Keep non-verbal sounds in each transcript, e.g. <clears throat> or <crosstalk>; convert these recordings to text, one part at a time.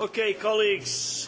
Okay, colleagues.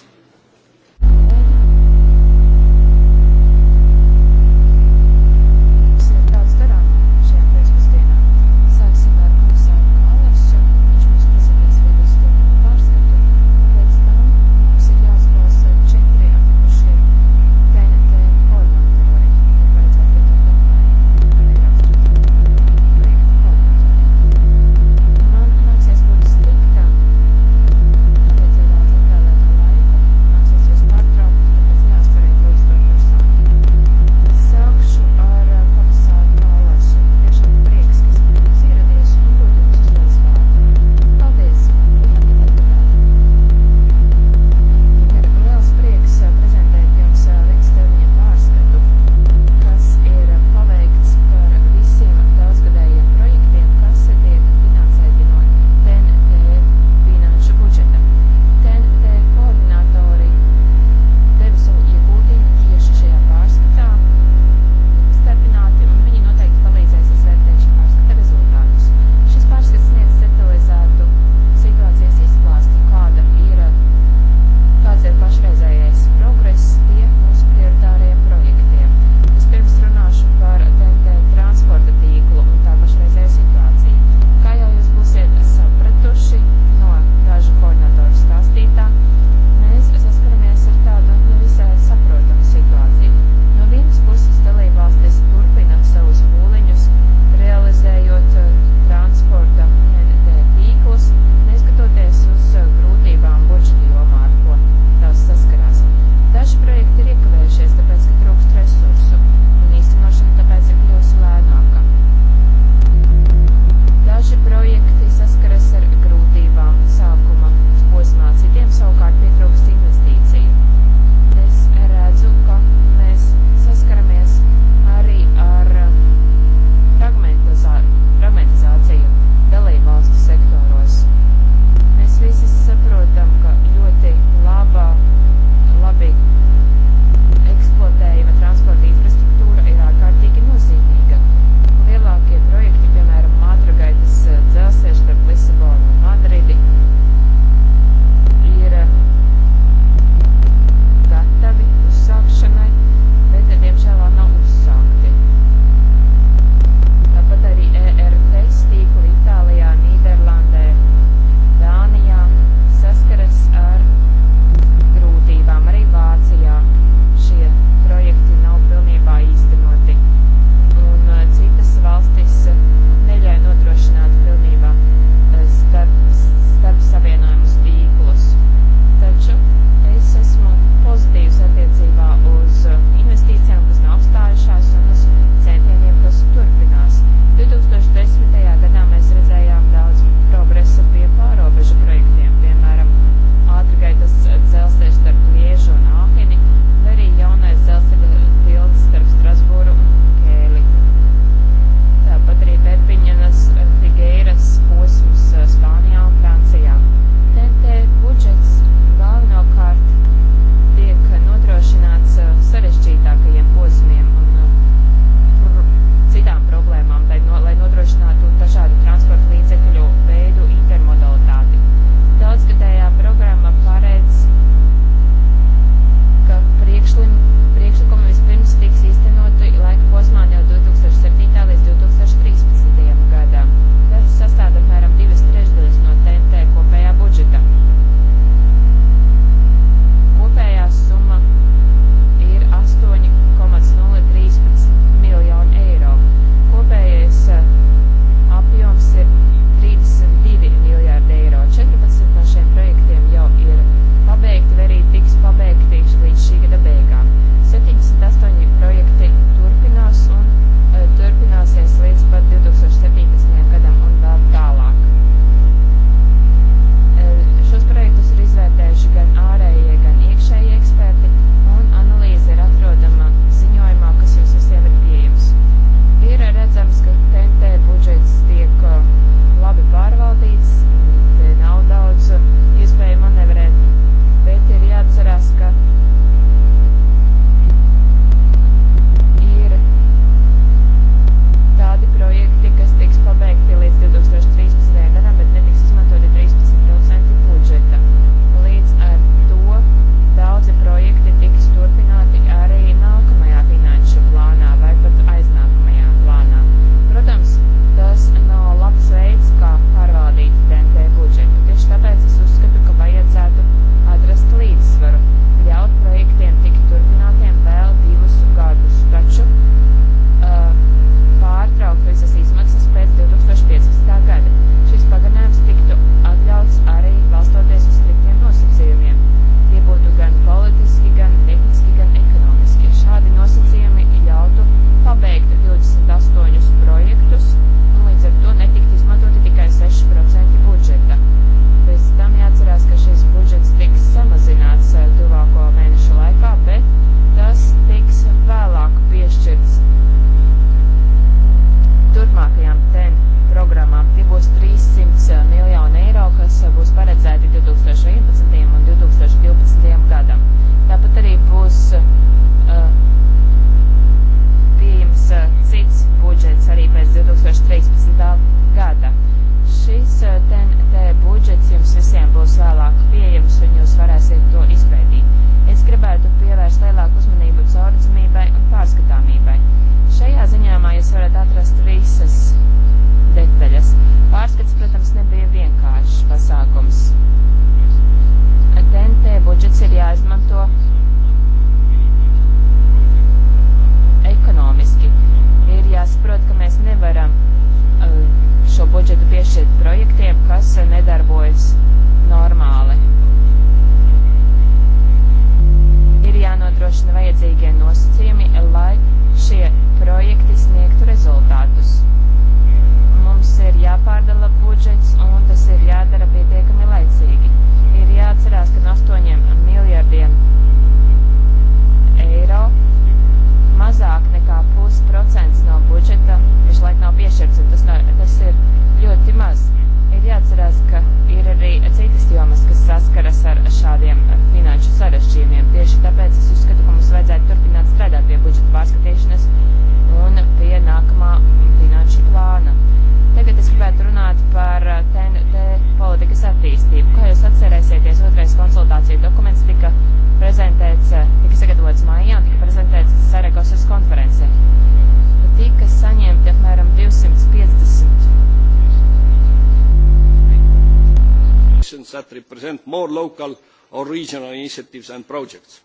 initiatives and projects.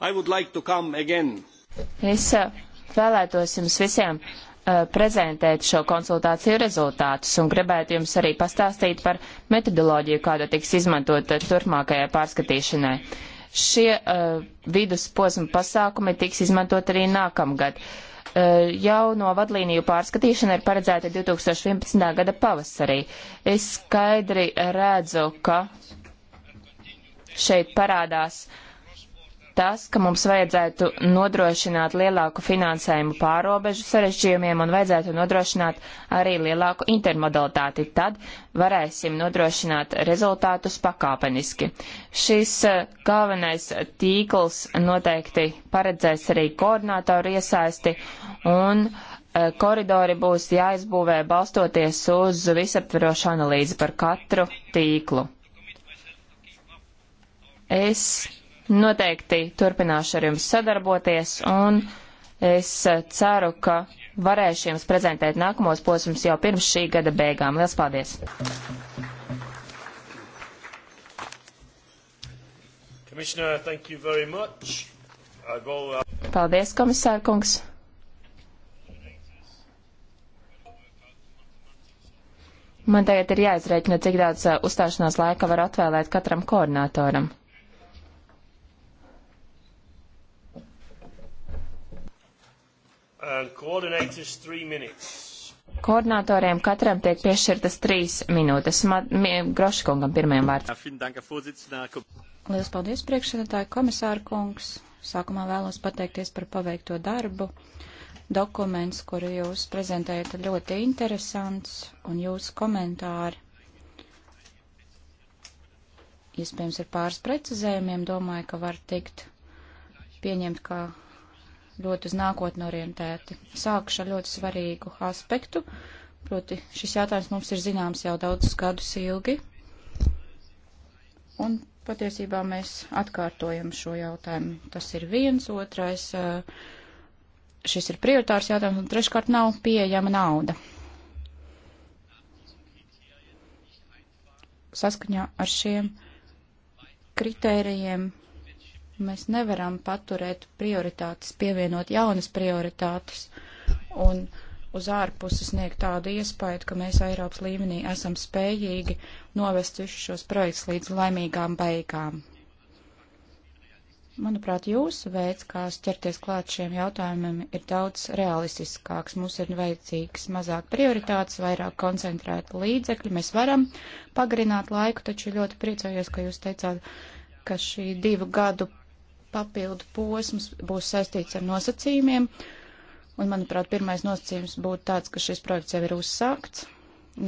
I would like to come again. Es uh, vēlētos jums visiem uh, prezentēt šo konsultāciju rezultātus un gribētu jums arī pastāstīt par metodoloģiju, kāda tiks izmantota turpmākajai pārskatīšanai. Šie uh, vidusposma pasākumi tiks izmantot arī nākamgad. Uh, jauno vadlīniju pārskatīšana ir paredzēta 2011. gada pavasarī. Es skaidri redzu, ka šeit parādās tas, ka mums vajadzētu nodrošināt lielāku finansējumu pārobežu sarežģījumiem un vajadzētu nodrošināt arī lielāku intermodalitāti. Tad varēsim nodrošināt rezultātus pakāpeniski. Šis eh, galvenais tīkls noteikti paredzēs arī koordinātoru iesaisti un eh, koridori būs jāizbūvē balstoties uz visaptverošu analīzi par katru tīklu. Es noteikti turpināšu ar jums sadarboties un es ceru, ka varēšu jums prezentēt nākamos posmus jau pirms šī gada beigām. Lielas paldies! Uh, paldies, komisārkungs! Man tagad ir jāizrēķina, cik daudz uh, uzstāšanās laika var atvēlēt katram koordinatoram. Koordinatoriem katram tiek piešķirtas trīs minūtes. Groškungam pirmajam vārds. Lielas paldies, priekšsēdētāji, komisāra kungs. Sākumā vēlos pateikties par paveikto darbu. Dokuments, kuru jūs prezentējat, ir ļoti interesants, un jūsu komentāri iespējams ar pāris precizējumiem domāju, ka var tikt pieņemt kā ļoti uz nākotni orientēti. Sākšu ar ļoti svarīgu aspektu, proti šis jautājums mums ir zināms jau daudzus gadus ilgi, un patiesībā mēs atkārtojam šo jautājumu. Tas ir viens, otrais, šis ir prioritārs jautājums, un treškārt nav pieejama nauda. Saskaņā ar šiem kritērijiem Mēs nevaram paturēt prioritātes, pievienot jaunas prioritātes un uz ārpusi sniegt tādu iespēju, ka mēs Eiropas līmenī esam spējīgi novest visus šos projektus līdz laimīgām beigām. Manuprāt, jūsu veids, kā ķerties klāt šiem jautājumiem, ir daudz realistiskāks. Mums ir vajadzīgs mazāk prioritātes, vairāk koncentrēta līdzekļi. Mēs varam pagarināt laiku, taču ļoti priecājos, ka jūs teicāt, ka šī divu gadu papildu posms būs saistīts ar nosacījumiem. Un, manuprāt, pirmais nosacījums būtu tāds, ka šis projekts jau ir uzsākts,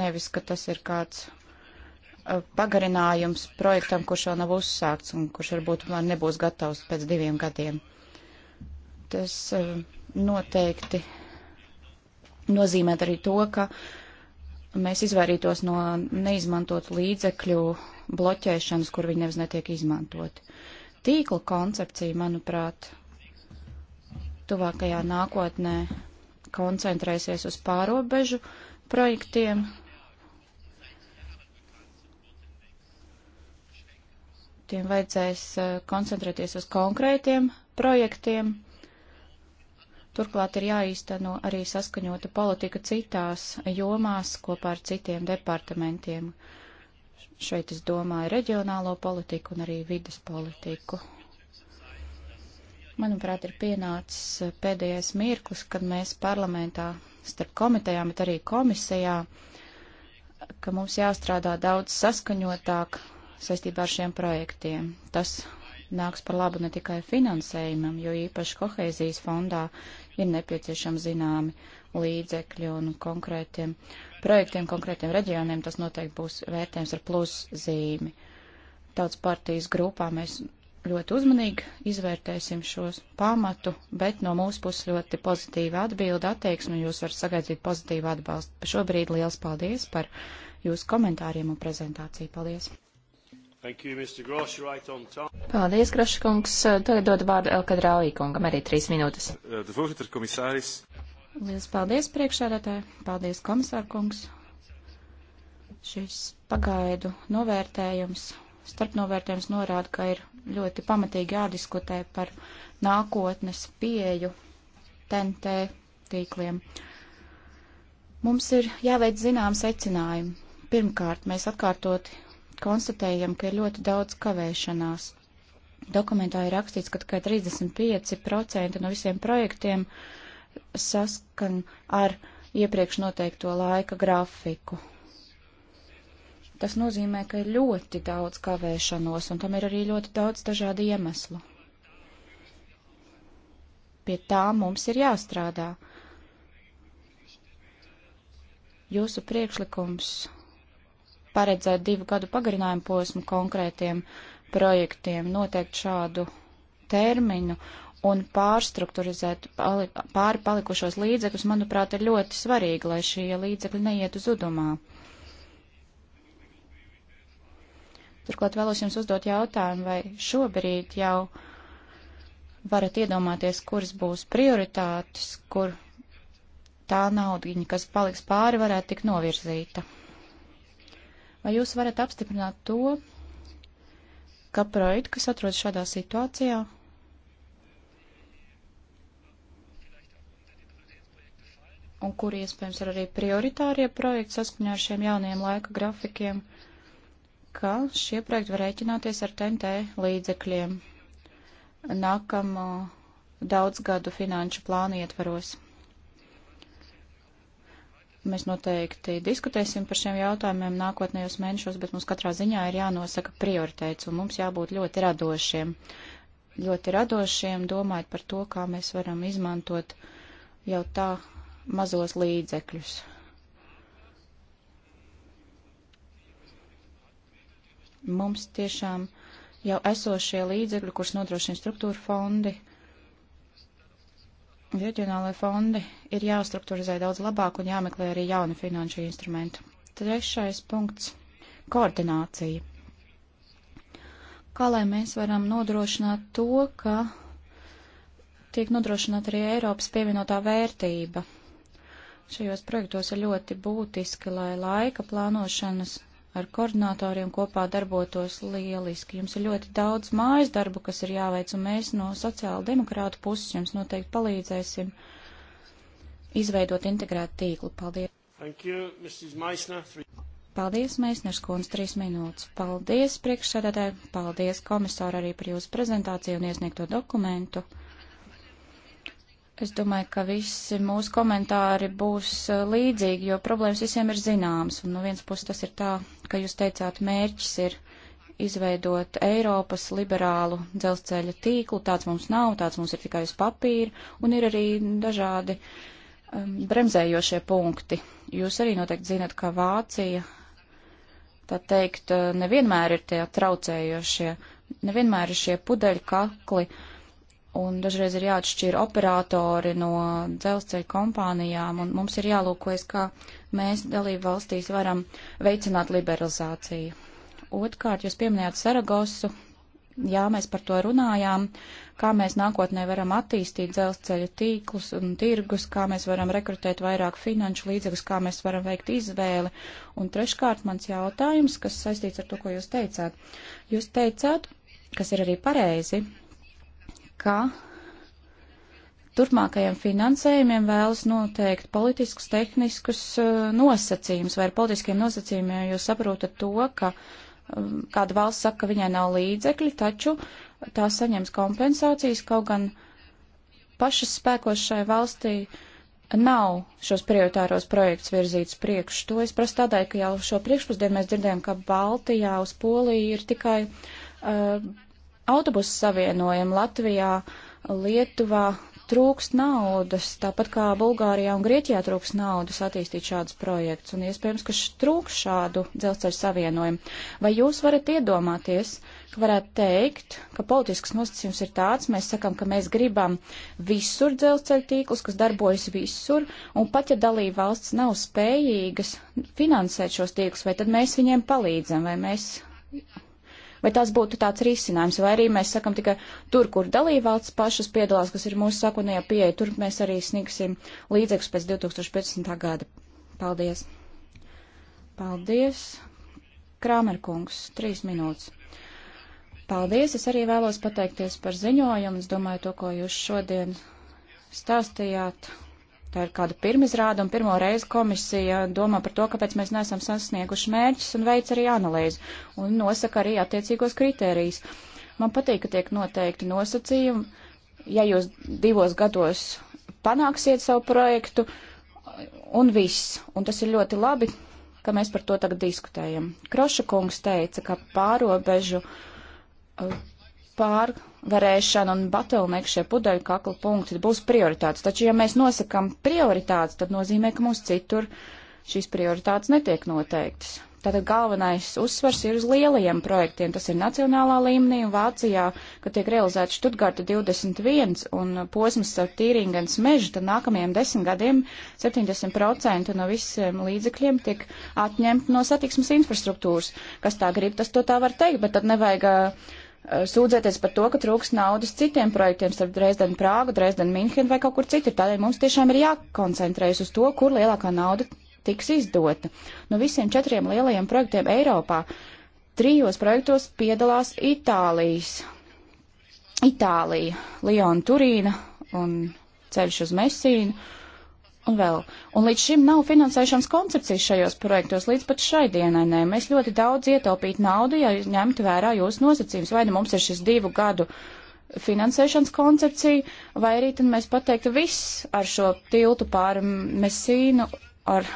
nevis, ka tas ir kāds uh, pagarinājums projektam, kurš vēl nav uzsākts un kurš varbūt nebūs gatavs pēc diviem gadiem. Tas uh, noteikti nozīmē arī to, ka mēs izvairītos no neizmantot līdzekļu bloķēšanas, kur viņi nevis netiek izmantoti. Uh, tīkla koncepcija, manuprāt, tuvākajā nākotnē koncentrēsies uz pārobežu projektiem. Tiem vajadzēs eh, koncentrēties uz konkrētiem projektiem. Turklāt ir jāīsteno arī saskaņota politika citās jomās kopā ar citiem departamentiem. Uh, Šeit es domāju reģionālo politiku un arī vidas politiku. Manuprāt, ir pienācis pēdējais mirklis, kad mēs parlamentā starp komitejām, bet arī komisijā, ka mums jāstrādā daudz saskaņotāk saistībā ar šiem projektiem. Tas nāks par labu ne tikai finansējumam, jo īpaši kohēzijas fondā ir nepieciešami zināmi līdzekļi un konkrētiem uh, projektiem, konkrētiem reģioniem, tas noteikti būs vērtējums ar pluszīmi. Tautas partijas grupā mēs ļoti uzmanīgi izvērtēsim šos pamatu, bet no mūsu puses ļoti pozitīva atbilda attieksme, jūs varat sagaidīt pozitīvu atbalstu. Šobrīd liels paldies par jūsu komentāriem un prezentāciju. Paldies! You, Grosh, right paldies, Graškungs. Tagad dod vārdu Elka Draujīkungam, arī trīs minūtes. Uh, Lielas paldies priekšsēdētāji, paldies komisārkungs. Šis pagaidu novērtējums, starpnovērtējums norāda, ka ir ļoti pamatīgi jādiskutē par nākotnes pieju TNT tīkliem. Mums ir jāveic zinām secinājumi. Pirmkārt, mēs atkārtoti konstatējam, ka ir ļoti daudz kavēšanās. Dokumentā ir rakstīts, ka tikai 35% no visiem projektiem uh, saskan ar iepriekš noteikto laika grafiku. Tas nozīmē, ka ir ļoti daudz kavēšanos, un tam ir arī ļoti daudz dažādu iemeslu. Pie tā mums ir jāstrādā. Jūsu priekšlikums paredzēt divu gadu pagarinājumu posmu konkrētiem projektiem, noteikt šādu termiņu un pārstrukturizēt pāri palikušos līdzekļus, manuprāt, ir ļoti svarīgi, lai šie līdzekļi neietu zudumā. Turklāt vēlos jums uzdot jautājumu, vai šobrīd jau varat iedomāties, kuras būs prioritātes, kur tā naudiņa, kas paliks pāri, varētu tikt novirzīta. Vai jūs varat apstiprināt to, ka projekti, kas atrodas šādā situācijā, un kuri iespējams ir arī prioritārie projekti saskaņā ar šiem jaunajiem laika grafikiem, ka šie projekti var rēķināties ar TNT līdzekļiem nākamo daudzgadu finanšu plānu ietvaros. Mēs noteikti diskutēsim par šiem jautājumiem nākotnējos mēnešos, bet mums katrā ziņā ir jānosaka prioritēts un mums jābūt ļoti radošiem. Ļoti radošiem domājot par to, kā mēs varam izmantot jau tā mazos līdzekļus. Mums tiešām jau esošie līdzekļi, kurus nodrošina struktūra fondi, reģionālai fondi, ir jāstrukturizē daudz labāk un jāmeklē arī jauni finanšu instrumenti. Trešais punkts - koordinācija. Kā lai mēs varam nodrošināt to, ka tiek nodrošināta arī Eiropas pievienotā vērtība šajos projektos ir ļoti būtiski, lai laika plānošanas ar koordinatoriem kopā darbotos lieliski. Jums ir ļoti daudz mājas darbu, kas ir jāveic, un mēs no sociāla demokrāta puses jums noteikti palīdzēsim izveidot integrētu tīklu. Paldies! Thank you, Mrs. Meissner. Paldies, Meisners kundze, trīs minūtes. Paldies, priekšsēdētāji, paldies komisāri arī par jūsu prezentāciju un iesniegto dokumentu. Es domāju, ka visi mūsu komentāri būs eh, līdzīgi, jo problēmas visiem ir zināmas. Un no nu, viens puses tas ir tā, ka jūs teicāt, mērķis ir izveidot Eiropas liberālu dzelzceļa tīklu. Tāds mums nav, tāds mums ir tikai uz papīra. Un ir arī dažādi um, bremzējošie punkti. Jūs arī noteikti zinat, ka Vācija, tā teikt, eh, nevienmēr ir tie traucējošie, nevienmēr ir šie pudeļkakli. kakli un dažreiz ir jāatšķir operatori no dzelzceļa kompānijām, un mums ir jālūkojas, kā mēs dalību valstīs varam veicināt liberalizāciju. Otkārt, jūs pieminējāt Saragosu, jā, mēs par to runājām, kā mēs nākotnē varam attīstīt dzelzceļa tīklus un tirgus, kā mēs varam rekrutēt vairāk finanšu līdzekļus, kā mēs varam veikt izvēli. Un treškārt, mans jautājums, kas saistīts ar to, ko jūs teicāt. Jūs teicāt, kas ir arī pareizi, ka turpmākajiem finansējumiem vēlas noteikt politiskus, tehniskus uh, nosacījumus, vai ar politiskiem nosacījumiem jūs saprotat to, ka um, kāda valsts saka, ka viņai nav līdzekļi, taču tā saņems kompensācijas, kaut gan pašas spēkos šai valstī nav šos prioritāros projektus virzīts priekš. To es prasu tādēļ, ka jau šo priekšpusdienu mēs dzirdējām, ka Baltijā uz Poliju ir tikai uh, autobusu savienojumu Latvijā, Lietuvā trūkst naudas, tāpat kā Bulgārijā un Grieķijā trūkst naudas attīstīt šādus projektus, un iespējams, ka trūkst šādu dzelzceļu savienojumu. Vai jūs varat iedomāties, ka varētu teikt, ka politisks nosacījums ir tāds, mēs sakam, ka mēs gribam visur dzelzceļu tīklus, kas darbojas visur, un pat ja dalība valsts nav spējīgas finansēt šos tīklus, vai tad mēs viņiem palīdzam, vai mēs Vai tas būtu tāds risinājums, vai arī mēs sakam tikai tur, kur dalībvalsts pašas piedalās, kas ir mūsu sākotnējā pieeja, tur mēs arī sniegsim līdzekļus pēc 2015. gada. Paldies! Paldies! Krāmerkungs, trīs minūtes. Paldies! Es arī vēlos pateikties par ziņojumu. Es domāju, to, ko jūs šodien stāstījāt, tā ir kāda pirmizrāda, un pirmo reizi komisija domā par to, kāpēc mēs neesam sasnieguši mērķus un veic arī analīzi un nosaka arī attiecīgos kritērijus. Man patīk, ka tiek noteikti nosacījumi, ja jūs divos gados panāksiet savu projektu, un viss. Un tas ir ļoti labi, ka mēs par to tagad diskutējam. Kroša kungs teica, ka pārobežu uh, pār uzvarēšana un batulnieks šie pudeļu kakla punkti būs prioritātes. Taču, ja mēs nosakam prioritātes, tad nozīmē, ka mums citur šīs prioritātes netiek noteiktas. Tātad galvenais uzsvars ir uz lielajiem projektiem. Tas ir nacionālā līmenī un Vācijā, kad tiek realizēta Štutgarta 21 un posms ar tīringens mežu, tad nākamajiem desmit gadiem 70% no visiem līdzekļiem tiek atņemti no satiksmes infrastruktūras. Kas tā grib, tas to tā var teikt, bet tad nevajag uh, Eh, sūdzēties par to, ka trūks naudas citiem projektiem starp Dresdenu, Prāgu, Dresdenu, Minhenu vai kaut kur citur. Tādēļ mums tiešām ir jākoncentrējas uz to, kur lielākā nauda tiks izdota. No visiem četriem lielajiem projektiem Eiropā trijos projektos piedalās Itālijas. Itālija, Liona, Turīna un ceļš uz Mesīnu un vēl. Un līdz šim nav finansēšanas koncepcijas šajos projektos, līdz pat šai dienai nē. Mēs ļoti daudz ietaupītu naudu, ja ņemtu vērā jūsu nosacījums. Vai nu mums ir šis divu gadu finansēšanas koncepcija, vai arī tad mēs pateiktu viss ar šo tiltu pāri Mesīnu, ar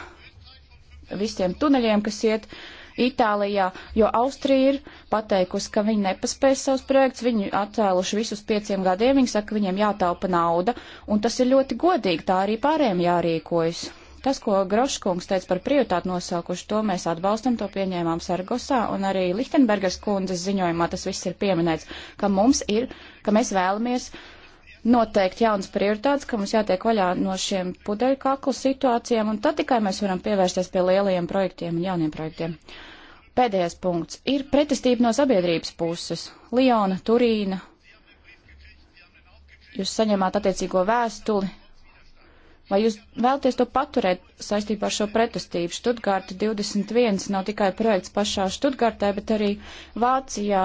visiem tuneļiem, kas iet uh, Itālijā, jo Austrija ir pateikusi, ka viņi nepaspēs savus projekts, viņi atcēluši visus pieciem gadiem, viņi saka, ka viņiem jātaupa nauda, un tas ir ļoti godīgi, tā arī pārējiem jārīkojas. Tas, ko Groškungs teica par prioritātu nosaukuši, to mēs atbalstam, to pieņēmām Sargosā, un arī Lichtenbergas kundzes ziņojumā tas viss ir pieminēts, ka mums ir, ka mēs vēlamies noteikt jaunas prioritātes, ka mums jātiek vaļā no šiem pudeļkaklu situācijām, un tad tikai mēs varam pievērsties pie lielajiem projektiem un jauniem projektiem. Pēdējais punkts ir pretestība no sabiedrības puses. Liona, Turīna, jūs saņemāt attiecīgo vēstuli. Vai jūs vēlties to paturēt saistībā ar šo pretestību? Študgārta 21 nav tikai projekts pašā Študgārtē, bet arī Vācijā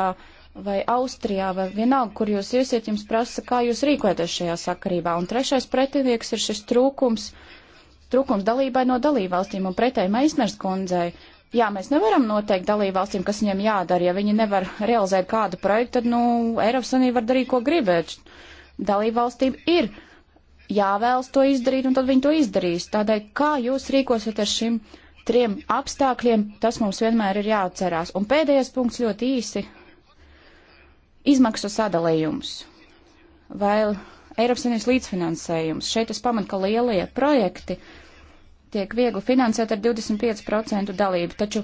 vai Austrijā vai vienalga, kur jūs iesiet, jums prasa, kā jūs rīkojaties šajā sakarībā. Un trešais pretinieks ir šis trūkums, trūkums dalībai no dalībvalstīm un pretēji Meisners kundzei. Jā, mēs nevaram noteikt dalībvalstīm, kas viņiem jādara. Ja viņi nevar realizēt kādu projektu, tad, nu, Eiropas Savienība var darīt, ko gribēt. Dalībvalstīm ir jāvēlas to izdarīt, un tad viņi to izdarīs. Tādēļ, kā jūs rīkosiet ar šim trim apstākļiem, tas mums vienmēr ir jāatcerās. Un pēdējais punkts ļoti īsi - izmaksu sadalījums. Vai Eiropas Savienības līdzfinansējums. Šeit es pamanu, ka lielie projekti uh, tiek viegli finansēt ar 25% dalību, taču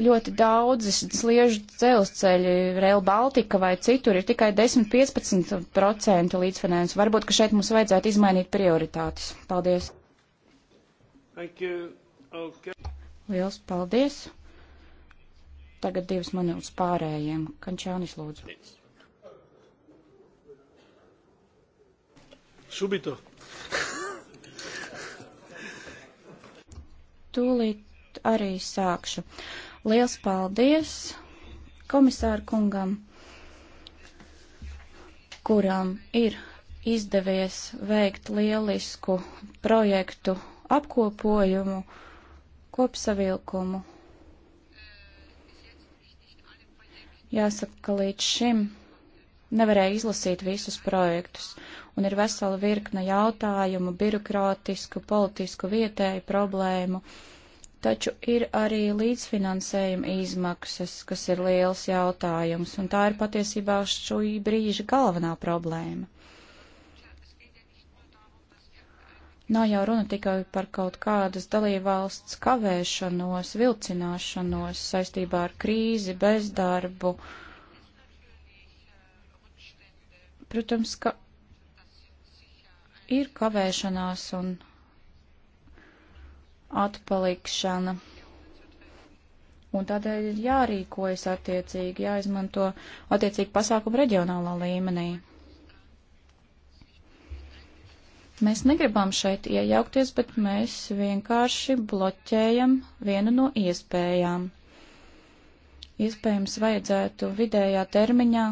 ļoti daudzas sliežu dzelzceļi, Rail Baltica vai citur ir tikai 10-15% līdzfinansu. Varbūt, ka šeit mums vajadzētu izmainīt prioritātes. Paldies. Okay. Liels paldies. Tagad divas minūtes pārējiem. Kančānis lūdzu. Subito. tūlīt arī sākšu. Liels paldies komisāru kungam, kuram ir izdevies veikt lielisku projektu apkopojumu, kopsavilkumu. Jāsaka, ka līdz šim nevarēja izlasīt visus projektus un ir vesela virkna jautājumu, birokrātisku, politisku, vietēju problēmu. Taču ir arī līdzfinansējuma izmaksas, kas ir liels jautājums, un tā ir patiesībā šo brīža galvenā problēma. Nav jau runa tikai par kaut kādas dalībvalsts kavēšanos, vilcināšanos saistībā ar krīzi, bezdarbu. Protams, ka ir kavēšanās un atpalikšana. Un tādēļ ir jārīkojas attiecīgi, jāizmanto attiecīgi pasākumu reģionālā līmenī. Mēs negribam šeit iejaukties, bet mēs vienkārši bloķējam vienu no iespējām. Iespējams, vajadzētu vidējā termiņā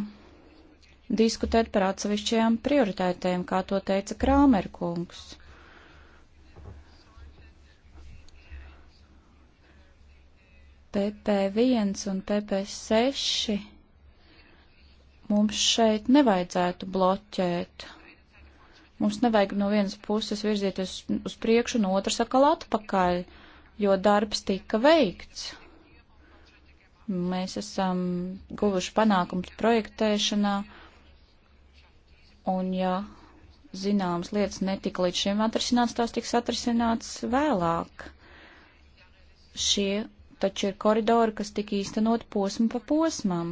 diskutēt par atsevišķajām prioritētēm, kā to teica Krāmerkungs. PP1 un PP6 mums šeit nevajadzētu bloķēt. Mums nevajag no vienas puses virzieties uz priekšu, no otras atkal atpakaļ, jo darbs tika veikts. Mēs esam guvuši panākums projektēšanā, uh, Un ja zināmas lietas netika līdz šim atrisināts, tās tiks atrisināts vēlāk. Šie taču ir koridori, kas tika īstenot posmu pa posmam.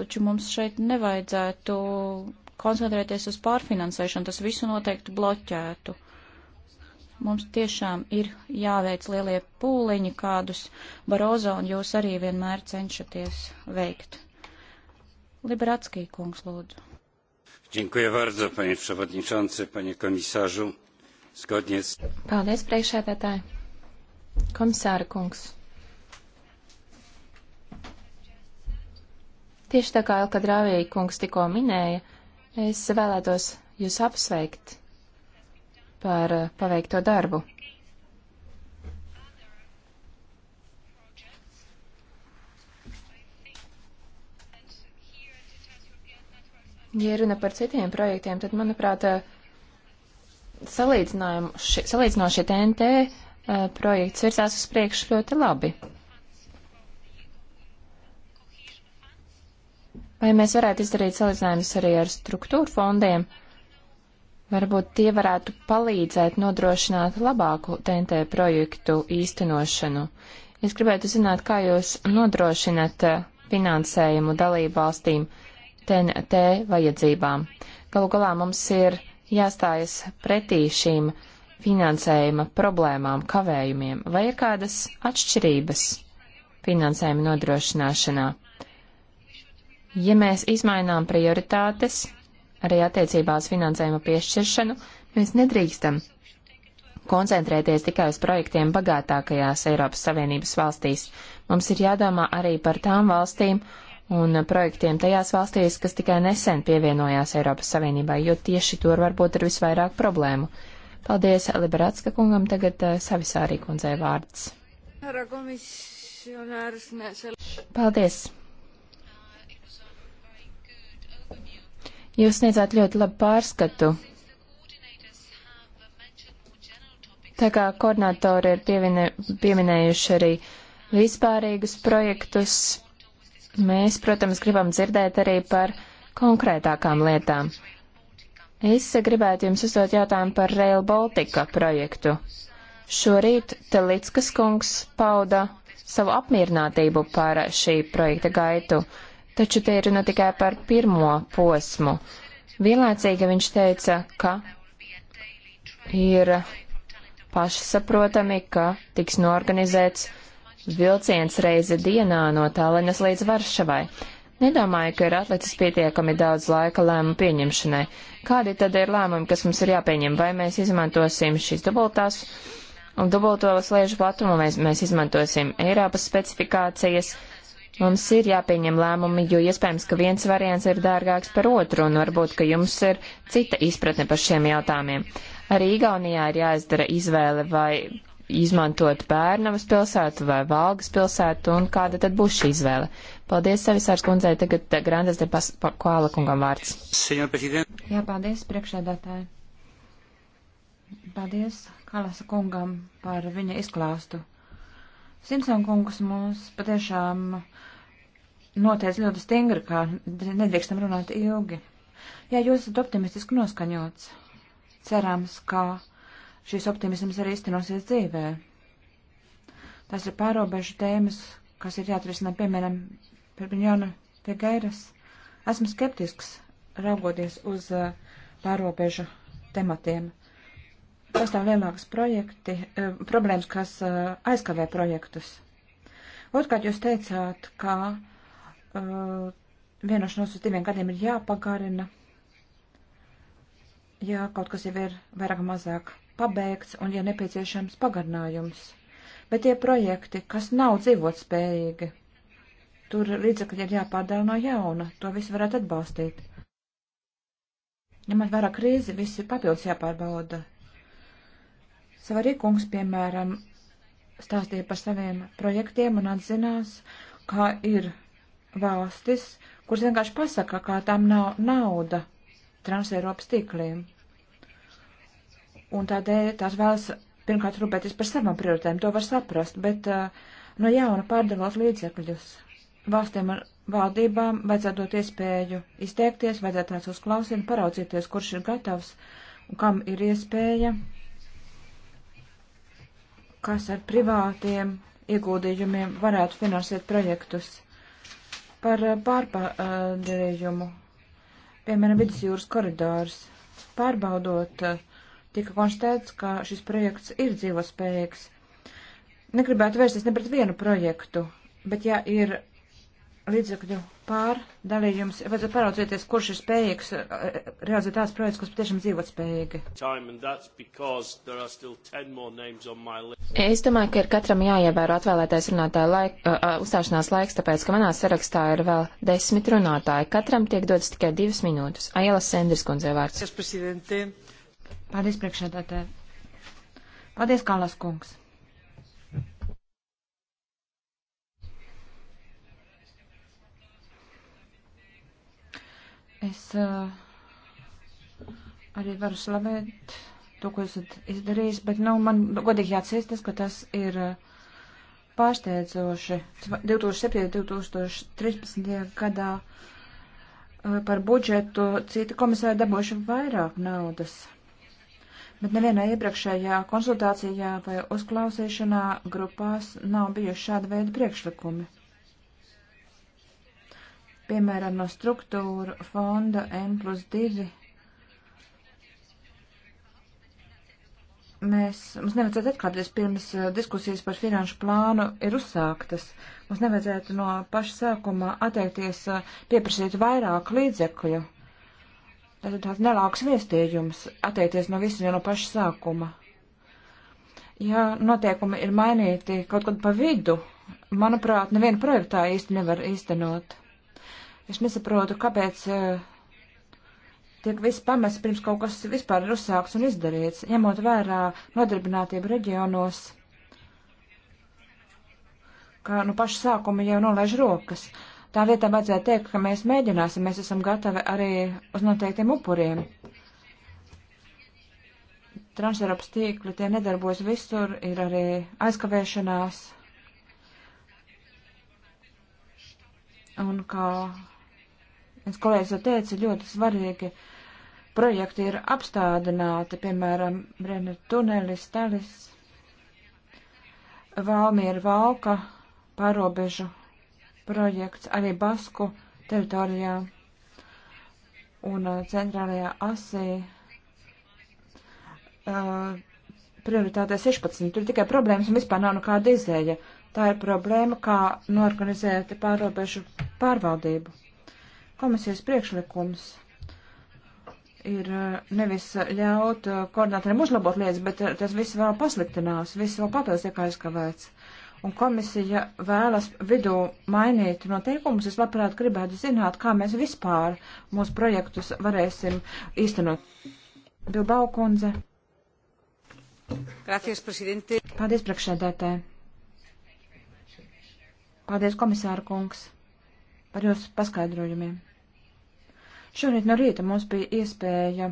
Taču mums šeit nevajadzētu koncentrēties uz pārfinansēšanu, tas visu noteikti bloķētu. Mums tiešām ir jāveic lielie pūliņi, kādus Barozo un jūs arī vienmēr cenšaties veikt. Liberatskī kungs lūdzu. Bardzo, panie przewodniczący, panie komisārzu. Zgodnies. Paldies, priekšēdētāji. Komisāra kungs. Tieši tā kā Elka Drāvija kungs tikko minēja, es vēlētos jūs apsveikt par paveikto darbu. Ja runa par citiem projektiem, tad, manuprāt, eh, salīdzinošie TNT eh, projekts virzās uz priekšu ļoti labi. Vai mēs varētu izdarīt salīdzinājumus arī ar struktūru fondiem? Varbūt tie varētu palīdzēt nodrošināt labāku TNT projektu īstenošanu. Es gribētu zināt, kā jūs nodrošinat eh, finansējumu dalību valstīm. Uh, TNT vajadzībām. Galu galā mums ir jāstājas pretī šīm finansējuma problēmām, kavējumiem, vai ir kādas atšķirības finansējuma nodrošināšanā. Ja mēs izmainām prioritātes, arī attiecībās finansējuma piešķiršanu, mēs nedrīkstam koncentrēties tikai uz projektiem bagātākajās Eiropas Savienības valstīs. Mums ir jādomā arī par tām valstīm, un projektiem tajās valstīs, kas tikai nesen pievienojās Eiropas Savienībai, jo tieši tur varbūt ir visvairāk problēmu. Paldies Liberatska kungam, tagad eh, Savisārī kundzei vārds. Paldies! Jūs sniedzāt ļoti labu pārskatu. Tā kā koordinatori ir pievinē, pieminējuši arī vispārīgus projektus, Mēs, protams, gribam dzirdēt arī par konkrētākām lietām. Es gribētu jums uzdot jautājumu par Rail Baltica projektu. Šorīt Telickas kungs pauda savu apmierinātību par šī projekta gaitu, taču te ir ne tikai par pirmo posmu. Vienlaicīgi viņš teica, ka ir pašsaprotami, ka tiks norganizēts vilciens reizi dienā no Tallinas līdz Varšavai. Nedomāju, ka ir atlicis pietiekami daudz laika lēmumu pieņemšanai. Kādi tad ir lēmumi, kas mums ir jāpieņem? Vai mēs izmantosim šīs dubultās un dubulto sliežu platumu, vai mēs, mēs izmantosim Eiropas specifikācijas? Mums ir jāpieņem lēmumi, jo iespējams, ka viens variants ir dārgāks par otru, un varbūt, ka jums ir cita izpratne par šiem jautājumiem. Arī Igaunijā ir jāizdara izvēle, vai izmantot Bērnavas pilsētu vai Valgas pilsētu, un kāda tad būs šī izvēle? Paldies, Savisārs kundzei, tagad eh, Grandes de Koala kungam vārds. Jā, paldies, priekšēdētāji. Paldies Kalasa kungam par viņa izklāstu. Simpson kungs mums patiešām noteica ļoti stingri, ka nedrīkstam runāt ilgi. Jā, jūs esat optimistiski noskaņots. Cerams, ka šīs optimisms arī iztenosies dzīvē. Tas ir pārobežu tēmas, kas ir jāatrisina, piemēram, Perpiņona pie Gairas. Esmu skeptisks, raugoties uz uh, pārobežu tematiem. Pastāv lielākas projekti, uh, problēmas, kas uh, aizkavē projektus. Otkārt, jūs teicāt, ka uh, vienošanos uz diviem gadiem ir jāpagarina, ja kaut kas jau ir vairāk mazāk pabeigts un, ja nepieciešams, pagarinājums. Bet tie projekti, kas nav dzīvot spējīgi, tur līdzekļi ir jāpārdala no jauna, to visu varētu atbalstīt. Ņemot ja vērā krīzi, viss ir papildus jāpārbauda. Savarī kungs, piemēram, stāstīja par saviem projektiem un atzinās, kā ir valstis, kuras vienkārši pasaka, kā tām nav nauda transeiropas tīkliem un tādēļ tās vēlas pirmkārt rūpēties par savām prioritēm, to var saprast, bet uh, no jauna pārdalot līdzekļus. Valstiem un valdībām vajadzētu dot iespēju izteikties, vajadzētu tās uzklausīt, paraudzīties, kurš ir gatavs un kam ir iespēja, kas ar privātiem ieguldījumiem varētu finansēt projektus par eh, pārpārdarījumu, piemēram, vidusjūras koridors, pārbaudot uh, tika konstatēts, ka šis projekts ir dzīvospējīgs. Negribētu vērsties ne pret vienu projektu, bet ja ir līdzekļu pārdalījums, vajadzētu paraudzēties, kurš ir spējīgs eh, eh, realizēt tās projekts, kas patiešām dzīvot spējīgi. Es domāju, ka ir katram jāievēro atvēlētais runātāja laik, uh, uh, uzstāšanās laiks, tāpēc, ka manā sarakstā ir vēl desmit runātāji. Katram tiek dotas tikai divas minūtes. Aielas Sendris kundze vārds. Paldies, priekšsēdētāji. Paldies, Kalas kungs. Es uh, arī varu slavēt to, ko esat izdarījis, bet, nu, man godīgi jāatzīstas, ka tas ir uh, pārsteidzoši. 2007.-2013. gadā uh, par budžetu citi komisāri dabūjuši vairāk naudas bet nevienā iepriekšējā konsultācijā vai uzklausīšanā grupās nav bijuši šāda veida priekšlikumi. Piemēram, no struktūra fonda N plus 2 mēs, mums nevajadzētu atkāpties pirms eh, diskusijas par finanšu plānu ir uzsāktas. Mums nevajadzētu no paša sākuma atteikties eh, pieprasīt vairāk līdzekļu. Tas ir tāds nelāks viestījums atteikties no visiem jau no paša sākuma. Ja noteikumi ir mainīti kaut kad pa vidu, manuprāt, nevienu projektā īsti nevar īstenot. Es nesaprotu, kāpēc eh, tiek viss pamests pirms kaut kas vispār ir uzsākts un izdarīts, ņemot vērā nodarbinātību reģionos, kā nu paša sākuma jau nolaiž rokas. Uh, Tā vietā vajadzēja teikt, ka mēs mēģināsim, mēs esam gatavi arī uz noteiktiem upuriem. Transeiropas tīkli tie nedarbojas visur, ir arī aizkavēšanās. Un kā viens kolēģis jau teica, ļoti svarīgi projekti ir apstādināti, piemēram, Brenner tunelis, Stalis, Valmiera Valka, pārobežu projekts arī Basku teritorijā un uh, centrālajā asī. Uh, prioritātē 16. Tur tikai problēmas un vispār nav nekāda no izēja. Tā ir problēma, kā norganizēt pārobežu pārvaldību. Komisijas priekšlikums ir uh, nevis ļaut uh, koordinātoriem uzlabot lietas, bet tas viss vēl pasliktinās, viss vēl papildus tiek aizkavēts un komisija vēlas vidū mainīt noteikumus, es labprāt gribētu zināt, kā mēs vispār mūsu projektus varēsim īstenot. Bilbao kundze. Gracias, presidente. Paldies, priekšsēdētē. Paldies, komisāra kungs, par jūsu paskaidrojumiem. Šorīt no rīta mums bija iespēja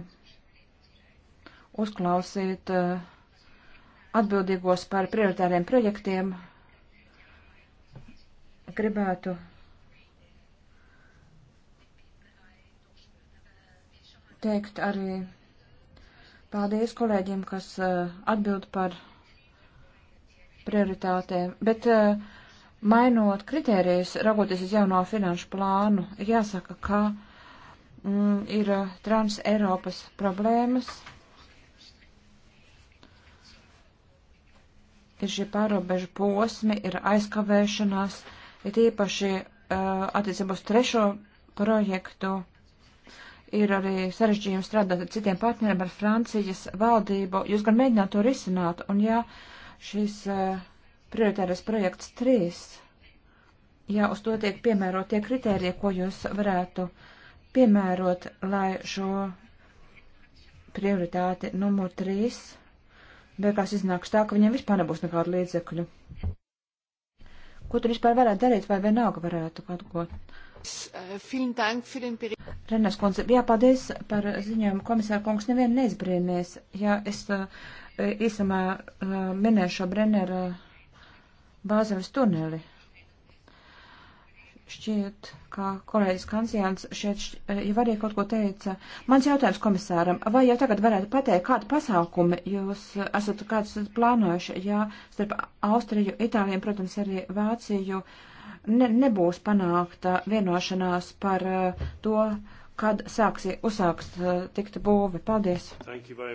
uzklausīt uh, atbildīgos par prioritāriem projektiem gribētu teikt arī paldies kolēģiem, kas uh, atbild par prioritātēm, bet uh, mainot kritērijas, raugoties uz jauno finanšu plānu, ir jāsaka, ka mm, ir uh, trans Eiropas problēmas. Ir šie pārobežu posmi, ir aizkavēšanās. Uh, ir īpaši attiecībā uz trešo projektu. Ir arī sarežģījumi strādāt ar citiem partneriem, ar Francijas valdību. Jūs gan mēģināt to risināt, un ja šis prioritārais projekts 3, ja uz to tiek piemērot tie kritērija, ko jūs varētu piemērot, lai šo prioritāti numur 3 beigās iznāks tā, ka viņiem vispār nebūs nekādu līdzekļu. Ko tur vispār varētu darīt, vai vienalga varētu kaut ko? Eh, Renes kundze, jā, paldies par ziņojumu. Komisāra kungs nevienu neizbrīnīs. Jā, es eh, īsamā eh, minēšu Brennera bāzemes tuneli. Šķiet, kā kolēģis Kansijāns šeit eh, jau arī kaut ko teica. Mans jautājums komisāram, vai jau tagad varētu pateikt, kādu pasākumu jūs esat kāds plānojuši, ja starp Austriju, Itālijiem, protams, arī Vāciju ne, nebūs panākta vienošanās par eh, to, kad sāksi, uzsāks eh, tikt būvi. Paldies!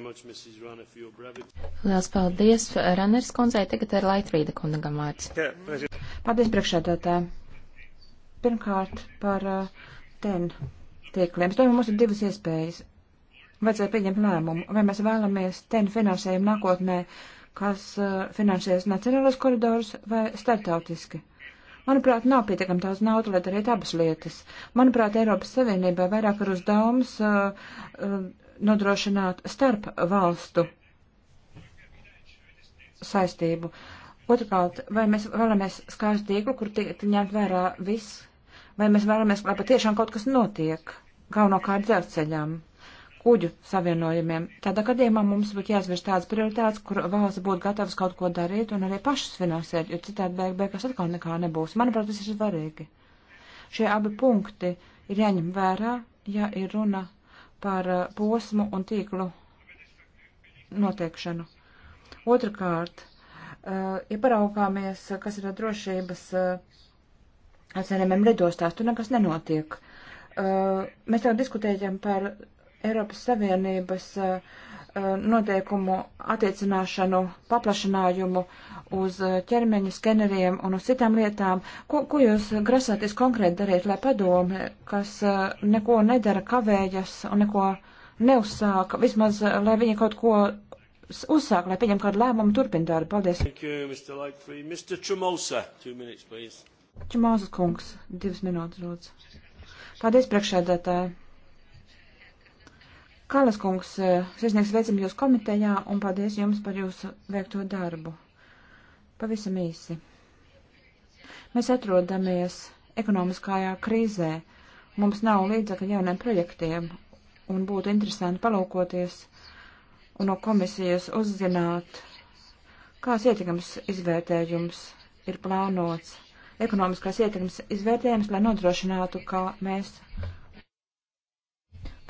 Much, Rana, Lielas paldies, Raners kundzei, tagad ir Laitrīda kundagam vārds. Yeah, paldies, priekšādātāji! Pirmkārt, par uh, ten tiekliem. Es domāju, mums ir divas iespējas. Vajadzēja pieņemt lēmumu, vai mēs vēlamies ten finansējumu nākotnē, kas uh, finansēs nacionālos koridorus vai startautiski. Manuprāt, nav pietiekami daudz naudas, lai darītu abas lietas. Manuprāt, Eiropas Savienībai vairāk ir uzdevums uh, eh, uh, nodrošināt starp valstu saistību. Otrakārt, vai mēs vēlamies skārstu tīklu, kur tiek ņemt vērā viss, vai mēs vēlamies, lai patiešām kaut kas notiek, galvenokārt dzelzceļām, kuģu savienojumiem. Tādā gadījumā mums būtu jāizvirz tādas prioritātes, kur valsts būtu gatavs kaut ko darīt un arī pašas finansēt, jo citādi beig beigās atkal nekā nebūs. Manuprāt, tas ir svarīgi. Šie abi punkti ir jāņem vērā, ja ir runa par uh, posmu un tīklu noteikšanu. Otrakārt, uh, ja paraugāmies, kas ir drošības uh, sēnēmiem lidostās, tur nekas nenotiek. Uh, mēs tagad diskutējam par Eiropas Savienības uh, uh noteikumu attiecināšanu, paplašinājumu uz uh, ķermeņa skeneriem un uz citām lietām. Ko, ko jūs grasāties konkrēti darīt, lai padome, kas uh, neko nedara, kavējas un neko neuzsāka, vismaz, uh, lai viņi kaut ko uzsāk, lai pieņem kādu lēmumu, turpina darbu. Paldies. Thank you, Mr. Lightfree. Mr. Tremosa, two minutes, please. Čemāzes kungs, divas minūtes lūdzu. Paldies, priekšēdētāji. Kalas kungs, eh, sirsnieks veicam jūs komitejā un paldies jums par jūsu veikto darbu. Pavisam īsi. Mēs atrodamies ekonomiskajā krīzē. Mums nav līdzekļu jauniem projektiem un būtu interesanti palūkoties un no komisijas uzzināt, kāds ietekams izvērtējums ir plānots ekonomiskās ietekmes izvērtējums, lai nodrošinātu, ka mēs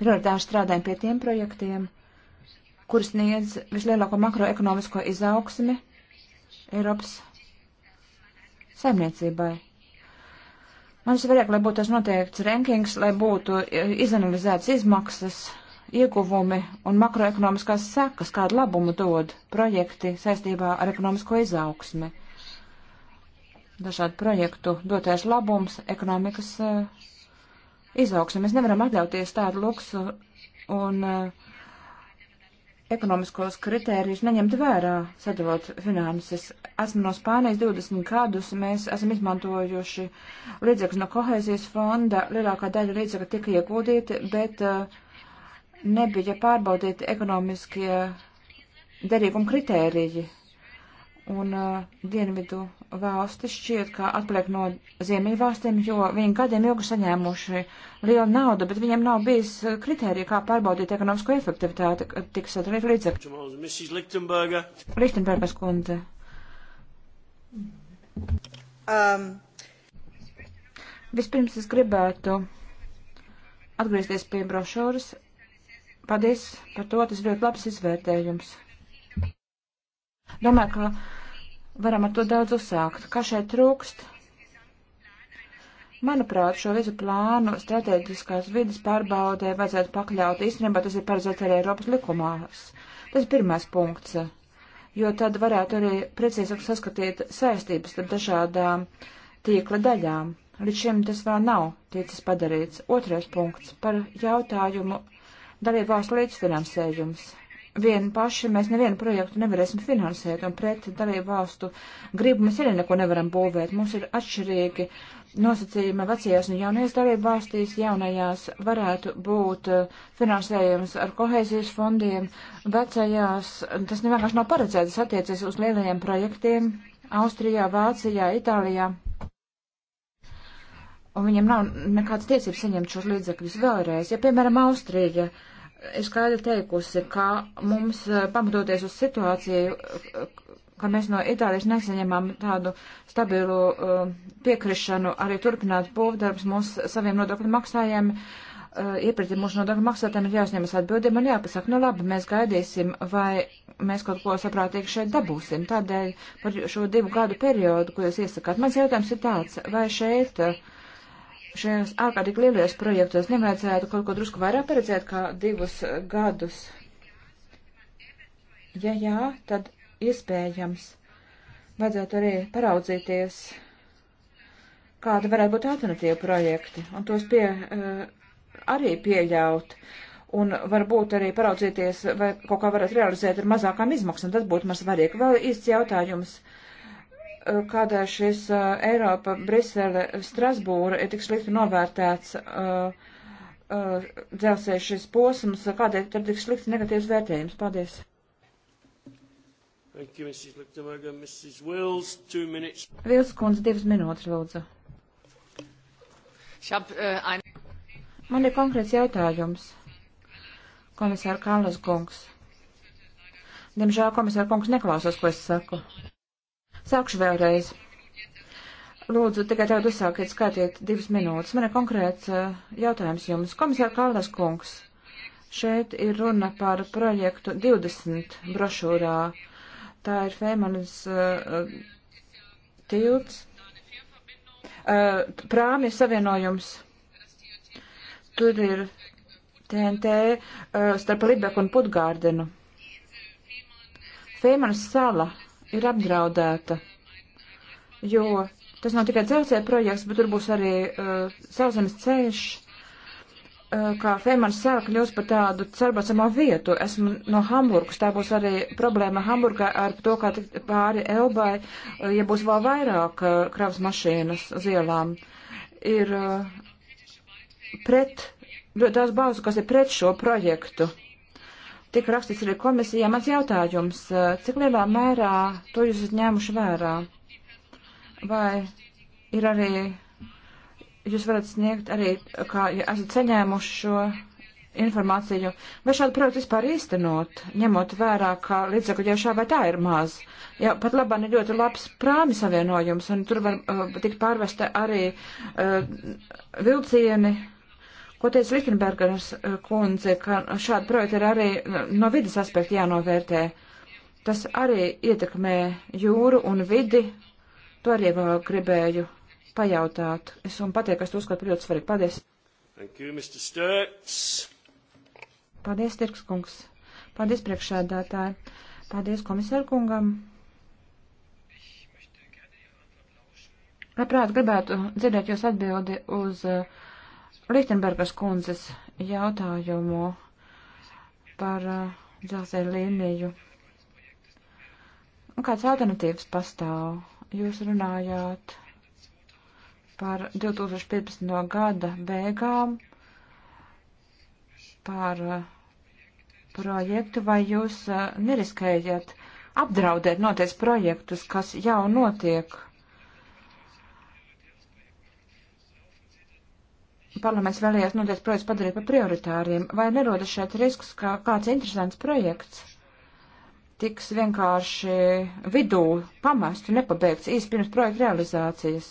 prioritāri strādājam pie tiem projektiem, kuras sniedz vislielāko makroekonomisko izaugsmi Eiropas saimniecībai. Man svarīgi, lai būtu tas noteikts rankings, lai būtu e, izanalizēts izmaksas, ieguvumi un makroekonomiskās sekas, kādu labumu dod projekti saistībā ar ekonomisko izaugsmi dažādu projektu dotais labums ekonomikas uh, izaugsme. Mēs nevaram atļauties tādu luksu un uh, ekonomiskos kritērijus neņemt vērā, sadalot finanses. Esmu no Spānijas 20 gadus, mēs esam izmantojuši līdzekļus no kohēzijas fonda, lielākā daļa līdzekļu tika iegūdīti, bet uh, nebija pārbaudīti ekonomiskie derīguma kritēriji un uh, dienvidu valstis šķiet, ka atpaliek no ziemeļvalstīm, jo viņi gadiem ilgi saņēmuši lielu naudu, bet viņiem nav bijis uh, kritērija, kā pārbaudīt ekonomisko efektivitāti, tik satrīt līdzekļu. Lichtenbergas kundze. Um. Vispirms es gribētu atgriezties pie brošūras. Paldies par to, tas ļoti labs izvērtējums. Domāju, ka varam ar to daudz uzsākt. Kā šeit trūkst? Manuprāt, šo visu plānu strateģiskās vidas pārbaudē vajadzētu pakļaut. Īstenībā tas ir paredzēts arī Eiropas likumās. Tas ir pirmais punkts, jo tad varētu arī precīzāk saskatīt saistības starp dažādām tīkla daļām. Līdz šim tas vēl nav ticis padarīts. Otrais punkts par jautājumu dalībvalstu līdzfinansējums vieni paši mēs nevienu projektu nevarēsim finansēt, un pret dalību valstu gribu mēs arī neko nevaram būvēt. Mums ir atšķirīgi nosacījumi vecajās un jaunajās dalību valstīs. Jaunajās varētu būt eh, finansējums ar kohēzijas fondiem, vecajās tas nevienkārši nav paredzēts, tas attiecies uz lielajiem projektiem Austrijā, Vācijā, Itālijā. Un viņiem nav nekādas tiesības saņemt šos līdzekļus vēlreiz. Ja, piemēram, Austrija uh, ir skaidri teikusi, ka mums eh, pamatoties uz situāciju, eh, ka mēs no Itālijas nesaņemam tādu stabilu uh, piekrišanu arī turpināt būvdarbs mūsu saviem nodokļu maksājiem. Uh, Iepriekš mūsu nodokļu maksātājiem ir jāuzņemas atbildība un jāpasaka, nu labi, mēs gaidīsim, vai mēs kaut ko saprātīgi šeit dabūsim. Tādēļ par šo divu gadu periodu, ko jūs iesakāt, mans jautājums ir tāds, vai šeit uh, šajos ārkārtīgi lielajos projektos nevajadzētu kaut ko drusku vairāk paredzēt kā divus eh, gadus? Ja jā, tad iespējams vajadzētu arī paraudzīties, kāda varētu būt alternatīva projekti un tos pie, eh, arī pieļaut. Un varbūt arī paraudzīties, vai kaut kā varat realizēt ar mazākām izmaksām. Tas būtu man svarīgi. Vēl īsts jautājums. Uh, kādēļ šis Eiropa, Brisele, Strasbūra ir tik slikti novērtēts dzelsies šis posms, kādēļ ir tik slikts negatīvs vērtējums. Paldies! Thank you, Mrs. Lichtenberger. Mrs. Wills, two minutes. Wills kundze, divas minūtes, lūdzu. Šab, uh, äh, ein... Man ir konkrēts jautājums, komisāra Kārlis Kungs. Diemžēl komisāra Kungs neklausās, ko es saku. Sākšu vēlreiz. Lūdzu, tikai tagad uzsākiet, skatiet divas minūtes. Man ir konkrēts uh, jautājums jums. Komisāra Kaldas kungs, šeit ir runa par projektu 20 brošūrā. Tā ir Fēmanas uh, tilts, uh, eh, prāmja savienojums. Tur ir TNT uh, starp Libeku un Putgārdenu. Fēmanas sala ir apdraudēta, jo tas nav tikai dzelzceļa projekts, bet tur būs arī uh, sauszemes ceļš, uh, kā Feimans sāk kļūst par tādu carbacamo vietu. Esmu no Hamburgas, tā būs arī problēma Hamburgā ar to, kā pāri Elbai, uh, ja būs vēl vairāk uh, kravas mašīnas uz ielām, ir uh, pret, ļoti daudz balsu, kas ir pret šo projektu. Uh, Tik rakstīts arī komisijā. Mans jautājums, cik lielā mērā to jūs esat ņēmuši vērā? Vai ir arī, jūs varat sniegt arī, kā esat saņēmuši šo informāciju, vai šādu projektu vispār īstenot, ņemot vērā, ka līdzekļu jau šā vai tā ir maz. Jā, pat labāk ir ļoti labs prāmi savienojums, un tur var uh, tikt pārvesta arī uh, vilcieni Ko teica Lichtenbergers eh, kundze, ka šādi projekti ir arī eh, no vidas aspekta jānovērtē. Tas arī ietekmē jūru un vidi. To arī vēl gribēju pajautāt. Es un patieku, kas to uzskatu ļoti svarīgi. Paldies! Thank you, Mr. Sturks. Paldies, Tirks kungs. Paldies, priekšsēdētāji. Paldies komisārkungam. Labprāt, gribētu dzirdēt jūs atbildi uz uh, Lichtenbergas kundzes jautājumu par uh, dzelzceļa līniju. Un kāds alternatīvas pastāv? Jūs runājāt par 2015. gada beigām, par uh, projektu, vai jūs uh, neriskējat apdraudēt noties projektus, kas jau notiek? parlaments vēlējās noties projekts padarīt par prioritāriem, vai nerodas šeit risks, ka kāds interesants projekts tiks vienkārši vidū pamests un nepabeigts īsti pirms projekta realizācijas?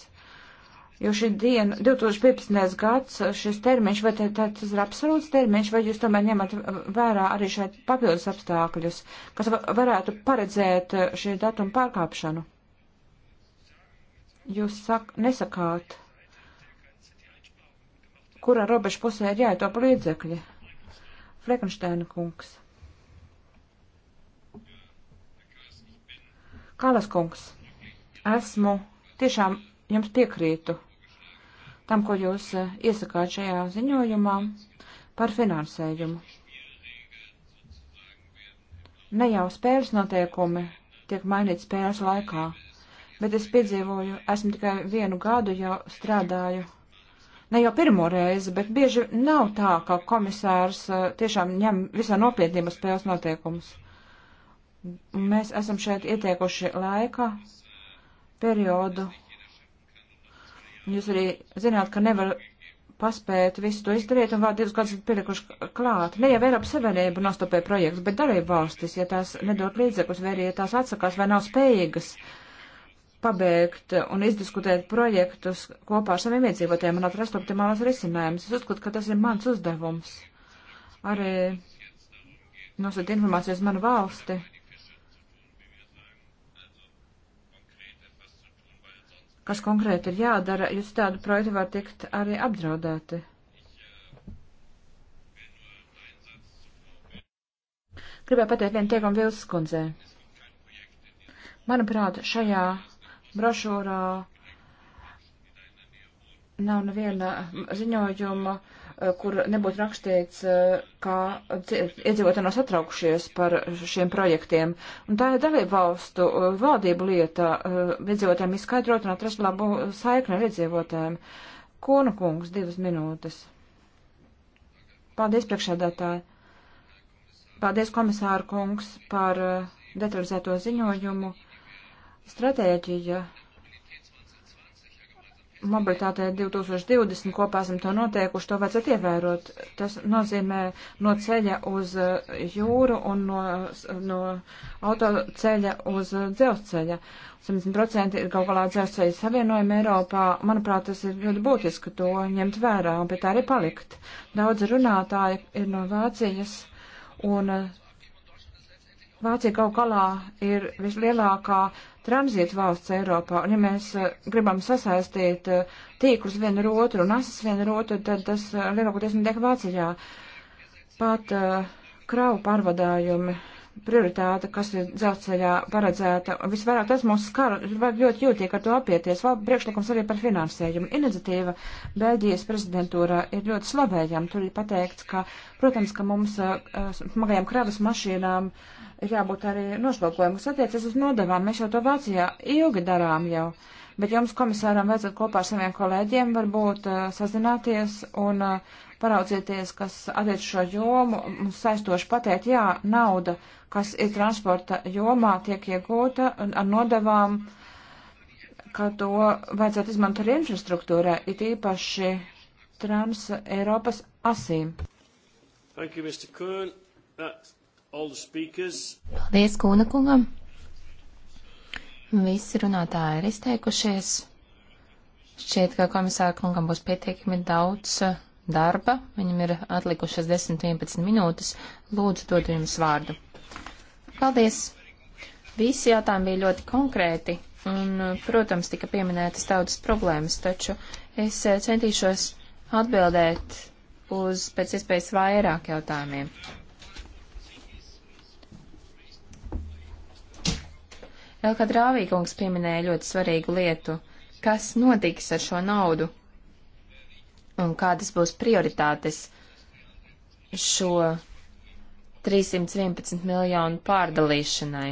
Jo šī diena, 2015. gads, šis termiņš, vai te, te, tas ir absolūts termiņš, vai jūs tomēr ņemat vērā arī šeit papildus apstākļus, kas varētu paredzēt šī datuma pārkāpšanu? Jūs sak, nesakāt kurā robeža pusē ir jāietop līdzekļi. Flekensteina kungs. Kalas kungs, esmu tiešām jums piekrītu tam, ko jūs eh, iesakāt šajā ziņojumā par finansējumu. Ne jau spēles noteikumi tiek mainīti spēles laikā, bet es piedzīvoju, esmu tikai vienu gadu jau strādāju ne jau pirmo reizi, bet bieži nav tā, ka komisārs eh, tiešām ņem visā nopietnībā spēles noteikumus. Mēs esam šeit ieteikuši laika periodu. Jūs arī zināt, ka nevar paspēt visu to izdarīt un vēl divus gadus pielikuši klāt. Ne jau Eiropas Savienība nostopē projekts, bet dalība valstis, ja tās nedod līdzekļus, vai arī ja tās atsakās vai nav spējīgas uh, pabeigt un izdiskutēt projektus kopā ar saviem iedzīvotiem un atrast optimālas risinājumus. Es uzskatu, ka tas ir mans uzdevums. Arī nosūt informācijas manu valsti. Kas konkrēti ir jādara, jo citādi projekti var tikt arī apdraudēti. Gribēju pateikt vienu teikumu Vilskundzē. Manuprāt, šajā brošūrā nav neviena ziņojuma, eh, kur nebūtu rakstīts, eh, kā iedzīvotāji nav satraukušies par šiem projektiem. Un tā ir dalība valstu eh, valdību lieta iedzīvotājiem izskaidrot un atrast labu saikni ar iedzīvotājiem. Kona kungs, divas minūtes. Paldies, priekšēdētāji. Paldies, komisāra kungs, par detalizēto ziņojumu. Stratēģija mobilitātei 2020 kopā esam to noteikuši, to vajadzētu ievērot. Tas nozīmē no ceļa uz eh, jūru un no, no autoceļa uz eh, dzelzceļa. 70% ir kaut kādā dzelzceļa savienojuma Eiropā. Manuprāt, tas ir ļoti būtiski to ņemt vērā un pie tā arī palikt. Daudz runātāji ir no Vācijas un eh, Vācija kaut kalā ir vislielākā tranzītu valsts Eiropā, un ja mēs uh, gribam sasaistīt uh, tīklus vienu ar otru un asas vienu ar otru, tad tas uh, lielākoties notiek Vācijā. Pat uh, kravu pārvadājumi, prioritāte, kas ir dzelzceļā paredzēta, visvairāk tas mūs skar, vajag ļoti jūtīgi ar to apieties. Vēl priekšlikums arī par finansējumu. Iniciatīva Bēļģijas prezidentūrā ir ļoti slavējama. Tur ir pateikts, ka, protams, ka mums uh, smagajām kravas mašīnām uh, ir jābūt arī nošvalkojumu, kas attiecas uz nodevām. Mēs jau to Vācijā ilgi darām jau, bet jums komisāram vajadzētu kopā ar saviem kolēģiem varbūt uh, sazināties un uh, paraudzieties, kas attiec šo jomu, mums saistoši pateikt, jā, nauda, kas ir transporta jomā, tiek iegūta ar nodevām, ka to vajadzētu izmantot arī infrastruktūrā, it īpaši trans Eiropas asīm. Thank you, Mr. Kuhn. That's Paldies Kūna kungam. Visi runātāji ir izteikušies. Šķiet, ka komisāra kungam būs pietiekami daudz uh, darba. Viņam ir atlikušas 10-11 minūtes. Lūdzu, dodu jums vārdu. Paldies! Visi jautājumi bija ļoti konkrēti, un, uh, protams, tika pieminētas daudzas problēmas, taču es uh, centīšos atbildēt uz pēc iespējas vairāk jautājumiem. Elka Drāvīkungs pieminēja ļoti svarīgu lietu. Kas notiks ar šo naudu? Un kādas būs prioritātes šo 311 miljonu pārdalīšanai?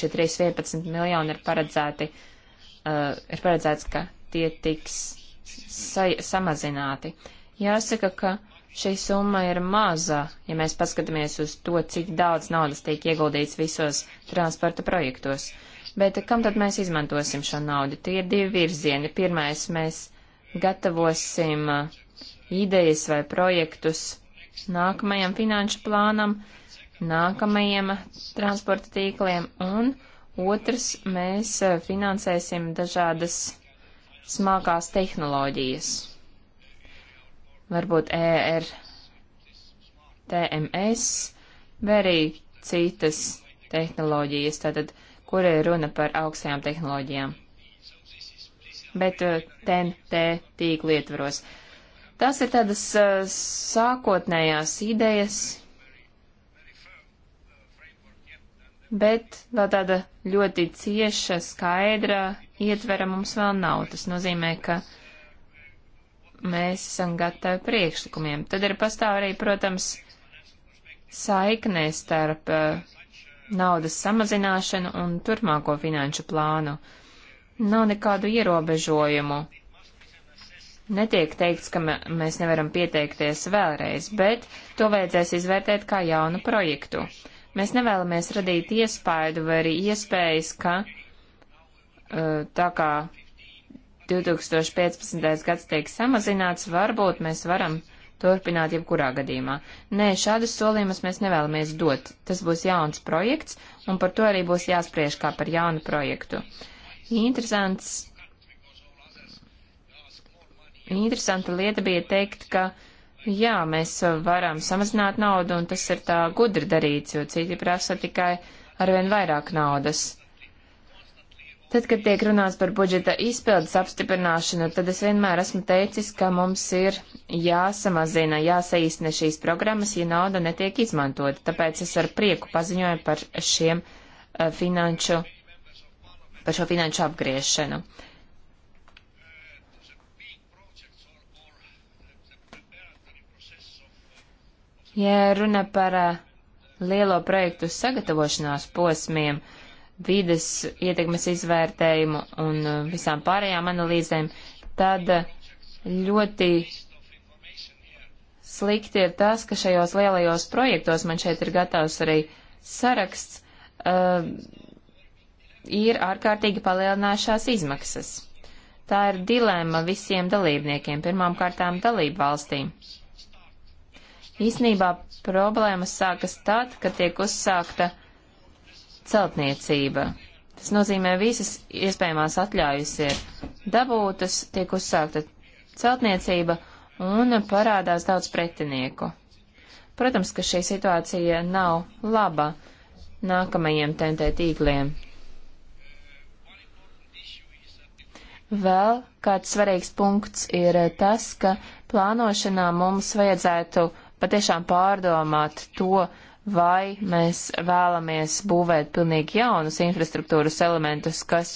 Šie 311 miljoni ir paredzēti, uh, ir paredzēts, ka tie tiks sa samazināti. Jāsaka, ka šī summa ir maza, ja mēs paskatāmies uz to, cik daudz naudas tiek ieguldīts visos transporta projektos. Bet kam tad mēs izmantosim šo naudu? Tie ir divi virzieni. Pirmais, mēs gatavosim uh, idejas vai projektus nākamajam finanšu plānam, nākamajiem transporta tīkliem, un otrs, mēs uh, finansēsim dažādas smagās tehnoloģijas varbūt ERTMS, vai arī citas tehnoloģijas, tātad, kur ir runa par augstajām tehnoloģijām. Bet uh, TNT tīkli ietvaros. Tās ir tādas uh, sākotnējās idejas, bet vēl tāda ļoti cieša, skaidra ietvera mums vēl nav. Tas nozīmē, ka uh, mēs esam gatavi priekšlikumiem. Tad ir pastāv arī, protams, saiknē starp eh, naudas samazināšanu un turpmāko finanšu plānu. Nav nekādu ierobežojumu. Netiek teikts, ka mēs nevaram pieteikties vēlreiz, bet to vajadzēs izvērtēt kā jaunu projektu. Mēs nevēlamies radīt iespaidu vai arī iespējas, ka eh, tā kā 2015. gads tiek samazināts, varbūt mēs varam turpināt jebkurā gadījumā. Nē, šādas solījumus mēs nevēlamies dot. Tas būs jauns projekts, un par to arī būs jāspriež kā par jaunu projektu. Interesants. Interesanta lieta bija teikt, ka jā, mēs varam samazināt naudu, un tas ir tā gudri darīts, jo citi prasa tikai arvien vairāk naudas. Tad, kad tiek runāts par budžeta izpildes apstiprināšanu, tad es vienmēr esmu teicis, ka mums ir jāsamazina, jāsaīstina šīs programmas, ja nauda netiek izmantota. Tāpēc es ar prieku paziņoju par, šiem, uh, finanšu, par šo finanšu apgriešanu. Ja runa par uh, lielo projektu sagatavošanās posmiem, uh, vides ietekmes izvērtējumu un uh, visām pārējām analīzēm, tad uh, ļoti slikti ir tas, ka šajos lielajos projektos, man šeit ir gatavs arī saraksts, uh, ir ārkārtīgi palielinājušās izmaksas. Tā ir dilēma visiem dalībniekiem, pirmām kārtām dalību valstīm. Īsnībā problēmas sākas tad, kad tiek uzsākta celtniecība. Tas nozīmē, visas iespējamās atļaujas ir dabūtas, tiek uzsākta celtniecība un parādās daudz pretinieku. Protams, ka šī situācija nav laba nākamajiem tentē tīkliem. Vēl kāds svarīgs punkts ir tas, ka plānošanā mums vajadzētu patiešām pārdomāt to, vai mēs vēlamies būvēt pilnīgi jaunus infrastruktūras elementus, kas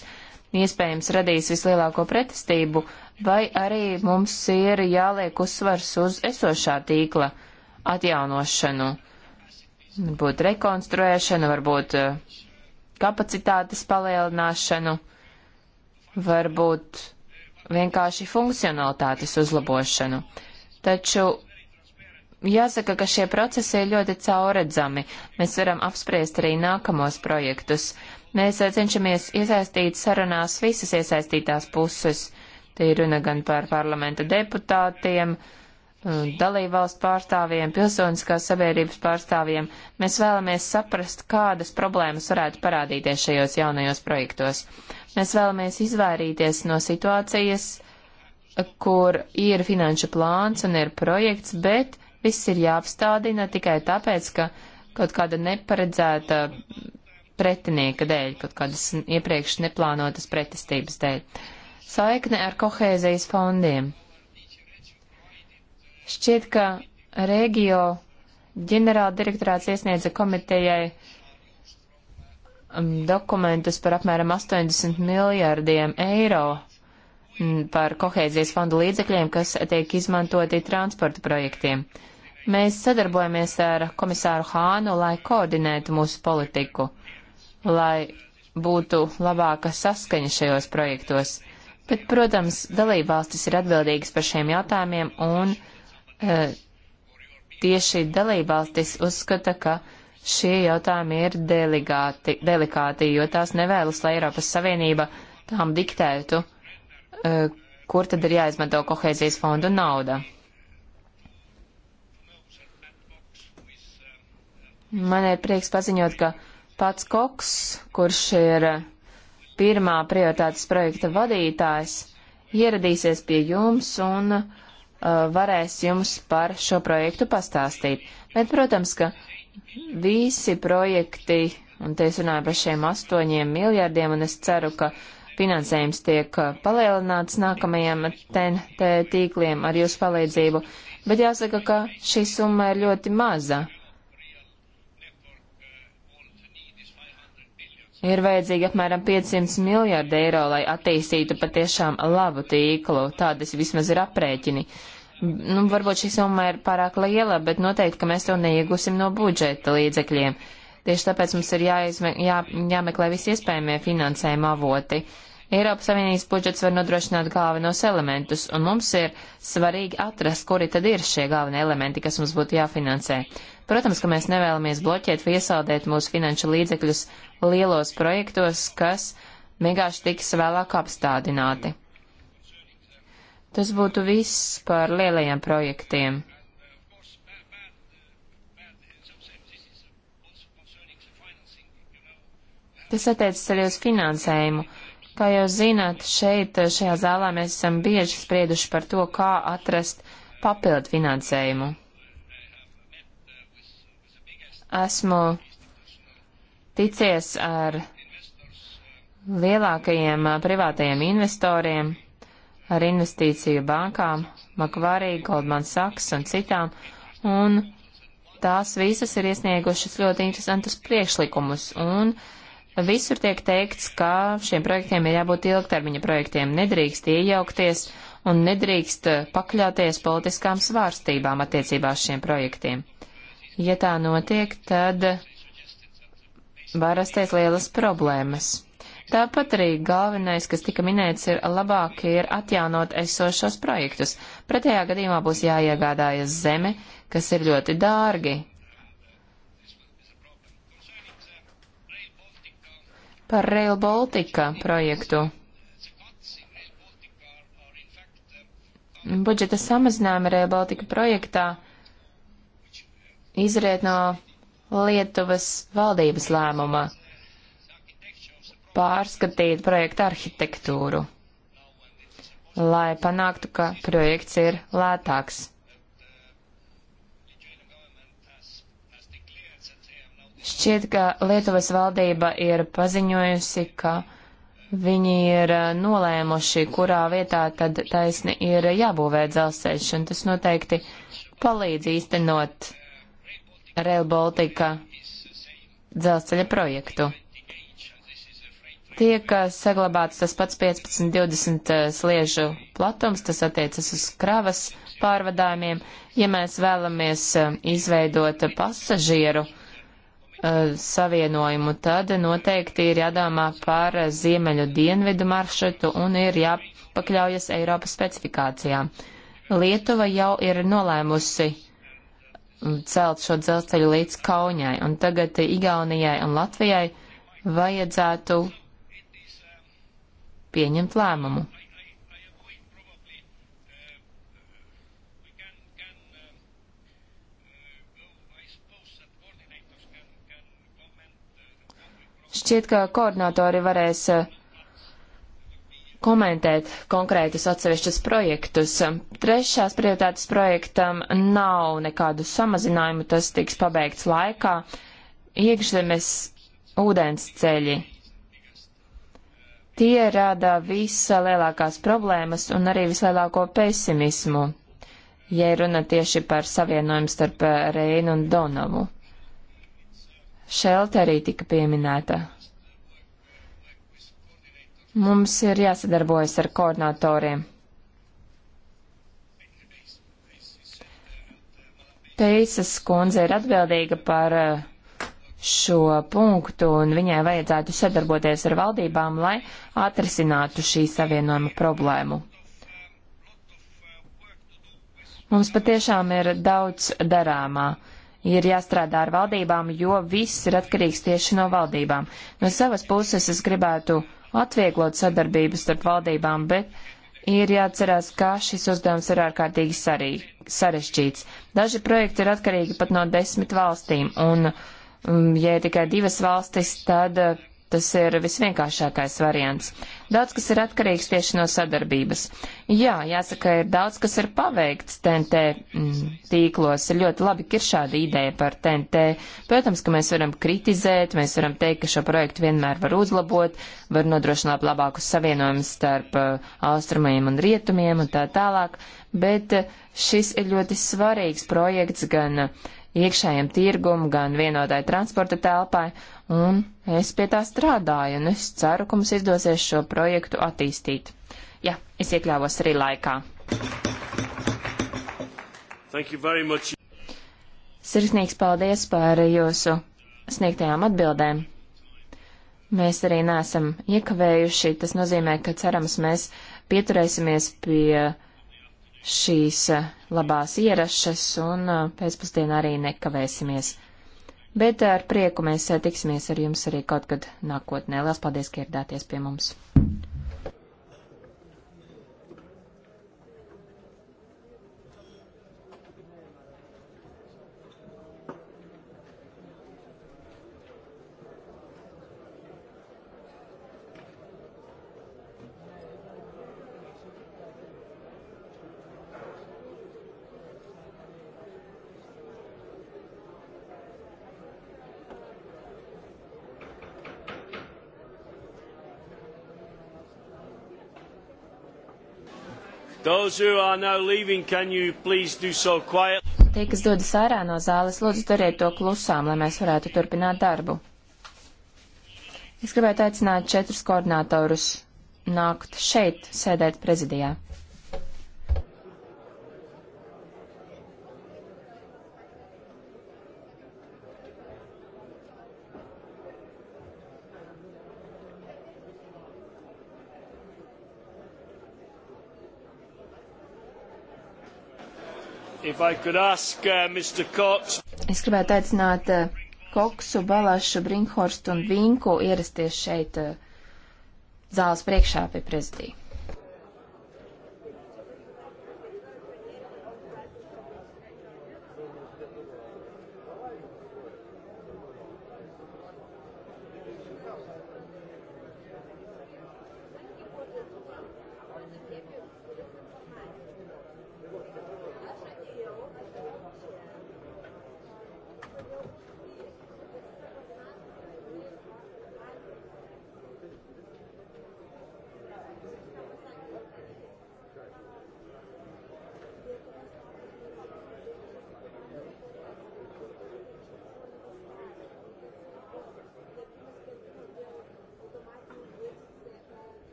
iespējams radīs vislielāko pretestību, vai arī mums ir jāliek uzsvars uz esošā tīkla atjaunošanu, varbūt rekonstruēšanu, varbūt eh, kapacitātes palielināšanu, varbūt vienkārši funkcionalitātes uzlabošanu. Taču Jāsaka, ka šie procesi ir ļoti cauredzami. Mēs varam apspriest arī nākamos projektus. Mēs eh, cenšamies iesaistīt sarunās visas iesaistītās puses. Te ir runa gan par parlamenta deputātiem, eh, dalībvalstu pārstāvjiem, pilsoniskās sabiedrības pārstāvjiem. Mēs vēlamies saprast, kādas problēmas varētu parādīties šajos jaunajos projektos. Mēs vēlamies izvairīties no situācijas, kur ir finanšu plāns un ir projekts, bet Viss ir jāapstādina tikai tāpēc, ka kaut kāda neparedzēta pretinieka dēļ, kaut kādas iepriekš neplānotas pretestības dēļ. Saikne ar kohēzijas fondiem. Šķiet, ka Regio ģenerāla direktorāts iesniedza komitejai um, dokumentus par apmēram 80 miljārdiem eiro mm, par kohēzijas fondu līdzekļiem, kas tiek izmantoti transporta projektiem. Uh, Mēs sadarbojamies ar komisāru Hānu, lai koordinētu mūsu politiku, lai būtu labāka saskaņa šajos projektos. Bet, protams, dalībvalstis ir atbildīgas par šiem jautājumiem, un e, tieši dalībvalstis uzskata, ka šie jautājumi ir delikāti, delikāti, jo tās nevēlas, lai Eiropas Savienība tām diktētu, e, kur tad ir jāizmanto kohēzijas fondu nauda. Man ir prieks paziņot, ka pats Koks, kurš ir eh, pirmā prioritātes projekta vadītājs, ieradīsies pie jums un uh, varēs jums par šo projektu pastāstīt. Bet, protams, ka visi projekti, un te es runāju par šiem astoņiem miljardiem, un es ceru, ka finansējums tiek eh, palielināts nākamajiem TNT tīkliem ar jūsu palīdzību, bet jāsaka, ka šī summa ir ļoti maza. Ir vajadzīgi apmēram 500 miljārdi eiro, lai attīstītu patiešām labu tīklu. Tādas vismaz ir aprēķini. Nu, varbūt šī summa ir pārāk liela, bet noteikti, ka mēs to neiegūsim no budžeta līdzekļiem. Tieši tāpēc mums ir jāizme, jā, jāmeklē visi iespējamie finansējuma avoti. Eiropas Savienības budžets var nodrošināt galvenos elementus, un mums ir svarīgi atrast, kuri tad ir šie galvenie elementi, kas mums būtu jāfinansē. Protams, ka mēs nevēlamies bloķēt vai iesaldēt mūsu finanšu līdzekļus lielos projektos, kas vienkārši tiks vēlāk apstādināti. Tas būtu viss par lielajiem projektiem. Tas attiecas arī uz finansējumu. Kā jau zināt, šeit, šajā zālē mēs esam bieži sprieduši par to, kā atrast papildu finansējumu esmu ticies ar lielākajiem privātajiem investoriem, ar investīciju bankām, Makvarī, Goldman Sachs un citām, un tās visas ir iesniegušas ļoti interesantus priekšlikumus, un visur tiek teikts, ka šiem projektiem ir jābūt ilgtermiņa projektiem, nedrīkst iejaukties un nedrīkst pakļauties politiskām svārstībām attiecībā uz šiem projektiem. Ja tā notiek, tad var rasties lielas problēmas. Tāpat arī galvenais, kas tika minēts, ir labāk ir atjaunot esošos projektus. Pretējā gadījumā būs jāiegādājas zeme, kas ir ļoti dārgi. Par Rail Baltica projektu. Budžeta samazinājuma Rail Baltica projektā izriet no Lietuvas valdības lēmuma pārskatīt projektu arhitektūru, lai panāktu, ka projekts ir lētāks. Šķiet, ka Lietuvas valdība ir paziņojusi, ka viņi ir eh, nolēmuši, kurā vietā tad taisni ir jābūvē dzelzceļš, un tas noteikti palīdz īstenot Rail Baltica dzelzceļa projektu. Tiek eh, saglabāts tas pats 15-20 eh, sliežu platums, tas attiecas uz kravas pārvadājumiem. Ja mēs vēlamies eh, izveidot pasažieru savienojumu, tad noteikti ir jādomā par ziemeļu dienvidu maršrutu un ir jāpakļaujas Eiropas specifikācijām. Lietuva jau ir nolēmusi celt šo dzelzceļu līdz Kaunijai, un tagad Igaunijai un Latvijai vajadzētu pieņemt lēmumu. Šķiet, ka koordinatori varēs uh, komentēt konkrētus atsevišķus projektus. Trešās prioritātes projektam nav nekādu samazinājumu, tas tiks pabeigts laikā. Iekšzemes ūdens ceļi. Tie rada visa lielākās problēmas un arī vislielāko pesimismu, ja runa tieši par savienojumu starp Reinu un Donavu. Šelta arī tika pieminēta. Mums ir jāsadarbojas ar koordinatoriem. Teisas kundze ir atbildīga par uh, šo punktu, un viņai vajadzētu sadarboties ar valdībām, lai atrisinātu šī savienojuma problēmu. Mums patiešām ir daudz darāmā. Ir jāstrādā ar valdībām, jo viss ir atkarīgs tieši no valdībām. No savas puses es gribētu atvieglot sadarbību starp valdībām, bet ir jāatcerās, ka šis uzdevums ir ārkārtīgi sarī, sarežģīts. Daži projekti ir atkarīgi pat no desmit valstīm, un, mm, ja ir tikai divas valstis, tad tas ir visvienkāršākais variants. Daudz kas ir atkarīgs tieši no sadarbības. Jā, jāsaka, ir daudz kas ir paveikts TNT mm, tīklos. Ir ļoti labi, ka ir šāda ideja par TNT. Protams, ka mēs varam kritizēt, mēs varam teikt, ka šo projektu vienmēr var uzlabot, var nodrošināt labākus savienojumus starp uh, austrumiem un rietumiem un tā tālāk. Bet uh, šis ir ļoti svarīgs projekts gan uh, iekšējiem tirgumu, gan vienotai transporta telpai, un es pie tā strādāju, un es ceru, ka mums izdosies šo projektu attīstīt. Jā, es iekļāvos arī laikā. Sirsnīgs paldies par jūsu sniegtajām atbildēm. Mēs arī neesam iekavējuši, tas nozīmē, ka cerams mēs pieturēsimies pie šīs uh, labās ierašas un uh, pēcpusdienā arī nekavēsimies. Bet uh, ar prieku mēs uh, tiksimies ar jums arī kaut kad nākotnē. Lielas paldies, ka ieradāties pie mums! Those who are now leaving, can you please do so quiet? Tie, kas dodas ārā no zāles, lūdzu dariet to klusām, lai mēs varētu turpināt darbu. Es gribētu aicināt četrus koordinatorus nākt šeit, sēdēt prezidijā. Ask, uh, es gribētu aicināt uh, Koksu, Balašu, Brinkhorstu un Vinku ierasties šeit uh, zāles priekšā pie prezidija.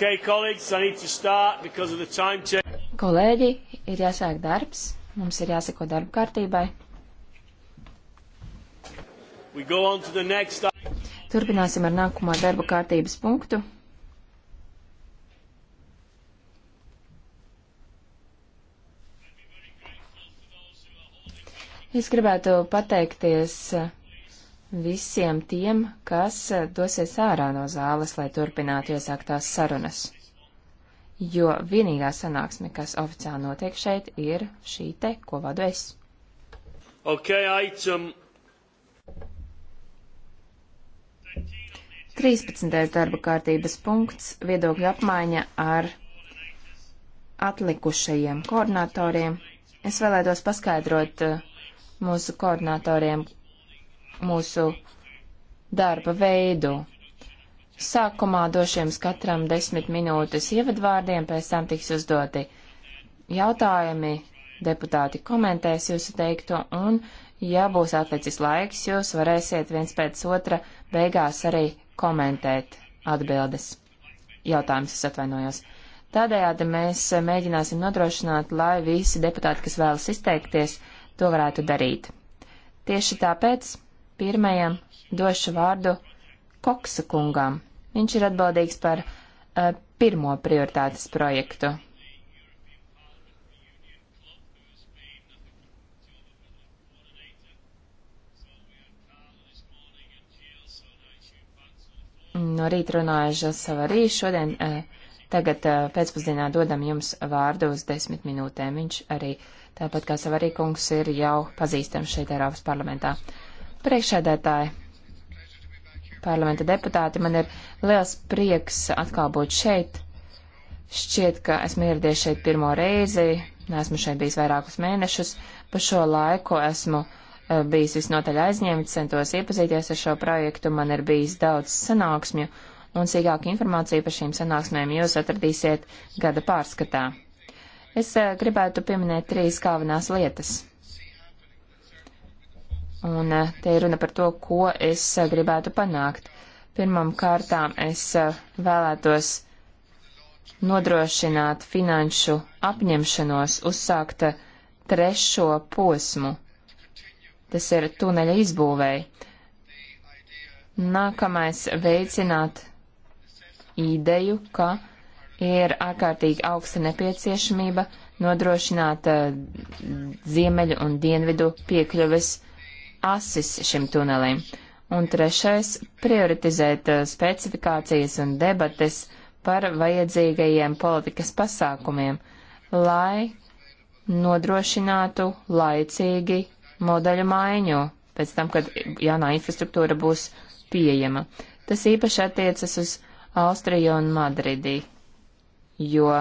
Okay, Kolēģi, ir jāsāk darbs, mums ir jāseko darba kārtībai. Next... Turpināsim ar nākamo darba kārtības punktu. Es gribētu pateikties visiem tiem, kas e, dosies ārā no zāles, lai turpinātu iesāktās sarunas. Jo vienīgā sanāksme, kas oficiāli notiek šeit, ir šī te, ko vadu es. Okay, item. 13. darba kārtības punkts - viedokļu apmaiņa ar atlikušajiem koordinatoriem. Es vēlētos paskaidrot e, mūsu koordinatoriem, mūsu darba veidu. Sākumā došu jums katram desmit minūtes ievadvārdiem, pēc tam tiks uzdoti jautājumi, deputāti komentēs jūsu teikto, un, ja būs atlicis laiks, jūs varēsiet viens pēc otra beigās arī komentēt atbildes. Jautājums es atvainojos. Tādējādi mēs mēģināsim nodrošināt, lai visi deputāti, kas vēlas izteikties, to varētu darīt. Tieši tāpēc Pirmajam došu vārdu Koksa kungam. Viņš ir atbildīgs par uh, pirmo prioritātes projektu. No rīta runājuši savarī, šodien uh, Tagad eh, pēcpusdienā dodam jums vārdu uz desmit minūtēm. Viņš arī, tāpat kā Savarīkungs, ir jau pazīstams šeit Eiropas parlamentā. Priekšēdētāji, parlamenta deputāti, man ir liels prieks atkal būt šeit. Šķiet, ka esmu ieradies šeit pirmo reizi, esmu šeit bijis vairākus mēnešus. Pa šo laiku esmu eh, bijis visnotaļ aizņemts, centos iepazīties ar šo projektu, man ir bijis daudz sanāksmju, un sīkāku informāciju par šīm sanāksmēm jūs atradīsiet gada pārskatā. Es eh, gribētu pieminēt trīs galvenās lietas. Un eh, te ir runa par to, ko es eh, gribētu panākt. Pirmam kārtām es eh, vēlētos nodrošināt finanšu apņemšanos uzsākt trešo posmu. Tas ir tuneļa izbūvēja. Nākamais veicināt ideju, ka ir ārkārtīgi augsta nepieciešamība nodrošināt uh, ziemeļu un dienvidu piekļuves uh, asis šim tunelim. Un trešais - prioritizēt uh, specifikācijas un debates par vajadzīgajiem politikas pasākumiem, lai nodrošinātu laicīgi modeļu maiņu pēc tam, kad jaunā infrastruktūra būs pieejama. Tas īpaši attiecas uz Austriju un Madridi, jo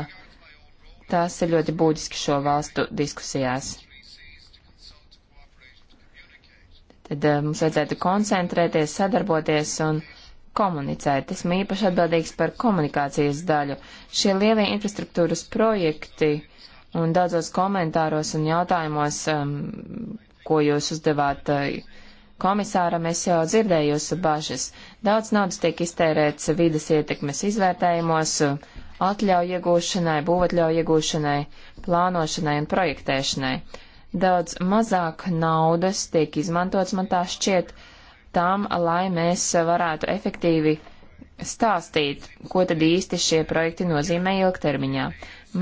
tās ir ļoti būtiski šo valstu diskusijās. Tad eh, mums vajadzētu koncentrēties, sadarboties un komunicēt. Esmu īpaši atbildīgs par komunikācijas daļu. Šie lielie infrastruktūras projekti un daudzos komentāros un jautājumos, um, ko jūs uzdevāt eh, komisāram, es jau dzirdēju jūsu bažas. Daudz naudas tiek iztērēts vides ietekmes izvērtējumos, atļauju iegūšanai, būvatļauju iegūšanai, plānošanai un projektēšanai daudz mazāk naudas tiek izmantots, man tā šķiet, tam, lai mēs varētu efektīvi stāstīt, ko tad īsti šie projekti nozīmē ilgtermiņā.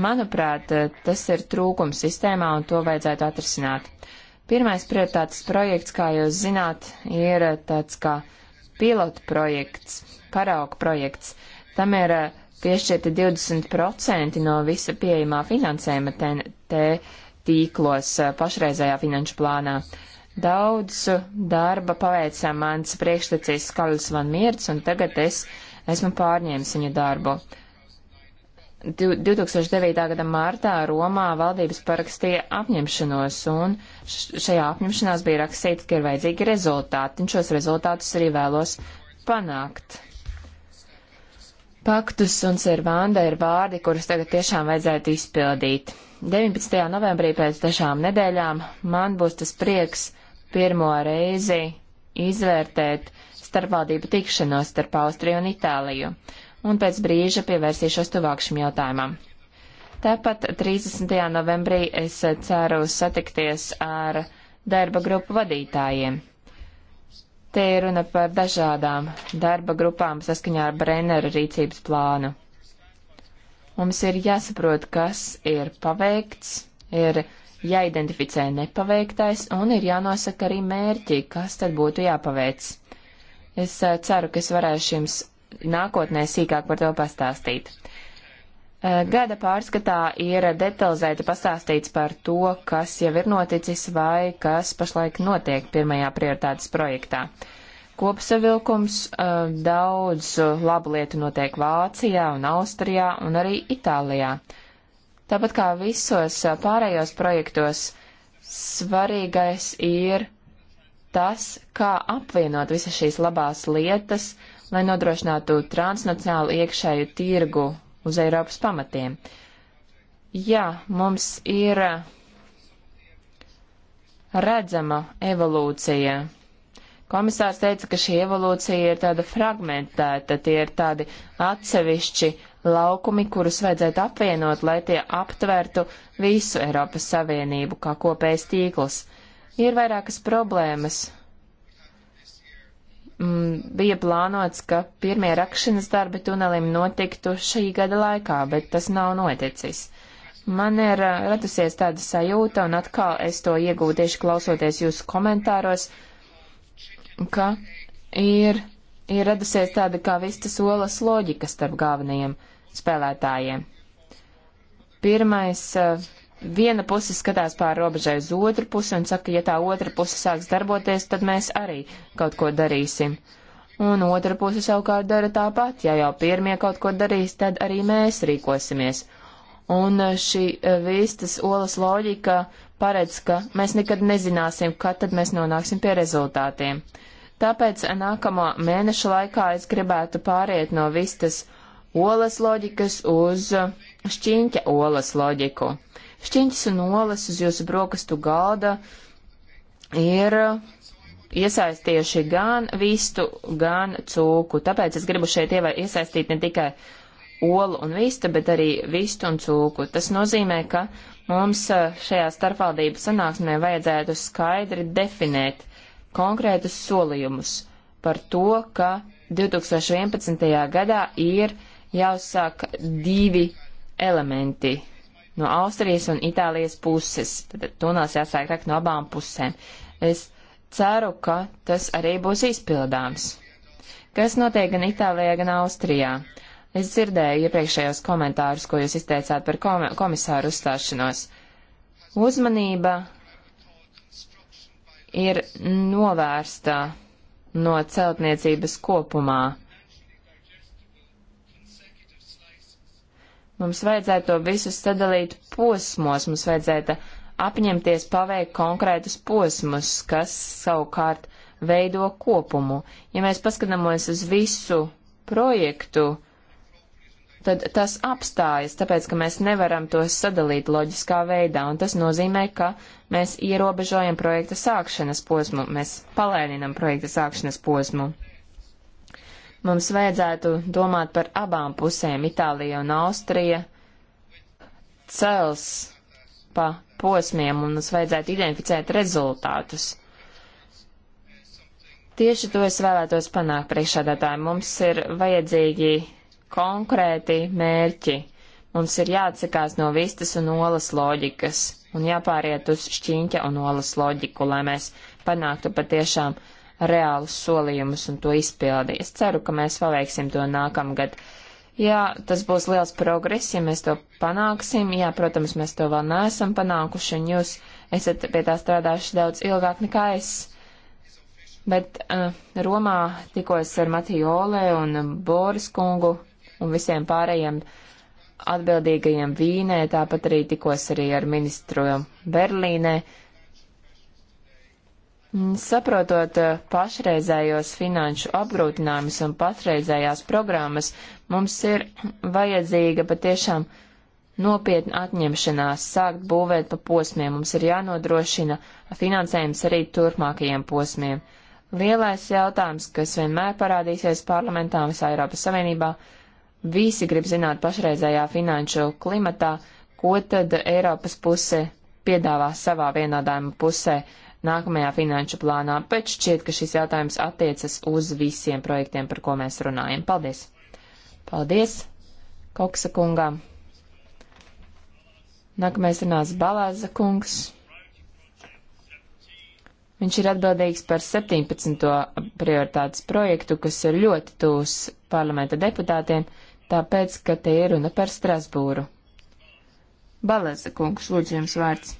Manuprāt, tas ir trūkums sistēmā un to vajadzētu atrisināt. Pirmais prioritātes projekts, kā jūs zināt, ir tāds kā pilotu projekts, parauga projekts. Tam ir uh, piešķirti 20% no visa pieejamā finansējuma TNT tīklos eh, pašreizējā finanšu plānā. Daudz eh, darba paveicā mans priekštecis Kalis Van Mierts, un tagad es esmu pārņēmis viņa darbu. 2009. gada martā Romā valdības parakstīja apņemšanos, un šajā apņemšanās bija rakstīts, ka ir vajadzīgi rezultāti, un šos rezultātus arī vēlos panākt. Paktus un servanda ir vārdi, kurus tagad tiešām vajadzētu izpildīt. 19. novembrī pēc dažām nedēļām man būs tas prieks pirmo reizi izvērtēt starpvaldību tikšanos starp Austriju un Itāliju, un pēc brīža pievērsīšos tuvāk šim jautājumam. Tāpat 30. novembrī es ceru satikties ar darba grupu vadītājiem. Te ir runa par dažādām darba grupām saskaņā ar Brennera rīcības plānu. Mums ir jāsaprot, kas ir paveikts, ir jāidentificē nepaveiktais un ir jānosaka arī mērķi, kas tad būtu jāpaveic. Es eh, ceru, ka es varēšu jums nākotnē sīkāk par to pastāstīt. Eh, gada pārskatā ir detalizēti pastāstīts par to, kas jau ir noticis vai kas pašlaik notiek pirmajā prioritātes projektā. Kopsavilkums daudz labu lietu notiek Vācijā un Austrijā un arī Itālijā. Tāpat kā visos pārējos projektos, svarīgais ir tas, kā apvienot visas šīs labās lietas, lai nodrošinātu transnacionālu iekšēju tirgu uz Eiropas pamatiem. Jā, mums ir redzama evolūcija Komisārs teica, ka šī evolūcija ir tāda fragmentēta, tie ir tādi atsevišķi laukumi, kurus vajadzētu apvienot, lai tie aptvertu visu Eiropas Savienību kā kopējs tīkls. Ir vairākas problēmas. Mm, bija plānots, ka pirmie rakšanas darbi tunelim notiktu šī gada laikā, bet tas nav noticis. Man ir uh, radusies tāda sajūta, un atkal es to iegūtu tieši klausoties jūsu komentāros, uh, ka ir, ir radusies tāda kā vistas olas loģika starp galvenajiem spēlētājiem. Pirmais, eh, viena puse skatās pāri robežai uz otru pusi un saka, ja tā otra puse sāks darboties, tad mēs arī kaut ko darīsim. Un otra puse savukārt dara tāpat, ja jau pirmie kaut ko darīs, tad arī mēs rīkosimies. Un eh, šī eh, vistas olas loģika paredz, ka mēs nekad nezināsim, kad tad mēs nonāksim pie rezultātiem. Tāpēc eh, nākamo mēnešu laikā es gribētu pāriet no vistas olas loģikas uz šķiņķa olas loģiku. Šķiņķis un olas uz jūsu brokastu galda ir iesaistījuši gan vistu, gan cūku. Tāpēc es gribu šeit iesaistīt ne tikai uh, olu un vistu, bet arī vistu un cūku. Tas nozīmē, ka mums eh, šajā starpvaldību sanāksmē vajadzētu skaidri definēt konkrētus solījumus par to, ka 2011. gadā ir jāuzsāk divi elementi no Austrijas un Itālijas puses. Tad tunās jāsāk rakt no abām pusēm. Es ceru, ka tas arī būs izpildāms. Kas notiek gan Itālijā, gan Austrijā? Es dzirdēju iepriekšējos komentārus, ko jūs izteicāt par komisāru uzstāšanos. Uzmanība ir novērsta no celtniecības kopumā. Mums vajadzētu to visu sadalīt posmos, mums vajadzētu apņemties paveikt konkrētus posmus, kas savukārt veido kopumu. Ja mēs paskatāmies uz visu projektu, tad tas apstājas, tāpēc, ka mēs nevaram tos sadalīt loģiskā veidā, un tas nozīmē, ka mēs ierobežojam projekta sākšanas posmu, mēs palēninam projekta sākšanas posmu. Mums vajadzētu domāt par abām pusēm - Itālija un Austrija cels pa posmiem, un mums vajadzētu identificēt rezultātus. Tieši to es vēlētos panākt priekšādātāji. Mums ir vajadzīgi konkrēti mērķi. Mums ir jāatsakās no vistas un olas loģikas un jāpāriet uz šķiņķa un olas loģiku, lai mēs panāktu patiešām reālus solījumus un to izpildi. Es ceru, ka mēs paveiksim to nākamgad. Jā, tas būs liels progress, ja mēs to panāksim. Jā, protams, mēs to vēl neesam panākuši, un jūs esat pie tā strādājuši daudz ilgāk nekā es. Bet uh, Romā tikos ar Matiju Olē un Boris Kungu un visiem pārējiem atbildīgajiem Vīnē, tāpat arī tikos arī ar ministru Berlīnē. Mm, saprotot eh, pašreizējos finanšu apgrūtinājumus un patreizējās programmas, mums ir <clears throat> vajadzīga patiešām nopietna atņemšanās sākt būvēt pa posmiem. Mums ir jānodrošina finansējums arī turpmākajiem posmiem. Lielais jautājums, kas vienmēr parādīsies parlamentā visā Eiropas Savienībā, ir Visi grib zināt pašreizējā finanšu klimatā, ko tad Eiropas puse piedāvā savā vienādājuma pusē nākamajā finanšu plānā, bet šķiet, ka šis jautājums attiecas uz visiem projektiem, par ko mēs runājam. Paldies! Paldies, Koksa kungām! Nākamais runās Balāza kungs. Viņš ir atbildīgs par 17. prioritātes projektu, kas ir ļoti tūs parlamenta deputātiem tāpēc, ka te ir runa par Strasbūru. Balaza kungs, lūdzu jums vārds.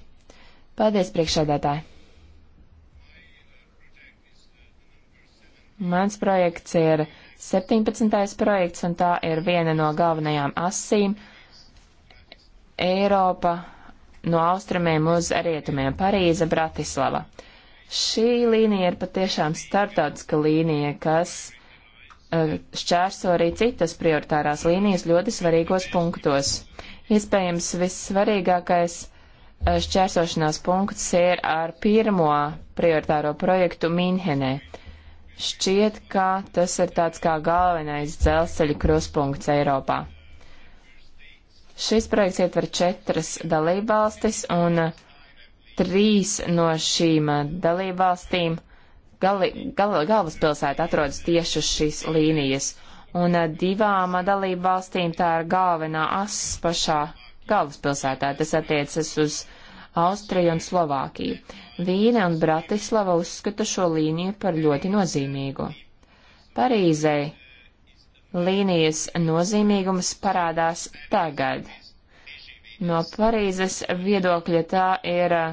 Paldies, priekšādātāji. Mans projekts ir 17. projekts, un tā ir viena no galvenajām asīm - Eiropa no austrumiem uz rietumiem - Parīze, Bratislava. Šī līnija ir patiešām startautiska līnija, kas Eh, šķērso arī citas prioritārās līnijas ļoti svarīgos punktos. Iespējams, vissvarīgākais eh, šķērsošanās punkts ir ar pirmo prioritāro projektu Mīnhenē. Šķiet, ka tas ir tāds kā galvenais dzelzceļa kruspunkts Eiropā. Šis projekts ietver četras dalībvalstis, un trīs no šīm eh, dalībvalstīm gali, gal, galvaspilsēta atrodas tieši uz šīs līnijas, un eh, divām eh, dalību valstīm tā ir galvenā as pašā galvaspilsētā. Tas attiecas uz Austriju un Slovākiju. Vīne un Bratislava uzskata šo līniju par ļoti nozīmīgu. Parīzei līnijas nozīmīgums parādās tagad. No Parīzes viedokļa tā ir eh,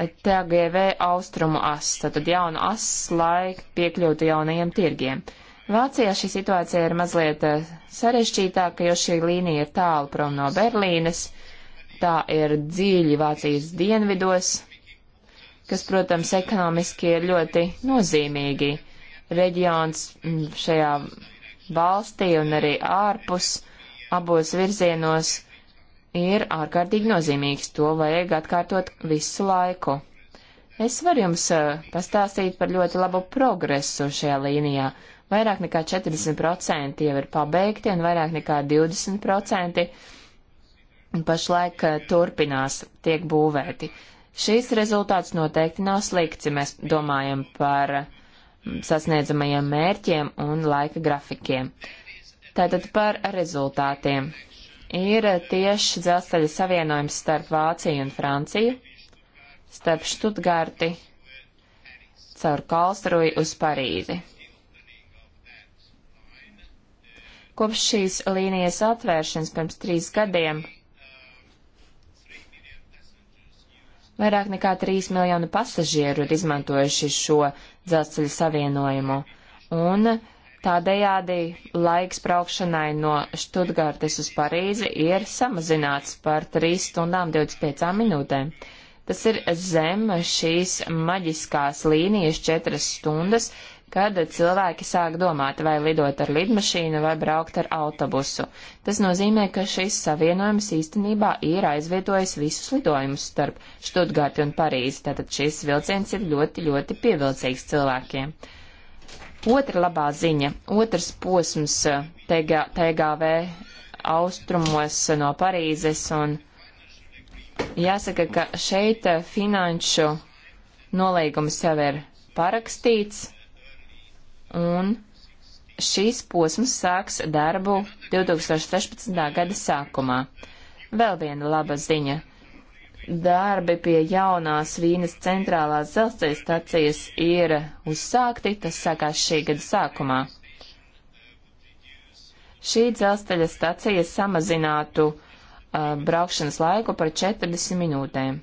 TGV austrumu as, tātad jaunu as, lai piekļūtu jaunajiem tirgiem. Vācijā šī situācija ir mazliet eh, sarežģītāka, jo šī līnija ir tālu prom no Berlīnes, tā ir dziļi Vācijas dienvidos, kas, protams, ekonomiski ir ļoti nozīmīgi. Reģions mm, šajā valstī un arī ārpus abos virzienos ir ārkārtīgi nozīmīgs. To vajag atkārtot visu laiku. Es varu jums eh, pastāstīt par ļoti labu progresu šajā līnijā. Vairāk nekā 40% jau ir pabeigti un vairāk nekā 20% pašlaik eh, turpinās tiek būvēti. Šīs rezultāts noteikti nav slikts, ja mēs domājam par mm, sasniedzamajiem mērķiem un laika grafikiem. Tātad par rezultātiem ir tieši dzelzceļa savienojums starp Vāciju un Franciju, starp Štutgārti, caur Kalstruju uz Parīzi. Kopš šīs līnijas atvēršanas pirms trīs gadiem vairāk nekā 3 miljonu pasažieru ir izmantojuši šo dzelzceļa savienojumu, un Tādējādi laiks braukšanai no Študgārtes uz Parīzi ir samazināts par 3 stundām 25 minūtēm. Tas ir zem šīs maģiskās līnijas 4 stundas, kad cilvēki sāk domāt, vai lidot ar lidmašīnu vai braukt ar autobusu. Tas nozīmē, ka šis savienojums īstenībā ir aizvietojis visus lidojumus starp Študgārti un Parīzi, tātad šis vilciens ir ļoti, ļoti pievilcīgs cilvēkiem. Otra labā ziņa, otrs posms eh, TGV austrumos eh, no Parīzes un jāsaka, ka šeit eh, finanšu nolīgums jau ir parakstīts un šīs posms sāks darbu 2016. gada sākumā. Vēl viena laba ziņa. Darbi pie jaunās Vīnes centrālās dzelzceļa stacijas ir uzsākti, tas sākās šī gada sākumā. Šī dzelzceļa stacija samazinātu uh, braukšanas laiku par 40 minūtēm.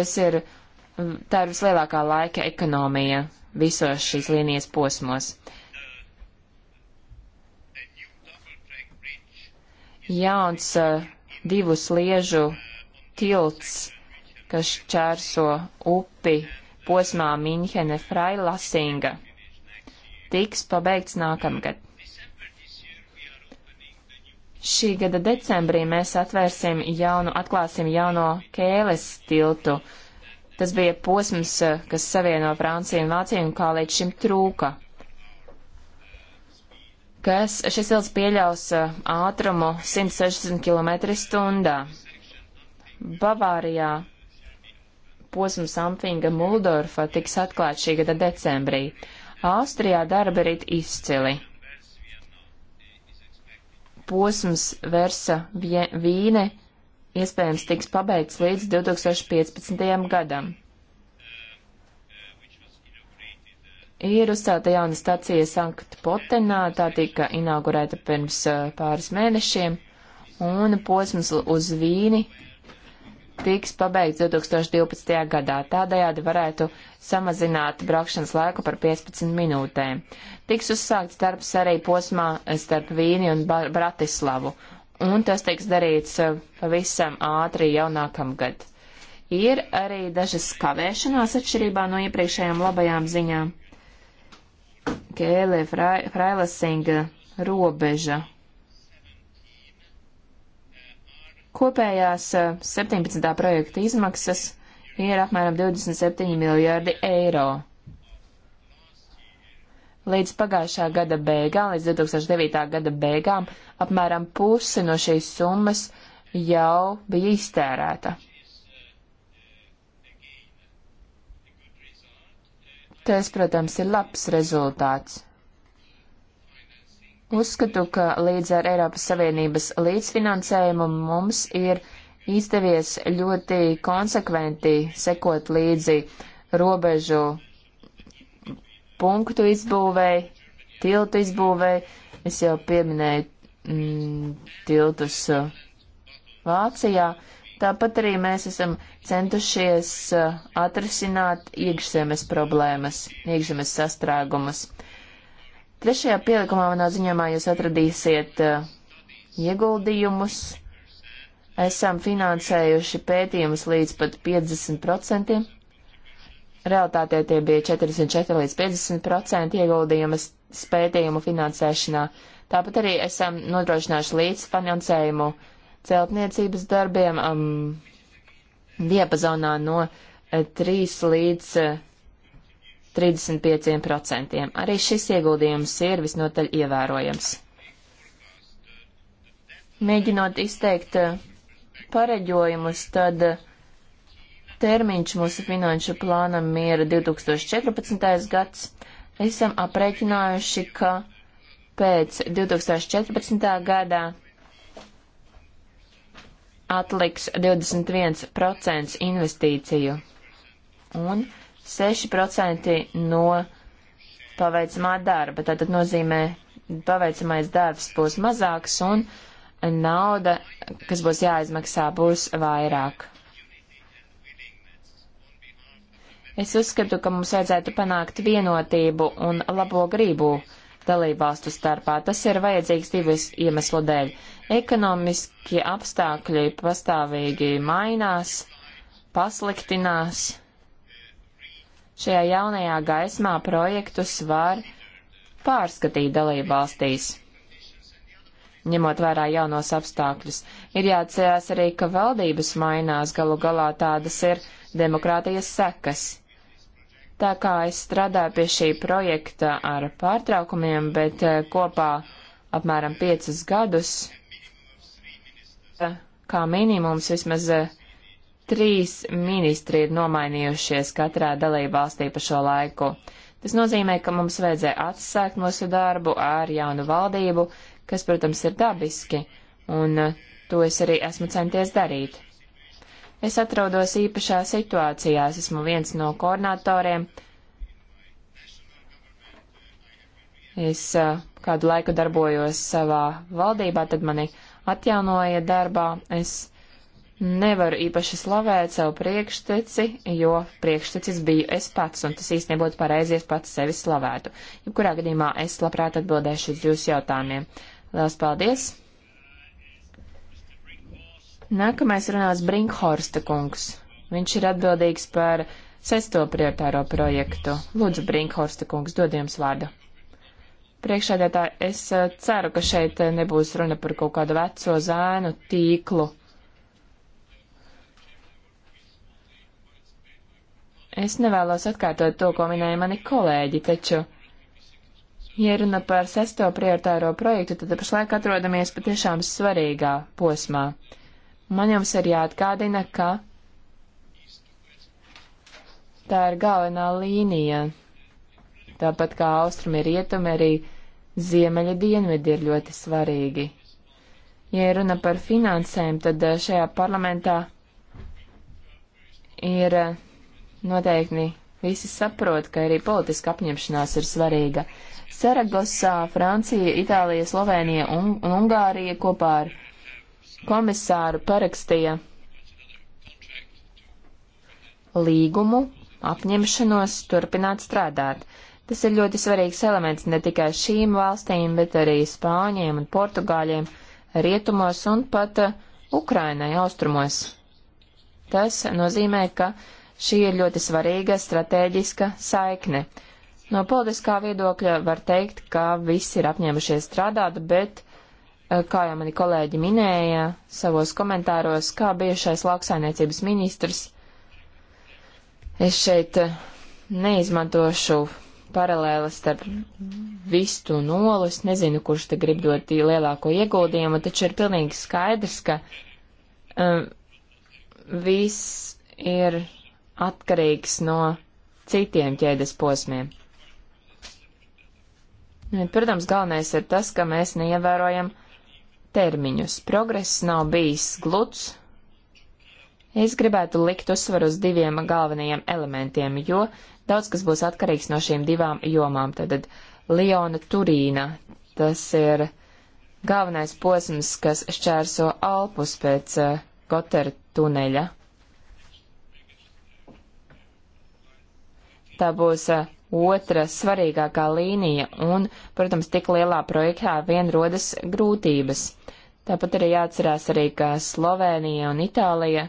Tas ir, uh, tā ir vislielākā laika ekonomija visos šīs līnijas posmos. Jauns uh, divu sliežu tilts, kas čērso upi posmā Minhene Frailasinga, tiks pabeigts nākamgad. Šī gada decembrī mēs atvērsim jaunu, atklāsim jauno Kēles tiltu. Tas bija posms, kas savieno Franciju un Vāciju un kā līdz šim trūka. Kas šis tilts pieļaus ātrumu 160 km stundā. Bavārijā posms Amfinga Muldorfa tiks atklāts šī gada decembrī. Austrijā darba ir izcili. Posms Versa Vīne iespējams tiks pabeigts līdz 2015. gadam. Ir uzcelta jauna stacija Sanktpotenā, tā tika inaugurēta pirms uh, pāris mēnešiem, un posms uz Vīni tiks pabeigts 2012. gadā. Tādējādi varētu samazināt braukšanas laiku par 15 minūtēm. Tiks uzsākts darbs arī posmā starp Vīni un Bratislavu, un tas tiks darīts uh, pavisam ātri jau nākamgad. Ir arī dažas kavēšanās atšķirībā no iepriekšējām labajām ziņām. Kēlē Frailasinga robeža Kopējās 17. projekta izmaksas ir apmēram 27 miljārdi eiro. Līdz pagājušā gada beigām, līdz 2009. gada beigām, apmēram pusi no šīs summas jau bija iztērēta. Tas, protams, ir labs rezultāts. Uzskatu, ka līdz ar Eiropas Savienības līdzfinansējumu mums ir izdevies ļoti konsekventi sekot līdzi robežu punktu izbūvēi, tiltu izbūvēi. Es jau pieminēju mm, tiltus uh, Vācijā. Tāpat arī mēs esam centušies uh, atrisināt iekšzemes problēmas, iekšzemes sastrēgumus. Trešajā pielikumā manā ziņojumā jūs atradīsiet uh, ieguldījumus. Esam finansējuši pētījumus līdz pat 50%. Realtātē tie bija 44 līdz 50% ieguldījumas pētījumu finansēšanā. Tāpat arī esam nodrošinājuši līdzfinansējumu celtniecības darbiem um, diapazonā no 3 eh, līdz eh, 35%. Arī šis ieguldījums ir visnotaļ ievērojams. Mēģinot izteikt eh, pareģojumus, tad eh, termiņš mūsu finanšu plānam ir 2014. gads. Esam aprēķinājuši, ka pēc 2014. gadā atliks 21% investīciju. Un 6% no paveicamā darba. Tātad nozīmē, paveicamais darbs būs mazāks un nauda, kas būs jāizmaksā, būs vairāk. Es uzskatu, ka mums vajadzētu panākt vienotību un labo grību dalībvalstu starpā. Tas ir vajadzīgs divas iemeslu dēļ. Ekonomiskie apstākļi pastāvīgi mainās, pasliktinās šajā jaunajā gaismā projektus var pārskatīt dalību valstīs. Ņemot vērā jaunos apstākļus, ir jāatcerās arī, ka valdības mainās galu galā tādas ir demokrātijas sekas. Tā kā es strādāju pie šī projekta ar pārtraukumiem, bet eh, kopā apmēram piecus gadus, kā minimums vismaz eh, Trīs ministri ir nomainījušies katrā dalībvalstī pa šo laiku. Tas nozīmē, ka mums vajadzēja atsākt mūsu darbu ar jaunu valdību, kas, protams, ir dabiski, un eh, to es arī esmu centies darīt. Es atrodos īpašā situācijā, es esmu viens no koordinatoriem. Es eh, kādu laiku darbojos savā valdībā, tad mani atjaunoja darbā. Es nevaru īpaši slavēt savu priekšteci, jo priekštecis biju es pats, un tas īstenībā būtu pareizi, ja pats sevi slavētu. Jebkurā gadījumā es labprāt atbildēšu uz jūsu jautājumiem. Lielas paldies! Nākamais runās Brinkhorsta kungs. Viņš ir atbildīgs par sesto prioritāro projektu. Lūdzu, Brinkhorsta kungs, dod jums vārdu. Priekšādētā es eh, ceru, ka šeit eh, nebūs runa par kaut kādu veco zēnu tīklu Es nevēlos atkārtot to, ko minēja mani kolēģi, taču, ja runa par sesto prioritāro projektu, tad pašlaik atrodamies patiešām svarīgā posmā. Man jums ir jāatgādina, ka tā ir galvenā līnija. Tāpat kā austrumi rietumi, arī ziemeļa dienvidi ir ļoti svarīgi. Ja runa par finansēm, tad šajā parlamentā ir Noteikti visi saprot, ka arī politiska apņemšanās ir svarīga. Saragosā, Francija, Itālija, Slovenija un, un Ungārija kopā ar komisāru parakstīja līgumu, apņemšanos turpināt strādāt. Tas ir ļoti svarīgs elements ne tikai šīm valstīm, bet arī Spāņiem un Portugāļiem, rietumos un pat uh, Ukrainai austrumos. Tas nozīmē, ka uh, Šī ir ļoti svarīga stratēģiska saikne. No politiskā viedokļa var teikt, ka visi ir apņēmušies strādāt, bet, eh, kā jau mani kolēģi minēja savos komentāros, kā bijušais lauksainiecības ministrs, es šeit eh, neizmantošu paralēles starp vistu un olu. Es nezinu, kurš te grib dot lielāko ieguldījumu, taču ir pilnīgi skaidrs, ka um, viss ir atkarīgs no citiem ķēdes posmiem. Nu, protams, galvenais ir tas, ka mēs neievērojam termiņus. Progress nav bijis gluds. Es gribētu likt uzsvaru uz diviem galvenajiem elementiem, jo daudz kas būs atkarīgs no šīm divām jomām. Tad Liona Turīna, tas ir galvenais posms, kas šķērso Alpus pēc uh, eh, Gotera tuneļa Tā būs eh, otra svarīgākā līnija, un, protams, tik lielā projektā vien rodas grūtības. Tāpat arī jāatcerās arī, ka Slovēnija un Itālija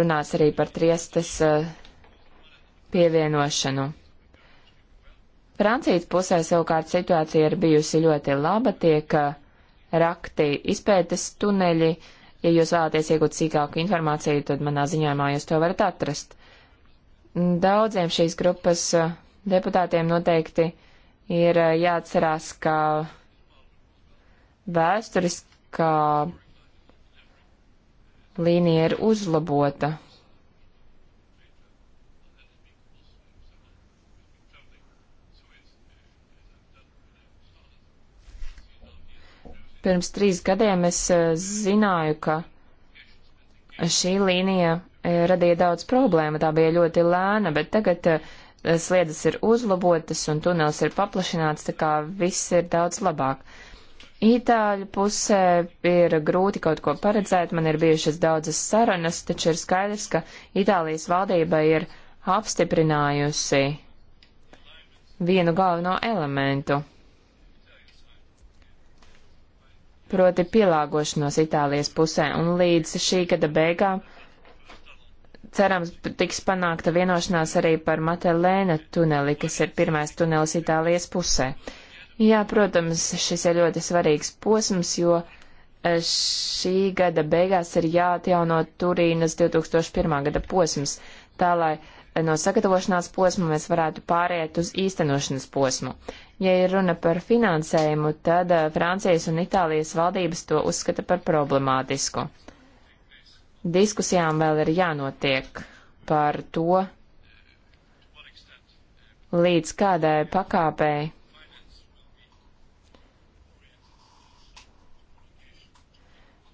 runās arī par triestes eh, pievienošanu. Francijas pusē savukārt situācija ir bijusi ļoti laba, tiek eh, rakti izpētes tuneļi. Ja jūs vēlaties iegūt sīkāku informāciju, tad manā ziņojumā jūs to varat atrast. Daudziem šīs grupas eh, deputātiem noteikti ir eh, jāatcerās, ka vēsturiskā līnija ir uzlabota. pirms trīs gadiem es eh, zināju, ka šī līnija E, radīja daudz problēmu, tā bija ļoti lēna, bet tagad e, sliedas ir uzlabotas un tunels ir paplašināts, tā kā viss ir daudz labāk. Itāļu pusē ir grūti kaut ko paredzēt, man ir bijušas daudzas sarunas, taču ir skaidrs, ka Itālijas valdība ir apstiprinājusi vienu galveno elementu. Proti pielāgošanos Itālijas pusē, un līdz šī gada beigām cerams, tiks panākta vienošanās arī par Matelēna tuneli, kas ir pirmais tunelis Itālijas pusē. Jā, protams, šis ir ļoti svarīgs posms, jo eh, šī gada beigās ir jāatjauno Turīnas 2001. gada posms, tā lai eh, no sagatavošanās posma mēs varētu pāriet uz īstenošanas posmu. Ja ir runa par finansējumu, tad eh, Francijas un Itālijas valdības to uzskata par problemātisku. Diskusijām vēl ir jānotiek par to, līdz kādai pakāpei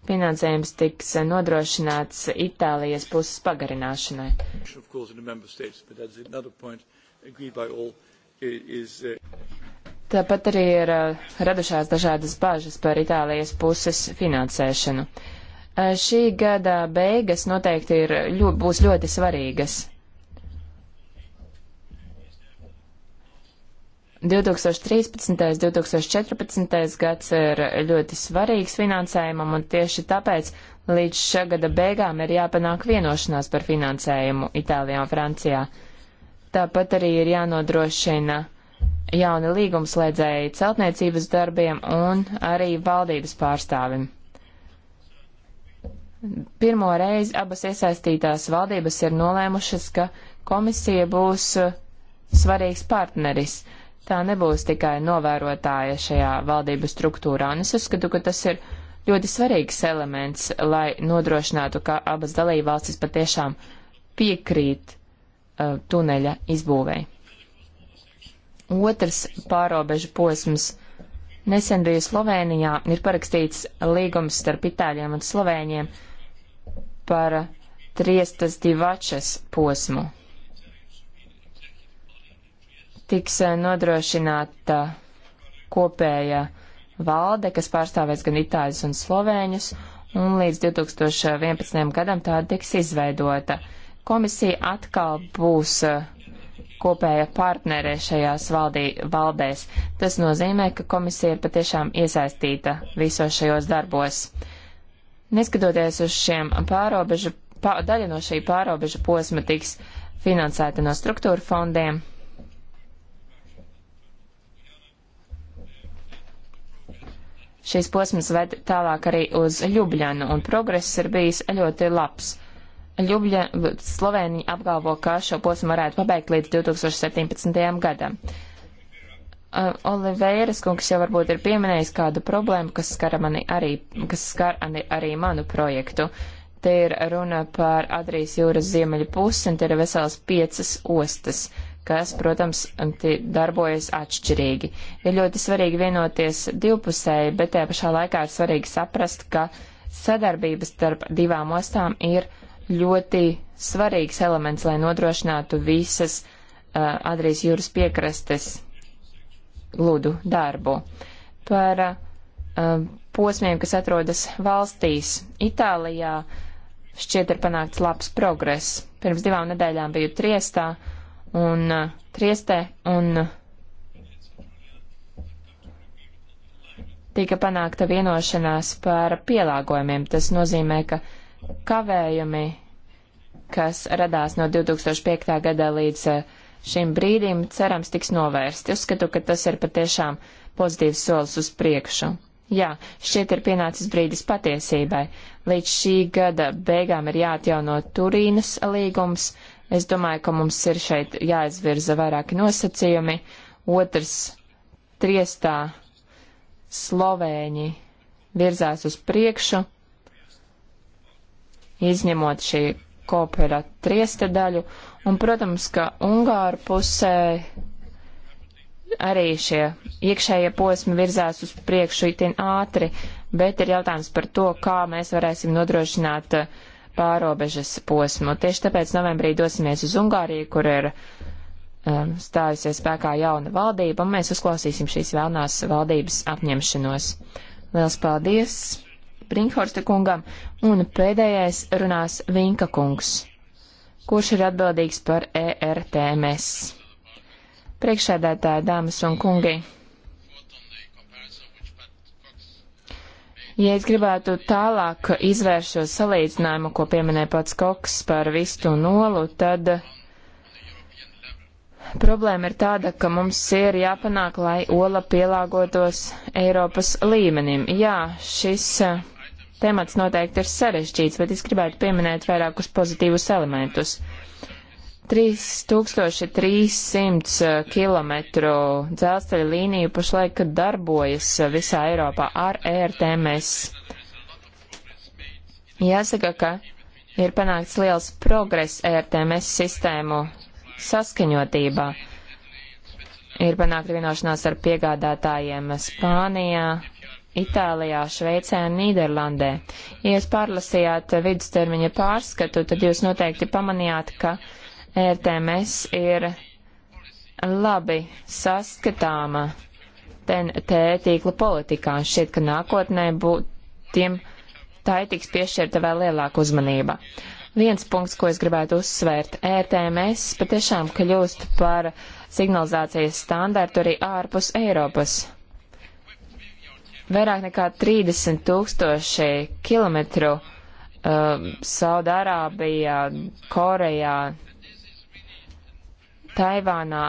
finansējums tiks nodrošināts Itālijas puses pagarināšanai. Uh, Tāpat arī ir uh, radušās dažādas bažas par Itālijas puses finansēšanu. Uh, Eh, šī gada beigas noteikti ir, ļo, būs ļoti svarīgas. 2013. un 2014. gads ir ļoti svarīgs finansējumam, un tieši tāpēc līdz šā gada beigām ir jāpanāk vienošanās par finansējumu Itālijā un Francijā. Tāpat arī ir jānodrošina jauni līgumslēdzēji celtniecības darbiem un arī valdības pārstāvim. Pirmo reizi abas iesaistītās valdības ir nolēmušas, ka komisija būs uh, svarīgs partneris. Tā nebūs tikai novērotāja šajā valdības struktūrā, un es uzskatu, ka tas ir ļoti svarīgs elements, lai nodrošinātu, ka abas dalībvalstis patiešām piekrīt uh, tuneļa izbūvēi. Otrs pārobežu posms. Nesen biju Slovenijā, ir parakstīts līgums starp Itāļiem un Slovēņiem par Triestas divačas posmu. Tiks eh, nodrošināta kopēja valde, kas pārstāvēs gan itāļus un slovēņus, un līdz 2011. gadam tā tiks izveidota. Komisija atkal būs eh, kopēja partnerē šajās valdī, valdēs. Tas nozīmē, ka komisija ir patiešām iesaistīta visos šajos darbos. Neskatoties uz šiem pārobežu, pā, daļa no šī pārobežu posma tiks finansēta no struktūra fondiem. Šīs posmas ved tālāk arī uz Ljubļanu, un progress ir bijis ļoti labs. Ljubļa, Slovēnija apgalvo, ka šo posmu varētu pabeigt līdz 2017. gadam. Eh, Oliveiras kungs jau varbūt ir pieminējis kādu problēmu, kas skar, mani arī, kas skar arī manu projektu. Te ir runa par Adrijas jūras ziemeļu pusi, un te ir vesels piecas ostas, kas, protams, darbojas atšķirīgi. Ir ļoti svarīgi vienoties divpusēji, bet tajā pašā laikā ir svarīgi saprast, ka sadarbības starp divām ostām ir ļoti svarīgs elements, lai nodrošinātu visas uh, Adrijas jūras piekrastes gludu darbu. Par uh, posmiem, kas atrodas valstīs. Itālijā šķiet ir panākts labs progress. Pirms divām nedēļām biju Triestā un uh, Triestē un tika panākta vienošanās par pielāgojumiem. Tas nozīmē, ka kavējumi, kas radās no 2005. gada līdz uh, šim brīdim, cerams, tiks novērsti. Uzskatu, ka tas ir patiešām pozitīvs solis uz priekšu. Jā, šķiet ir pienācis brīdis patiesībai. Līdz šī gada beigām ir jāatjauno Turīnas līgums. Es domāju, ka mums ir šeit jāizvirza vairāki nosacījumi. Otrs triestā Slovēņi virzās uz priekšu, izņemot šī Kooperā Trieste daļu, un, protams, ka Ungāru pusē arī šie iekšējie posmi virzās uz priekšu itin ātri, bet ir jautājums par to, kā mēs varēsim nodrošināt eh, pārobežas posmu. Tieši tāpēc novembrī dosimies uz Ungāriju, kur ir um, stājusies spēkā jauna valdība, un mēs uzklausīsim šīs vēlnās valdības apņemšanos. Liels paldies! Brinkhorsta kungam, un pēdējais runās Vinka kungs, kurš ir atbildīgs par ERTMS. Priekšsēdētāji, dāmas un kungi, ja es gribētu tālāk izvērst šo salīdzinājumu, ko pieminēja pats Koks par vistu un olu, tad problēma ir tāda, ka mums ir jāpanāk, lai ola pielāgotos Eiropas līmenim. Jā, šis temats noteikti ir sarežģīts, bet es gribētu pieminēt vairākus pozitīvus elementus. 3300 eh, km dzelzceļa līniju pašlaik darbojas eh, visā Eiropā ar ERTMS. Jāsaka, ka ir panākts liels progress ERTMS sistēmu saskaņotībā. Ir panākta vienošanās ar piegādātājiem Spānijā, Itālijā, Šveicē un Nīderlandē. Ja jūs pārlasījāt vidustermiņa pārskatu, tad jūs noteikti pamanījāt, ka RTMS ir labi saskatāma TNT tīkla politikā. Šķiet, ka nākotnē būt, tiem tā ir tiks piešķirta vēl lielāka uzmanība. Viens punkts, ko es gribētu uzsvērt, RTMS patiešām kļūst par signalizācijas standārtu arī ārpus Eiropas. Vairāk nekā 30 tūkstoši kilometru uh, Saudārābijā, Korejā, Taivānā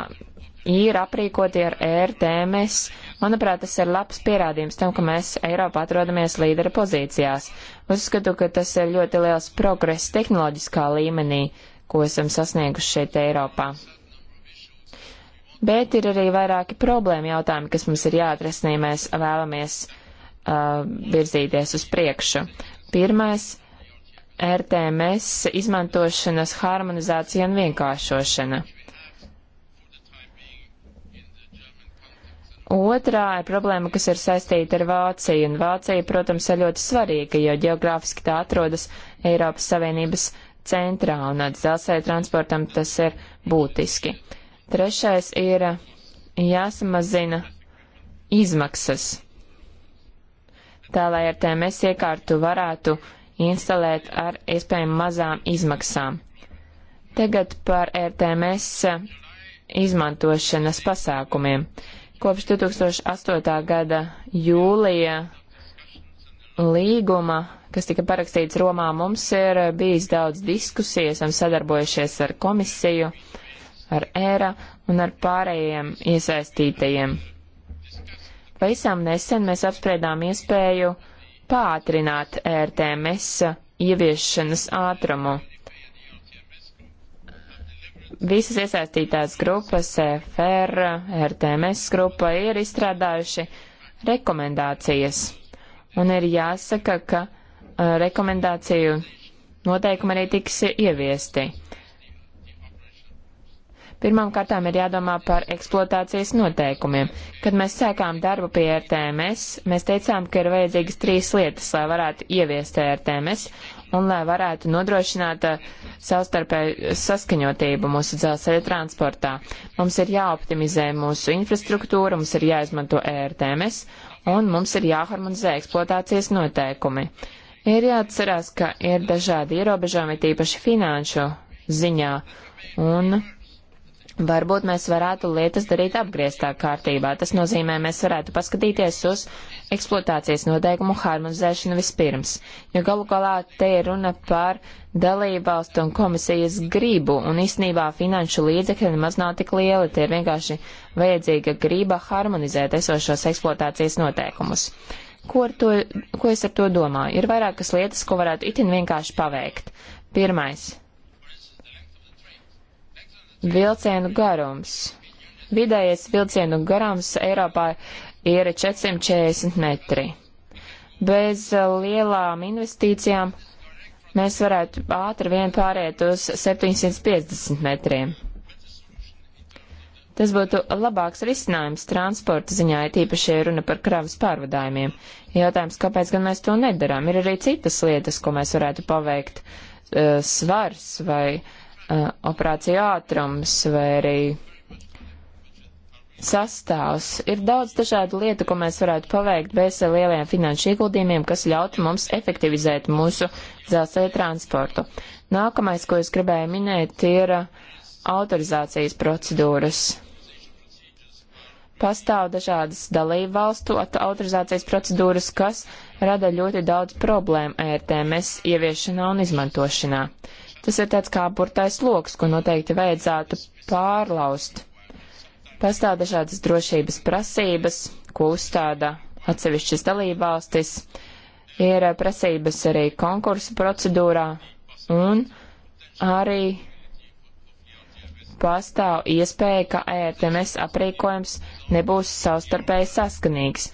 ir aprīkoti ar ērtēmēs. Manuprāt, tas ir labs pierādījums tam, ka mēs Eiropā atrodamies līdera pozīcijās. Uzskatu, ka tas ir ļoti liels progress tehnoloģiskā līmenī, ko esam sasnieguši šeit Eiropā. Bet ir arī vairāki problēma jautājumi, kas mums ir jāatrisina, ja mēs vēlamies uh, virzīties uz priekšu. Pirmais - RTMS izmantošanas harmonizācija un vienkāršošana. Otrā ir problēma, kas ir saistīta ar Vāciju, un Vācija, protams, ir ļoti svarīga, jo geogrāfiski tā atrodas Eiropas Savienības centrā, un dzelzceļa transportam tas ir būtiski. Uh, Trešais ir jāsamazina izmaksas, tā lai ar TMS iekārtu varētu instalēt ar iespējami mazām izmaksām. Tagad par RTMS izmantošanas pasākumiem. Kopš 2008. gada jūlija līguma, kas tika parakstīts Romā, mums ir bijis daudz diskusijas, esam sadarbojušies ar komisiju. Uh, ar ēra un ar pārējiem iesaistītajiem. Pavisam nesen mēs apspriedām iespēju pātrināt ērtēmes ieviešanas ātrumu. Visas iesaistītās grupas, FR, RTMS grupa ir izstrādājuši rekomendācijas. Un ir jāsaka, ka uh, rekomendāciju noteikumi arī tiks ieviesti. Pirmām kārtām ir jādomā par eksploatācijas noteikumiem. Kad mēs sākām darbu pie RTMS, mēs teicām, ka ir vajadzīgas trīs lietas, lai varētu ieviest RTMS un lai varētu nodrošināt uh, savstarpēju uh, saskaņotību mūsu dzelzceļa transportā. Mums ir jāoptimizē mūsu infrastruktūra, mums ir jāizmanto ERTMS un mums ir jāharmonizē eksploatācijas noteikumi. Ir jāatcerās, ka ir dažādi ierobežojumi, tīpaši finanšu ziņā, un Varbūt mēs varētu lietas darīt apgrieztā kārtībā. Tas nozīmē, mēs varētu paskatīties uz eksploatācijas noteikumu harmonizēšanu vispirms, jo galu galā te ir runa par dalībvalstu un komisijas gribu, un īstenībā finanšu līdzekļi nemaz nav tik lieli, tie ir vienkārši vajadzīga grība harmonizēt esošos eksploatācijas noteikumus. Ko, to, ko es ar to domāju? Ir vairākas lietas, ko varētu itin vienkārši paveikt. Pirmais Vilcienu garums. Vidējais vilcienu garums Eiropā ir 440 metri. Bez uh, lielām investīcijām mēs varētu ātri vien pāriet uz 750 metriem. Tas būtu labāks risinājums transporta ziņā, ja tīpaši runa par kravas pārvadājumiem. Jautājums, kāpēc gan mēs to nedarām? Ir arī citas lietas, ko mēs varētu paveikt. Uh, svars vai uh, uh, operācija ātrums vai arī sastāvs. Ir daudz dažādu lietu, ko mēs varētu paveikt bez lieliem finanšu ieguldījumiem, kas ļautu mums efektivizēt mūsu dzelzceļa transportu. Nākamais, ko es gribēju minēt, ir autorizācijas procedūras. Pastāv dažādas dalību valstu autorizācijas procedūras, kas rada ļoti daudz problēmu ērtēmēs ieviešanā un izmantošanā. Uh, Tas ir tāds kā burtais loks, ko noteikti vajadzētu pārlaust. Pastāv dažādas drošības prasības, ko uzstāda atsevišķas dalībvalstis, ir eh, prasības arī konkursu procedūrā un arī pastāv iespēja, ka ērtms e aprīkojums nebūs savstarpēji saskanīgs.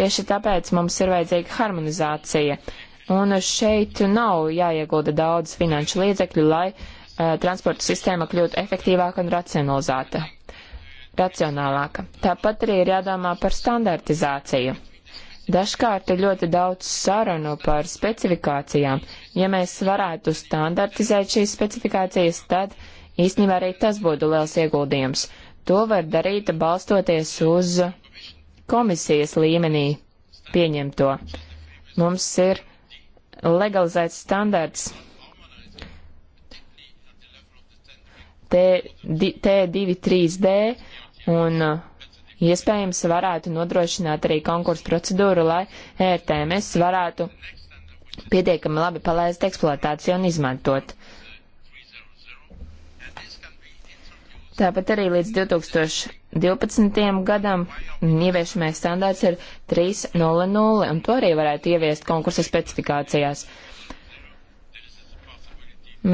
Tieši tāpēc mums ir vajadzīga harmonizācija, Un šeit nav jāiegulda daudz finanšu līdzekļu, lai uh, transporta sistēma kļūtu efektīvāka un racionalizēta. Racionālāka. Tāpat arī ir jādomā par standartizāciju. Dažkārt ir ļoti daudz sarunu par specifikācijām. Ja mēs varētu standartizēt šīs specifikācijas, tad īstenībā arī tas būtu liels ieguldījums. To var darīt balstoties uz komisijas līmenī pieņemto. Mums ir legalizēts standarts T23D un uh, iespējams varētu nodrošināt arī konkursu procedūru, lai e RTMS varētu pietiekami labi palaist eksploatāciju un izmantot. Tāpat arī līdz 2000. 12. gadam ieviešamais standārts ir 3.00, un to arī varētu ieviest konkursa specifikācijās.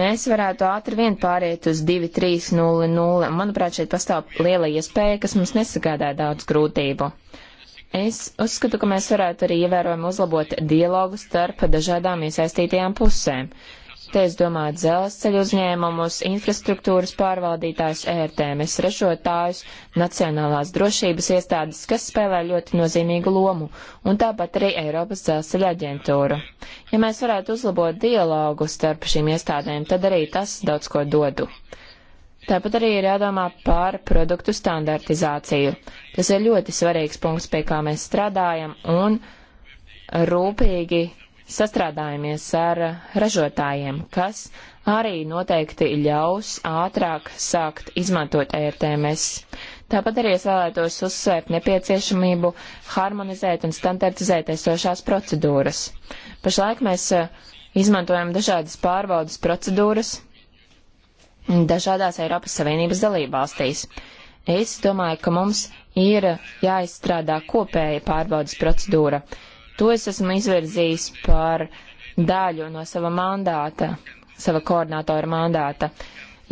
Mēs varētu ātri vien pāriet uz 2.3.00, un manuprāt, šeit pastāv liela iespēja, kas mums nesagādā daudz grūtību. Es uzskatu, ka mēs varētu arī ievērojami uzlabot dialogu starp dažādām iesaistītajām pusēm. Uh, Te es domāju dzelzceļu uzņēmumus, infrastruktūras pārvaldītājus, ērtēmes e ražotājus, nacionālās drošības iestādes, kas spēlē ļoti nozīmīgu lomu, un tāpat arī Eiropas dzelzceļa aģentūru. Ja mēs varētu uzlabot dialogu starp šīm iestādēm, tad arī tas daudz ko dodu. Tāpat arī ir jādomā par produktu standartizāciju. Tas ir ļoti svarīgs punkts, pie kā mēs strādājam, un rūpīgi sastrādājamies ar ražotājiem, kas arī noteikti ļaus ātrāk sākt izmantot ERTMS. Tāpat arī es vēlētos uzsvērt nepieciešamību harmonizēt un standartizēt esošās procedūras. Pašlaik mēs eh, izmantojam dažādas pārbaudas procedūras dažādās Eiropas Savienības dalībvalstīs. Es domāju, ka mums ir jāizstrādā kopēja pārbaudas procedūra. Uh, To es esmu izvirzījis par daļu no sava mandāta, sava koordinātora mandāta.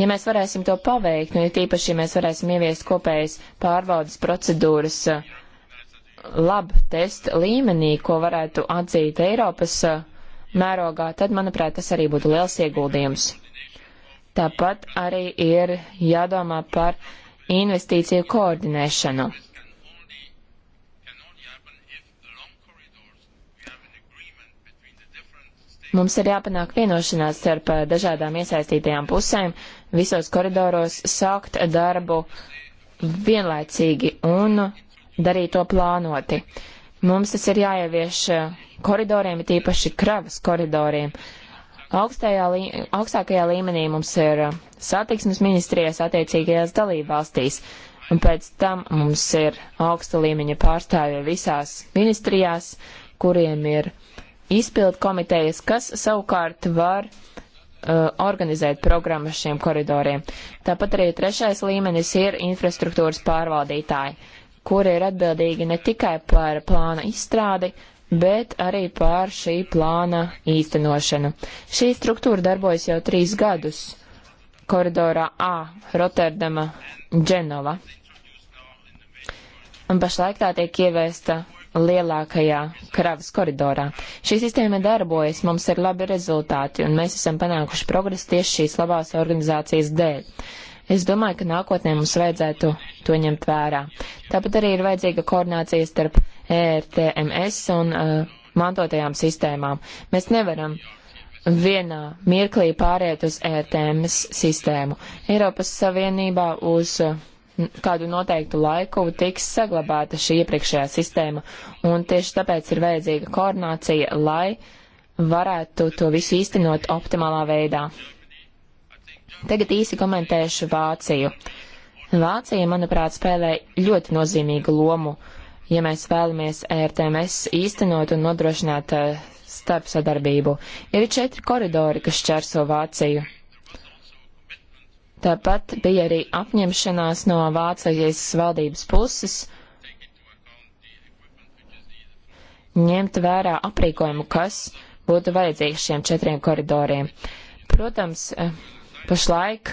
Ja mēs varēsim to paveikt, nu, ja tīpaši, ja mēs varēsim ieviest kopējas pārbaudas procedūras uh, lab test līmenī, ko varētu atzīt Eiropas uh, mērogā, tad, manuprāt, tas arī būtu liels ieguldījums. Tāpat arī ir jādomā par investīciju koordinēšanu. Mums ir jāpanāk vienošanās starp eh, dažādām iesaistītajām pusēm, visos koridoros sākt darbu vienlaicīgi un darīt to plānoti. Mums tas ir jāievieš eh, koridoriem, it īpaši kravas koridoriem. Augstajā, lī, augstākajā līmenī mums ir eh, satiksmes ministrijas attiecīgajās dalībvalstīs, un pēc tam mums ir augsta līmeņa pārstāvja visās ministrijās, kuriem ir izpildu komitejas, kas savukārt var uh, organizēt programmas šiem koridoriem. Tāpat arī trešais līmenis ir infrastruktūras pārvaldītāji, kuri ir atbildīgi ne tikai par plāna izstrādi, bet arī pār šī plāna īstenošanu. Šī struktūra darbojas jau trīs gadus koridorā A Rotterdama Dženova. Un pašlaik tā tiek ieviesta lielākajā kravas koridorā. Šī sistēma darbojas, mums ir labi rezultāti, un mēs esam panākuši progresu tieši šīs labās organizācijas dēļ. Es domāju, ka nākotnē mums vajadzētu to ņemt vērā. Tāpat arī ir vajadzīga koordinācija starp ERTMS un uh, mantotajām sistēmām. Mēs nevaram vienā mirklī pāriet uz ERTMS sistēmu. Eiropas Savienībā uz uh, kādu noteiktu laiku tiks saglabāta šī iepriekšējā sistēma, un tieši tāpēc ir vajadzīga koordinācija, lai varētu to visu īstenot optimālā veidā. Tagad īsi komentēšu Vāciju. Vācija, manuprāt, spēlē ļoti nozīmīgu lomu, ja mēs vēlamies e RTMS īstenot un nodrošināt eh, starp sadarbību. Ir četri koridori, kas čērso Vāciju Tāpat bija arī apņemšanās no Vācijas valdības puses ņemt vērā aprīkojumu, kas būtu vajadzīgs šiem četriem koridoriem. Protams, eh, pašlaik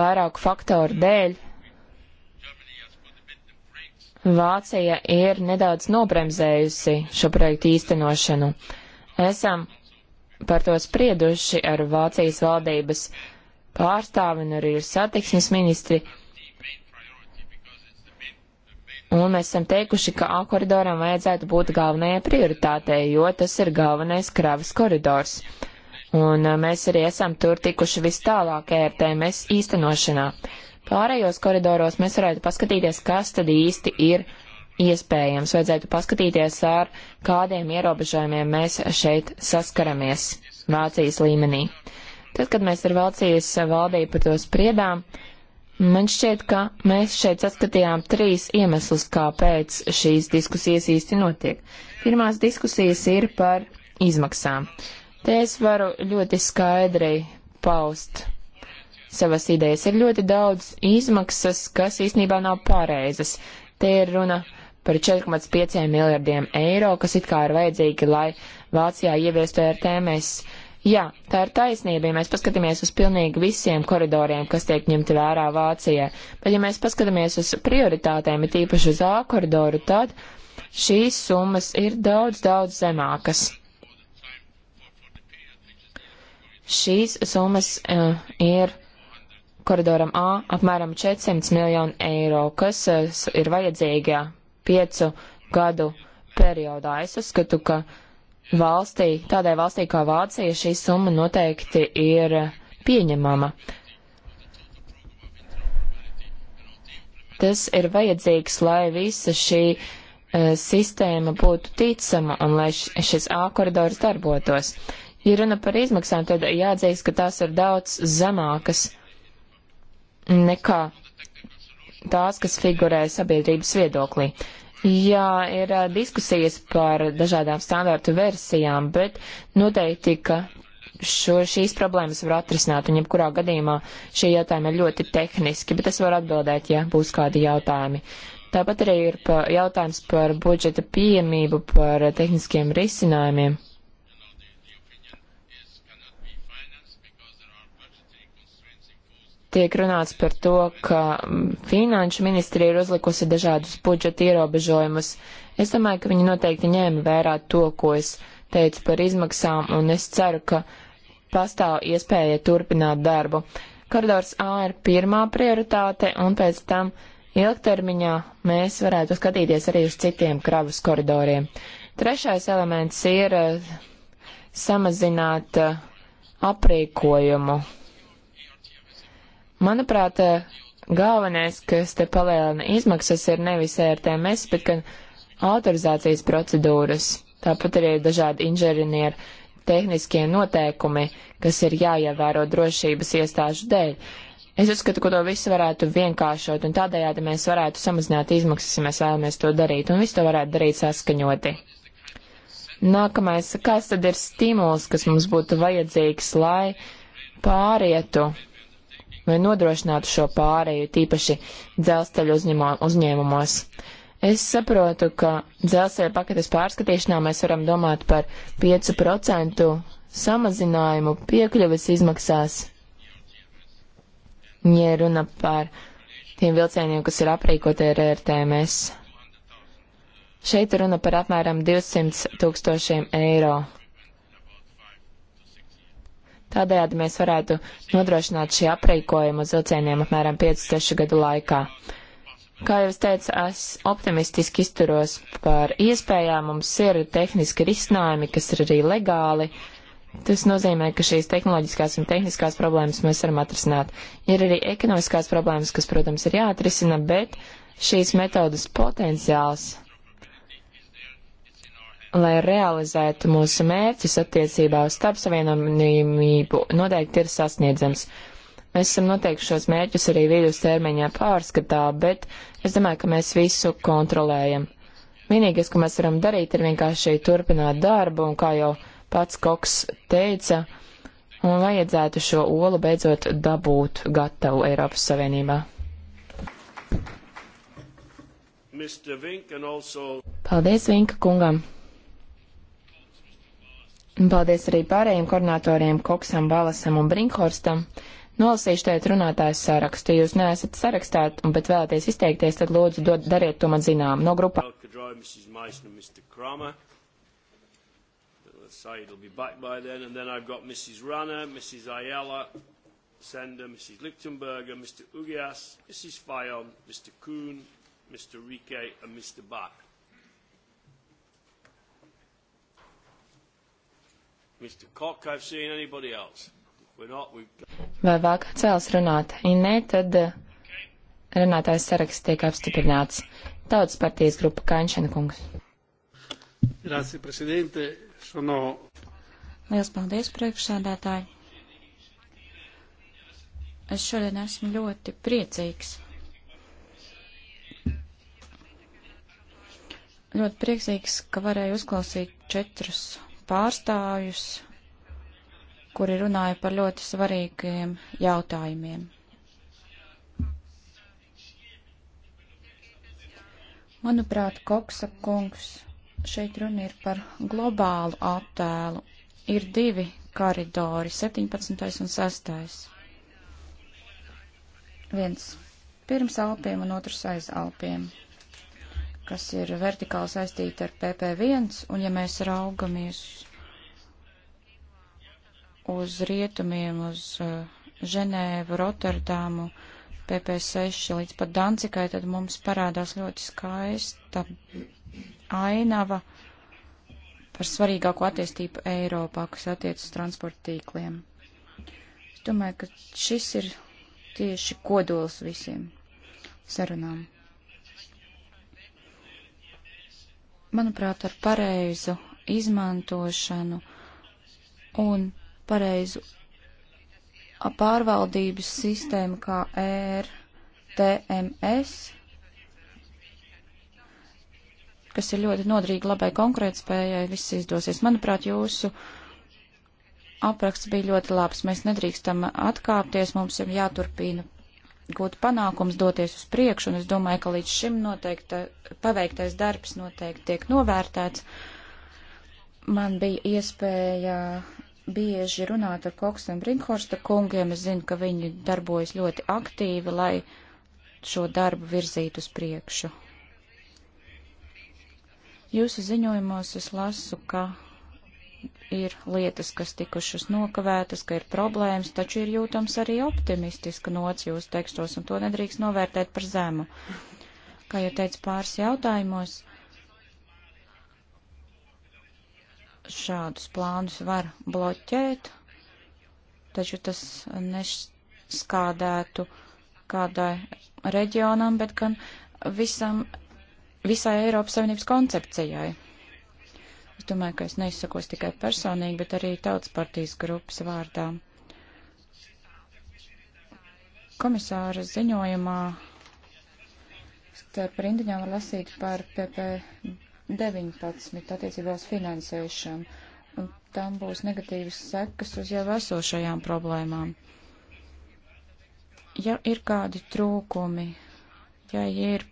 vairāku faktoru dēļ Vācija ir nedaudz nobremzējusi šo projektu īstenošanu. Esam par to sprieduši ar Vācijas valdības pārstāvi un arī ir satiksmes ministri. Un mēs esam teikuši, ka A koridoram vajadzētu būt galvenajai prioritātei, jo tas ir galvenais kravas koridors. Un uh, mēs arī esam tur tikuši vis tālāk ērtēmēs īstenošanā. Pārējos koridoros mēs varētu paskatīties, kas tad īsti ir iespējams. Vajadzētu paskatīties, ar kādiem ierobežojumiem mēs šeit saskaramies Vācijas līmenī. Uh, Tad, kad mēs ar Vācijas valdību par to spriedām, man šķiet, ka mēs šeit saskatījām trīs iemeslus, kāpēc šīs diskusijas īsti notiek. Pirmās diskusijas ir par izmaksām. Te es varu ļoti skaidri paust savas idejas. Ir ļoti daudz izmaksas, kas īstenībā nav pareizas. Te ir runa par 4,5 miljardiem eiro, kas it kā ir vajadzīgi, lai Vācijā ieviestu RTMS. Jā, tā ir taisnība, ja mēs paskatāmies uz pilnīgi visiem koridoriem, kas tiek ņemti vērā Vācijai, bet ja mēs paskatāmies uz prioritātēm, ir īpaši uz A koridoru, tad šīs summas ir daudz, daudz zemākas. Šīs summas uh, ir koridoram A apmēram 400 miljonu eiro, kas uh, ir vajadzīga piecu gadu periodā. Es uzskatu, ka uh, valstī, tādai valstī kā Vācija, šī summa noteikti ir pieņemama. Tas ir vajadzīgs, lai visa šī uh, sistēma būtu ticama un lai šis A koridors darbotos. Ja runa par izmaksām, tad jāatzīst, ka tās ir daudz zemākas nekā tās, kas figurē sabiedrības viedoklī. Uh, Jā, ir diskusijas par dažādām standārtu versijām, bet noteikti, ka šo, šīs problēmas var atrisināt, un jebkurā gadījumā šie jautājumi ir ļoti tehniski, bet es varu atbildēt, ja būs kādi jautājumi. Tāpat arī ir pa, jautājums par budžeta pieejamību, par tehniskiem risinājumiem. tiek runāts par to, ka mm, finanšu ministrija ir uzlikusi dažādus budžeta ierobežojumus. Es domāju, ka viņi noteikti ņēma vērā to, ko es teicu par izmaksām, un es ceru, ka pastāv iespēja turpināt darbu. Koridors A ir pirmā prioritāte, un pēc tam ilgtermiņā mēs varētu skatīties arī uz citiem kravas koridoriem. Trešais elements ir eh, samazināt eh, aprīkojumu Manuprāt, eh, galvenais, kas te palielina izmaksas, ir nevis ērtēmēs, e bet gan autorizācijas procedūras. Tāpat arī ir dažādi inženieri, tehniskie noteikumi, kas ir jāievēro drošības iestāžu dēļ. Es uzskatu, ka to visu varētu vienkāršot, un tādējādi mēs varētu samazināt izmaksas, ja mēs vēlamies to darīt, un visu to varētu darīt saskaņoti. Nākamais, kas tad ir stimuls, kas mums būtu vajadzīgs, lai pārietu lai nodrošinātu šo pārēju, tīpaši dzelzceļu uzņēmumos. Es saprotu, ka dzelzceļa paketes pārskatīšanā mēs varam domāt par 5% samazinājumu piekļuves izmaksās, ja runa par tiem vilcieniem, kas ir aprīkoti ar RTMS. Šeit runa par apmēram 200 tūkstošiem eiro. Tādējādi mēs varētu nodrošināt šī aprīkojuma uz vilcieniem apmēram 5-6 gadu laikā. Kā jau es teicu, es optimistiski izturos par iespējām. Mums ir tehniski risinājumi, kas ir arī legāli. Tas nozīmē, ka šīs tehnoloģiskās un tehniskās problēmas mēs varam atrisināt. Ir arī ekonomiskās problēmas, kas, protams, ir jāatrisina, bet šīs metodas potenciāls lai realizētu mūsu mērķus attiecībā uz starpsavienojumību, noteikti ir sasniedzams. Mēs esam noteikti šos mērķus arī vidus termiņā pārskatā, bet es domāju, ka mēs visu kontrolējam. Vienīgais, ko mēs varam darīt, ir vienkārši turpināt darbu, un kā jau pats Koks teica, un vajadzētu šo olu beidzot dabūt gatavu Eiropas Savienībā. Vink also... Paldies Vinka kungam! Paldies arī pārējiem koordinatoriem Koksam, Balasam un Brinkhorstam. Nolasīšu teikt runātājs sarakstu. Ja jūs neesat sarakstāt, bet vēlaties izteikties, tad lūdzu dod, dariet to man zinām. No grupā. Said will be back by then, and then I've got Mrs. Rana, Mrs. Ayala, Sender, Mrs. Lichtenberger, Mr. Ugias, Mrs. Fayon, Mr. Kuhn, Mr. Rike, and Mr. Bach. Cook, not, Vai vēl kāds vēlas runāt? Ja nē, tad eh, runātājs saraksts tiek apstiprināts. Tautas partijas grupa Kaņšana kungs. Grācija, prezidente, šono. Liels paldies, priekšsēdētāji. Es šodien esmu ļoti priecīgs. Ļoti priecīgs, ka varēju uzklausīt četrus pārstāvjus, kuri runāja par ļoti svarīgiem jautājumiem. Manuprāt, Koksa kungs šeit runa ir par globālu attēlu. Ir divi koridori, 17. un 6. Viens pirms Alpiem un otrs aiz Alpiem kas ir vertikāli saistīta ar PP1, un ja mēs raugamies uz rietumiem, uz uh, Ženēvu, Rotterdamu, PP6 līdz pat Dancikai, tad mums parādās ļoti skaista ainava par svarīgāko attīstību Eiropā, kas attiec uz transporta tīkliem. Es domāju, ka šis ir tieši kodols visiem sarunām. manuprāt, ar pareizu izmantošanu un pareizu pārvaldības sistēmu kā ERTMS, kas ir ļoti nodrīgi labai konkurētspējai, viss izdosies. Manuprāt, jūsu apraksts bija ļoti labs. Mēs nedrīkstam atkāpties, mums ir jāturpina gūt panākums, doties uz priekšu, un es domāju, ka līdz šim noteikta, paveiktais darbs noteikti tiek novērtēts. Man bija iespēja bieži runāt ar Koksam Brinkhorsta kungiem, es zinu, ka viņi darbojas ļoti aktīvi, lai šo darbu virzītu uz priekšu. Jūsu ziņojumos es lasu, ka ir lietas, kas tikušas nokavētas, ka ir problēmas, taču ir jūtams arī optimistiska nots jūsu tekstos, un to nedrīkst novērtēt par zemu. Kā jau teicu pāris jautājumos, šādus plānus var bloķēt, taču tas neskādētu kādai reģionam, bet gan visam, visai Eiropas Savienības koncepcijai. Es domāju, ka es neizsakos tikai personīgi, bet arī tautas partijas grupas vārdā. Komisāra ziņojumā starp rindiņām var lasīt par PP19 attiecībā uz finansēšanu, un tam būs negatīvas sekas uz jau esošajām problēmām. Ja ir kādi trūkumi, ja ir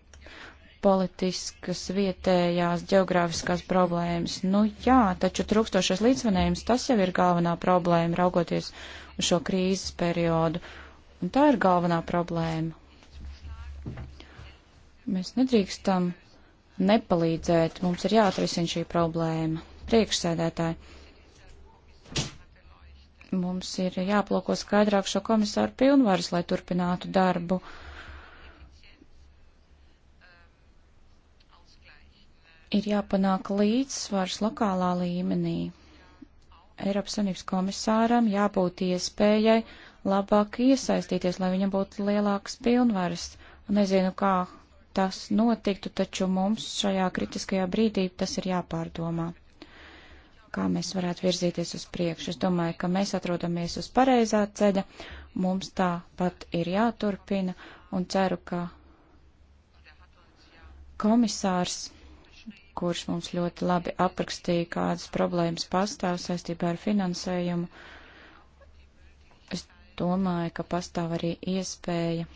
politiskas vietējās geogrāfiskās problēmas. Nu jā, taču trūkstošais līdzvanējums tas jau ir galvenā problēma, raugoties uz šo krīzes periodu. Un tā ir galvenā problēma. Mēs nedrīkstam nepalīdzēt, mums ir jāatrisina šī problēma. Priekšsēdētāji, mums ir jāplūko skaidrāk šo komisāru pilnvaras, lai turpinātu darbu. Uh, ir jāpanāk līdzsvars lokālā līmenī. Eiropas Savienības komisāram jābūt iespējai labāk iesaistīties, lai viņam būtu lielākas pilnvaras. Nezinu, kā tas notiktu, taču mums šajā kritiskajā brīdī tas ir jāpārdomā. Kā mēs varētu virzīties uz priekšu? Es domāju, ka mēs atrodamies uz pareizā ceļa, mums tāpat ir jāturpina un ceru, ka komisārs kurš mums ļoti labi aprakstīja, kādas problēmas pastāv saistībā ar finansējumu. Es domāju, ka pastāv arī iespēja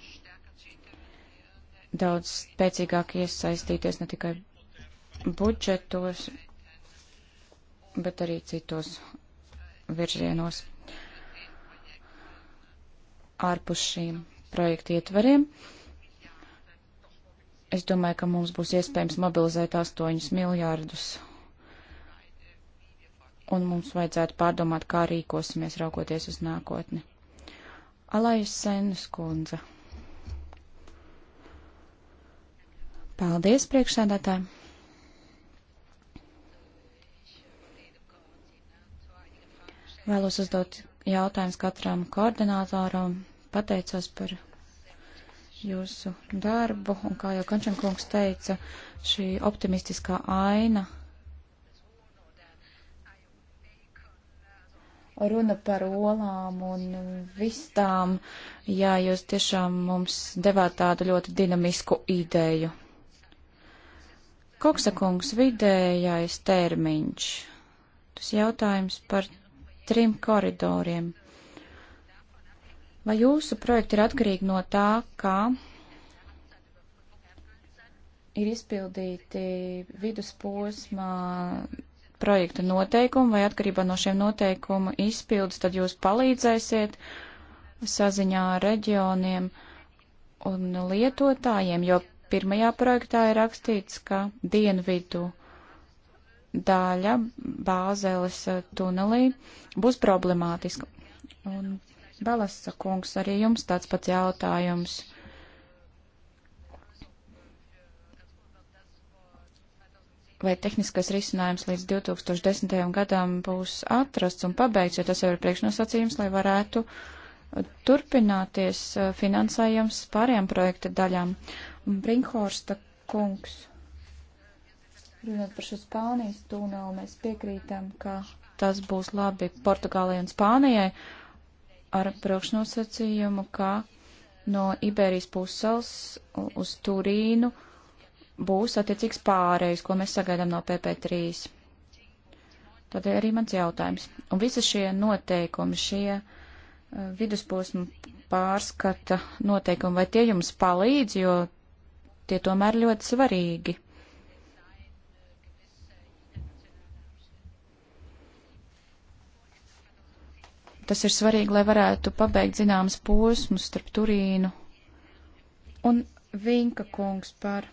daudz spēcīgāk iesaistīties ne tikai budžetos, bet arī citos virzienos ārpus šīm projektu ietvariem. Uh, Es domāju, ka mums būs iespējams mobilizēt 8 miljārdus. Un mums vajadzētu pārdomāt, kā rīkosimies raugoties uz nākotni. Alajas Senas kundze. Paldies, priekšsēdētāji! Vēlos uzdot jautājumus katram koordinātoram. Pateicos par jūsu darbu, un kā jau Kančankungs teica, šī optimistiskā aina runa par olām un vistām, jā, jūs tiešām mums devāt tādu ļoti dinamisku ideju. Koksakungs vidējais termiņš. Tas jautājums par trim koridoriem. Vai jūsu projekti ir atkarīgi no tā, kā ir izpildīti vidusposma projekta noteikumi, vai atkarībā no šiem noteikumu izpildes, tad jūs palīdzēsiet saziņā ar reģioniem un lietotājiem, jo pirmajā projektā ir rakstīts, ka dienvidu daļa Bāzeles tunelī būs problemātiska. Un Balasa kungs, arī jums tāds pats jautājums. Vai tehniskais risinājums līdz 2010. gadam būs atrasts un pabeigts, jo tas jau ir priekšnosacījums, lai varētu turpināties uh, finansējums pārējām projekta daļām. Brinkhorsta kungs, runāt par šo Spānijas tūnelu, mēs piekrītam, ka tas būs labi Portugālei un Spānijai. Uh, ar priekšnosacījumu, ka no Iberijas pusels uz Turīnu būs attiecīgs pārējais, ko mēs sagaidām no PP3. Tādēļ arī mans jautājums. Un visi šie noteikumi, šie uh, eh, vidusposmu pārskata noteikumi, vai tie jums palīdz, jo tie tomēr ļoti svarīgi. Tas ir svarīgi, lai varētu pabeigt zināmas posmus starp Turīnu un Vinka kungs par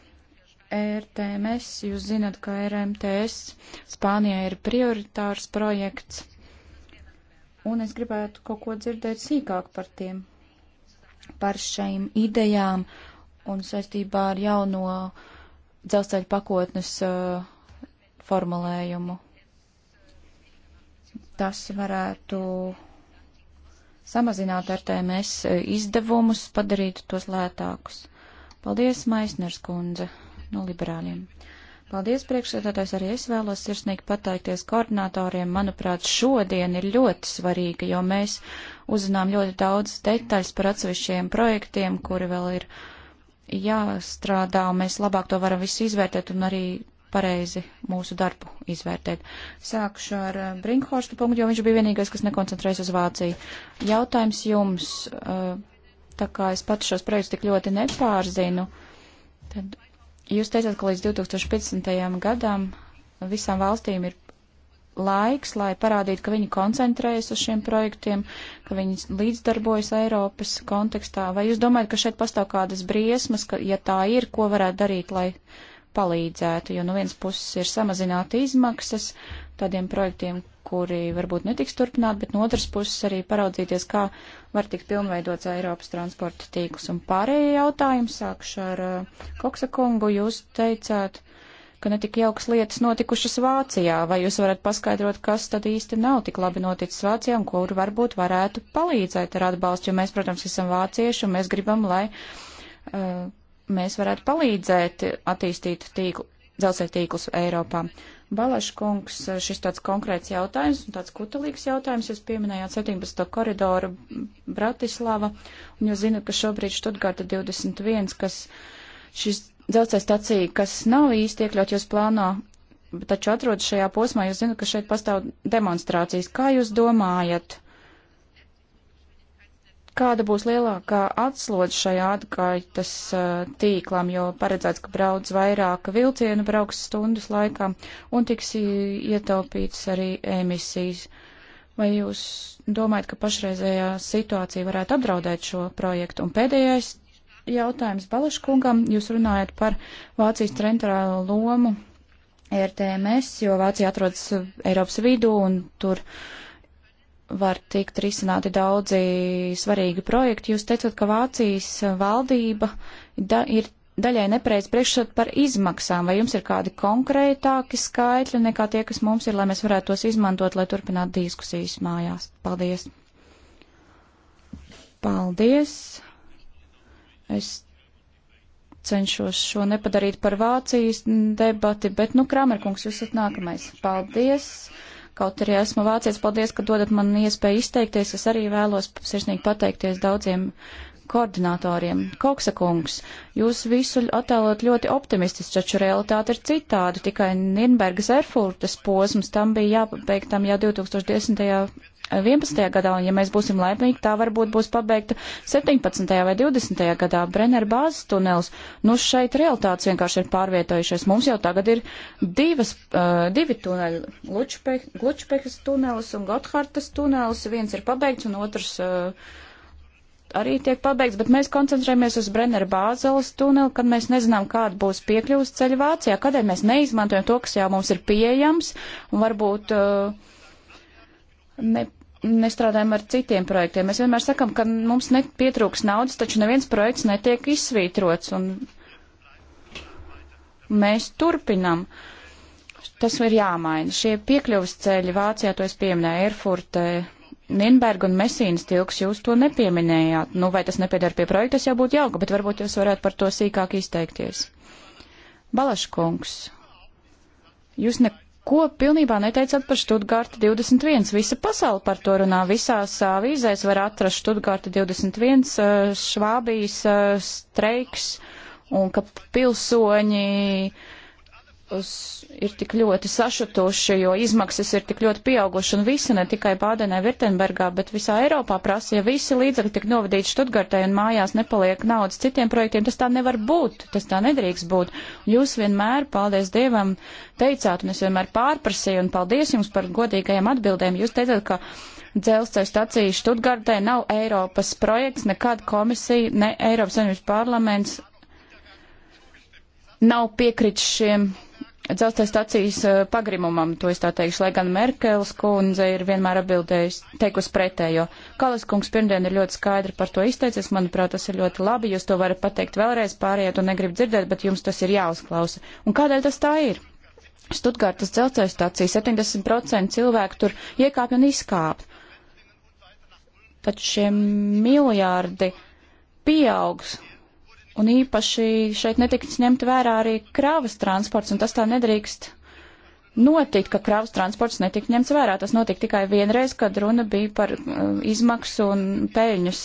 RTMS. Jūs zinat, ka RMTS Spānijā ir prioritārs projekts, un es gribētu kaut ko dzirdēt sīkāk par tiem, par šīm idejām un saistībā ar jauno dzelzceļa pakotnes uh, formulējumu. Tas varētu samazinātu RTMS e, izdevumus, padarītu tos lētākus. Paldies, Maisners kundze no liberāļiem. Paldies, priekšsēdētājs, arī es vēlos sirsnīgi pateikties koordinatoriem. Manuprāt, šodien ir ļoti svarīga, jo mēs uzzinām ļoti daudz detaļas par atsevišķiem projektiem, kuri vēl ir jāstrādā, un mēs labāk to varam visu izvērtēt un arī pareizi mūsu darbu izvērtēt. Sākšu ar eh, Brinkhorsta punktu, jo viņš bija vienīgais, kas nekoncentrējas uz Vāciju. Jautājums jums, eh, tā kā es pats šos projektus tik ļoti nepārzinu, tad jūs teicāt, ka līdz 2050. gadam visām valstīm ir laiks, lai parādītu, ka viņi koncentrējas uz šiem projektiem, ka viņi līdzdarbojas Eiropas kontekstā. Vai jūs domājat, ka šeit pastāv kādas briesmas, ka, ja tā ir, ko varētu darīt, lai palīdzētu, jo no vienas puses ir samazināta izmaksas tādiem projektiem, kuri varbūt netiks turpināt, bet no otras puses arī paraudzīties, kā var tikt pilnveidots Eiropas transporta tīklus. Un pārējie jautājumi sākšu ar uh, Koksa kungu. Jūs teicāt, ka netika jauks lietas notikušas Vācijā. Vai jūs varat paskaidrot, kas tad īsti nav tik labi noticis Vācijā un kur varbūt varētu palīdzēt ar atbalstu? Jo mēs, protams, esam vācieši un mēs gribam, lai. Uh, mēs varētu palīdzēt attīstīt tīklu, dzelzceļa tīklus Eiropā. Balaškungs, šis tāds konkrēts jautājums un tāds kutelīgs jautājums, jūs pieminējāt 17. koridoru Bratislava, un jūs zinat, ka šobrīd Študgārta 21, kas šis dzelzceļa stacija, kas nav īsti iekļaut jūs plānā, taču atrodas šajā posmā, jūs zinat, ka šeit pastāv demonstrācijas. Kā jūs domājat? Uh, kāda būs lielākā atslodze šajā atgaitas uh, tīklam, jo paredzēts, ka brauc vairāk vilcienu, brauks stundas laikā un tiks ietaupīts arī emisijas. Vai jūs domājat, ka pašreizējā situācija varētu apdraudēt šo projektu? Un pēdējais jautājums Balaškungam. Jūs runājat par Vācijas centrālo lomu RTMS, jo Vācija atrodas Eiropas vidū un tur uh, var tikt risināti daudzi svarīgi projekti. Jūs teicat, ka Vācijas valdība da ir daļai nepareiz priekšstat par izmaksām. Vai jums ir kādi konkrētāki skaitļi nekā tie, kas mums ir, lai mēs varētu tos izmantot, lai turpinātu diskusijas mājās? Paldies! Paldies! Es cenšos šo nepadarīt par Vācijas debati, bet, nu, Kramerkungs, jūs esat nākamais. Paldies! Kaut arī esmu vācietis, paldies, ka dodat man iespēju izteikties. Es arī vēlos sirsnīgi pateikties daudziem koordinatoriem. Koksakungs, jūs visu attēlot ļoti optimistiski, taču realitāte ir citāda. Tikai Nirnbergas Erfurtas posms tam bija jāpabeigtam jau 2010. 11. gadā, un ja mēs būsim laimīgi, tā varbūt būs pabeigta 17. vai 20. gadā Brenner bāzes tunels. Nu, šeit realitātes vienkārši ir pārvietojušies. Mums jau tagad ir divas, uh, divi tuneļi Glučpe, - Glučpekas tunelis un Gothartas tunelis. Viens ir pabeigts un otrs. Uh, arī tiek pabeigts, bet mēs koncentrējamies uz Brenner bāzeles tuneli, kad mēs nezinām, kāda būs piekļuvas ceļa Vācijā, kādēļ mēs neizmantojam to, kas jau mums ir pieejams, un varbūt uh, ne, nestrādājam ar citiem projektiem. Mēs vienmēr sakam, ka mums pietrūks naudas, taču neviens projekts netiek izsvītrots, un mēs turpinam. Tas ir jāmaina. Šie piekļuvas ceļi Vācijā, to es pieminēju, Erfurte, Nīnberga un Mesīnas tilks, jūs to nepieminējāt. Nu, vai tas nepiedara pie projekta, tas jau būtu jauka, bet varbūt jūs varētu par to sīkāk izteikties. Balaškungs, jūs ne Neko pilnībā neteicāt par Študgārta 21. Visa pasaule par to runā. Visās avīzēs var atrast Študgārta 21, Švābijas streiks un ka pilsoņi ir tik ļoti sašutuši, jo izmaksas ir tik ļoti pieauguši un visi, ne tikai Bādenē, Virtenbergā, bet visā Eiropā prasa, ja visi līdzekļi tik novadīti Štutgartē un mājās nepaliek naudas citiem projektiem, tas tā nevar būt, tas tā nedrīkst būt. Jūs vienmēr, paldies Dievam, teicāt, un es vienmēr pārprasīju, un paldies jums par godīgajiem atbildēm, jūs teicāt, ka dzelzceļa stacija Štutgartē nav Eiropas projekts, nekad komisija, ne Eiropas Savienības parlaments nav piekritis šiem dzelzceļa stacijas eh, pagrimumam, to es tā teikšu, lai gan Merkels kundze ir vienmēr atbildējusi, teikusi pretējo. Kalas kungs pirmdien ir ļoti skaidri par to izteicies, manuprāt, tas ir ļoti labi, jūs to varat pateikt vēlreiz, pārējie to negrib dzirdēt, bet jums tas ir jāuzklausa. Un kādēļ tas tā ir? Stutgārtas dzelzceļa stācija 70% cilvēku tur iekāpj un izkāpj. Taču šie miljārdi pieaugs Un īpaši šeit netiks ņemt vērā arī krāvas transports, un tas tā nedrīkst notikt, ka krāvas transports netika ņemts vērā. Tas notika tikai vienreiz, kad runa bija par uh, izmaksu un peļņas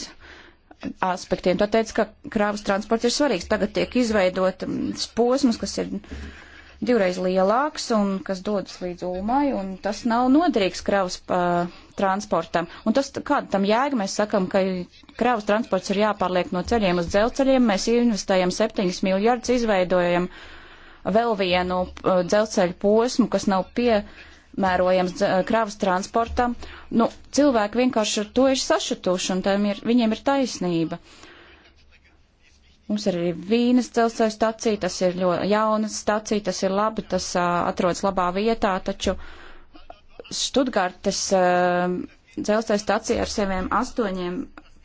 aspektiem. Tā teica, ka krāvas transports ir svarīgs. Tagad tiek izveidot um, posmus, kas ir divreiz lielāks un kas dodas līdz Ulmai, un tas nav noderīgs kravas uh, transportam. Un tas, kāda tam jēga, mēs sakam, ka kravas transports ir jāpārliek no ceļiem uz dzelceļiem, mēs investējam 7 miljardus, izveidojam vēl vienu uh, dzelceļu posmu, kas nav pie mērojams uh, kravas transportam. Nu, cilvēki vienkārši ar to ir sašutuši, un ir, viņiem ir taisnība. Uh, Mums ir arī vīnas dzelzceļa stacija, tas ir ļoti jauna stacija, tas ir labi, tas uh, atrodas labā vietā, taču Študgartes uh, dzelzceļa stacija ar saviem astoņiem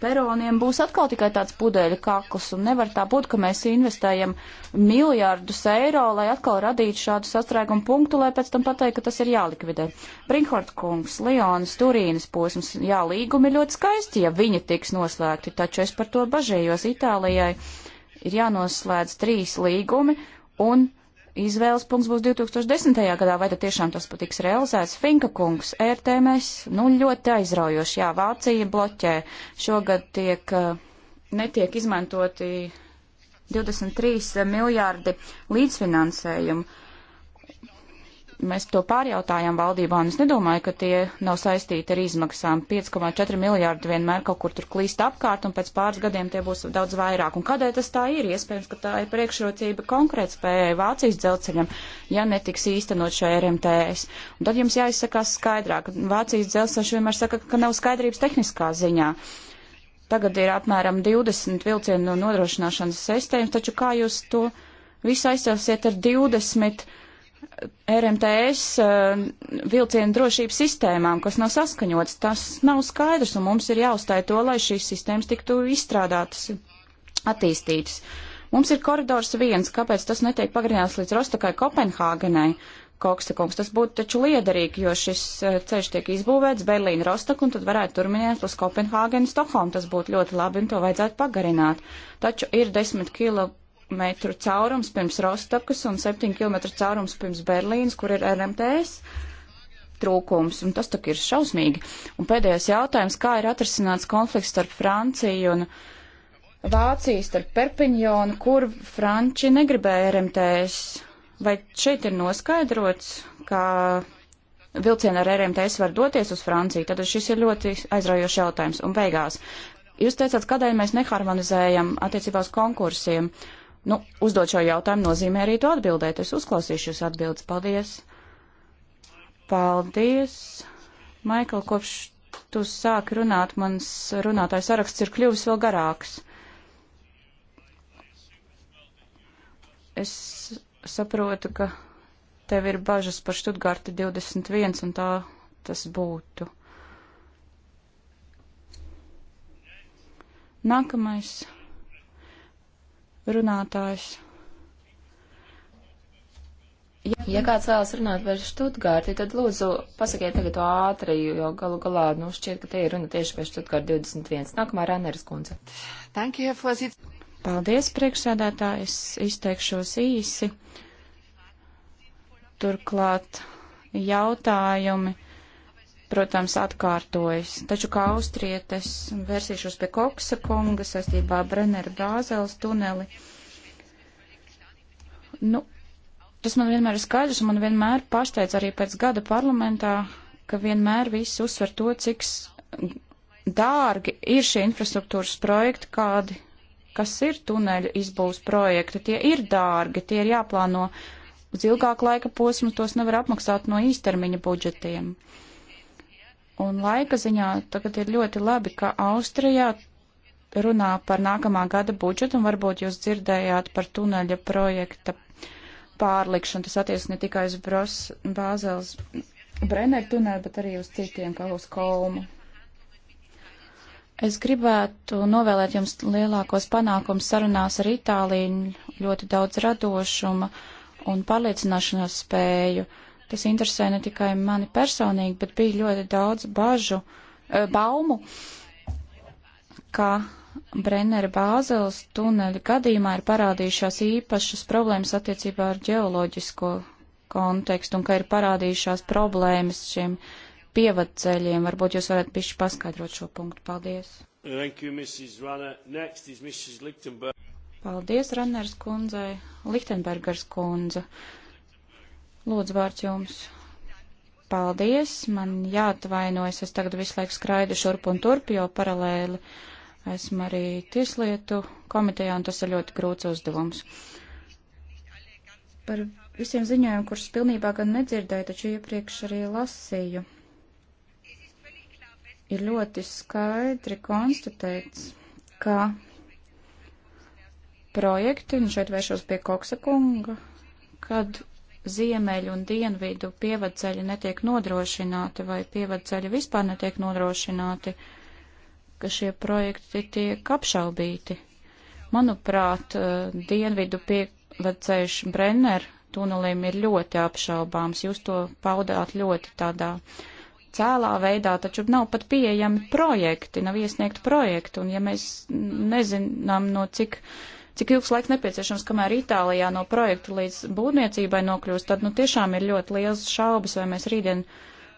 peroniem būs atkal tikai tāds pudeļa kakls, un nevar tā būt, ka mēs investējam miljārdus eiro, lai atkal radītu šādu sastrēgumu punktu, lai pēc tam pateikt, ka tas ir jālikvidē. Brinkhort kungs, Lionas, Turīnas posms, jā, līgumi ļoti skaisti, ja viņi tiks noslēgti, taču es par to bažējos Itālijai. Uh, ir jānoslēdz trīs līgumi un izvēles punkts būs 2010. gadā, vai tad tiešām tas patiks realizēts. Finka kungs, RTMS, nu ļoti aizraujoši, jā, Vācija bloķē. Šogad tiek, eh, netiek izmantoti 23 eh, miljārdi līdzfinansējumu mēs to pārjautājām valdībā, un es nedomāju, ka tie nav saistīti ar izmaksām. 5,4 miljārdi vienmēr kaut kur tur klīst apkārt, un pēc pāris gadiem tie būs daudz vairāk. Un kādēļ tas tā ir? Iespējams, ka tā ir priekšrocība konkrēt spējai Vācijas dzelceļam, ja netiks īstenot šo RMTS. Un tad jums jāizsakās skaidrāk. Vācijas dzelceļš vienmēr saka, ka nav skaidrības tehniskā ziņā. Tagad ir apmēram 20 vilcienu nodrošināšanas sistēmas, taču kā jūs to visu aizsāsiet ar 20? RMTS uh, vilcienu drošības sistēmām, kas nav saskaņotas. Tas nav skaidrs, un mums ir jāuzstāj to, lai šīs sistēmas tiktu izstrādātas, attīstītas. Mums ir koridors viens, kāpēc tas netiek pagarināts līdz Rostokai Kopenhāgenai, Koksta kungs. Tas būtu taču liederīgi, jo šis uh, ceļš tiek izbūvēts Berlīna Rostok un tad varētu turminiet uz Kopenhāgenu Stokholmu. Tas būtu ļoti labi un to vajadzētu pagarināt. Taču ir desmit kilo metru caurums pirms Rostokas un 7 km caurums pirms Berlīnas, kur ir RMTS trūkums, un tas tak ir šausmīgi. Un pēdējais jautājums, kā ir atrisināts konflikts starp Franciju un Vāciju, starp Perpiņonu, kur Franči negribēja RMTS? Vai šeit ir noskaidrots, ka vilciena ar RMTS var doties uz Franciju? Tad šis ir ļoti aizraujošs jautājums. Un beigās, jūs teicāt, kādēļ mēs neharmonizējam attiecībā uz konkursiem? Uh, Nu, uzdot šo jautājumu nozīmē arī to atbildēt. Es uzklausīšu jūs atbildes. Paldies! Paldies! Maikl, kopš tu sāki runāt, mans runātājs saraksts ir kļuvis vēl garāks. Es saprotu, ka tev ir bažas par Študgārti 21 un tā tas būtu. Nākamais runātājs. Ja, ja kāds vēlas runāt par Štutgārti, tad lūdzu pasakiet tagad ātri, jo galu galā, nu, šķiet, ka te ir runa tieši par Štutgārtu 21. Nākamā Raneris kundze. Paldies, priekšsēdētāji, es izteikšos īsi. Turklāt jautājumi protams, atkārtojas. Taču kā austrietes versīšos pie Koksa kunga saistībā Brenneru Bāzeles tuneli. Nu, tas man vienmēr ir skaidrs, un man vienmēr pārsteidz arī pēc gada parlamentā, ka vienmēr visi uzsver to, cik dārgi ir šie infrastruktūras projekti, kādi, kas ir tuneļu izbūvas projekti. Tie ir dārgi, tie ir jāplāno uz ilgāku laika posmu, tos nevar apmaksāt no īstermiņa budžetiem. Uh, Un laika ziņā tagad ir ļoti labi, ka Austrijā runā par nākamā gada budžetu, un varbūt jūs dzirdējāt par tuneļa projekta pārlikšanu. Tas attiecas ne tikai uz Bros, Bāzels Brenner tuneli, bet arī uz citiem, kā uz Kolmu. Es gribētu novēlēt jums lielākos panākums sarunās ar Itāliju, ļoti daudz radošuma un pārliecināšanās spēju. Uh, Tas interesē ne tikai mani personīgi, bet bija ļoti daudz bažu, e, baumu, ka Brennera bāzeles tuneļa gadījumā ir parādījušās īpašas problēmas attiecībā ar ģeoloģisko kontekstu un ka ir parādījušās problēmas šiem pievadceļiem. Varbūt jūs varat pišķi paskaidrot šo punktu. Paldies. Thank you, Mrs. Runner. Next is Mrs. Lichtenberg. Paldies, Ranners kundzei. Lichtenbergers kundze. Uh, Lūdzu, vārds jums. Paldies, man jāatvainojas, es tagad visu laiku skraidu šurp un turp, jo paralēli esmu arī tieslietu komitejā, un tas ir ļoti grūts uzdevums. Par visiem ziņojumiem, kurus pilnībā gan nedzirdēju, taču iepriekš arī lasīju, ir ļoti skaidri konstatēts, ka projekti, un šeit vēršos pie Koksa kunga, kad ziemeļu un dienvidu pievadceļi netiek nodrošināti vai pievadceļi vispār netiek nodrošināti, ka šie projekti tiek apšaubīti. Manuprāt, eh, dienvidu pievadceļš Brenner tunelim ir ļoti apšaubāms. Jūs to paudāt ļoti tādā cēlā veidā, taču nav pat pieejami projekti, nav iesniegt projektu, un ja mēs nezinām, no cik uh, cik ilgs laiks nepieciešams, kamēr Itālijā no projekta līdz būvniecībai nokļūst, tad nu tiešām ir ļoti liels šaubas, vai mēs rītdien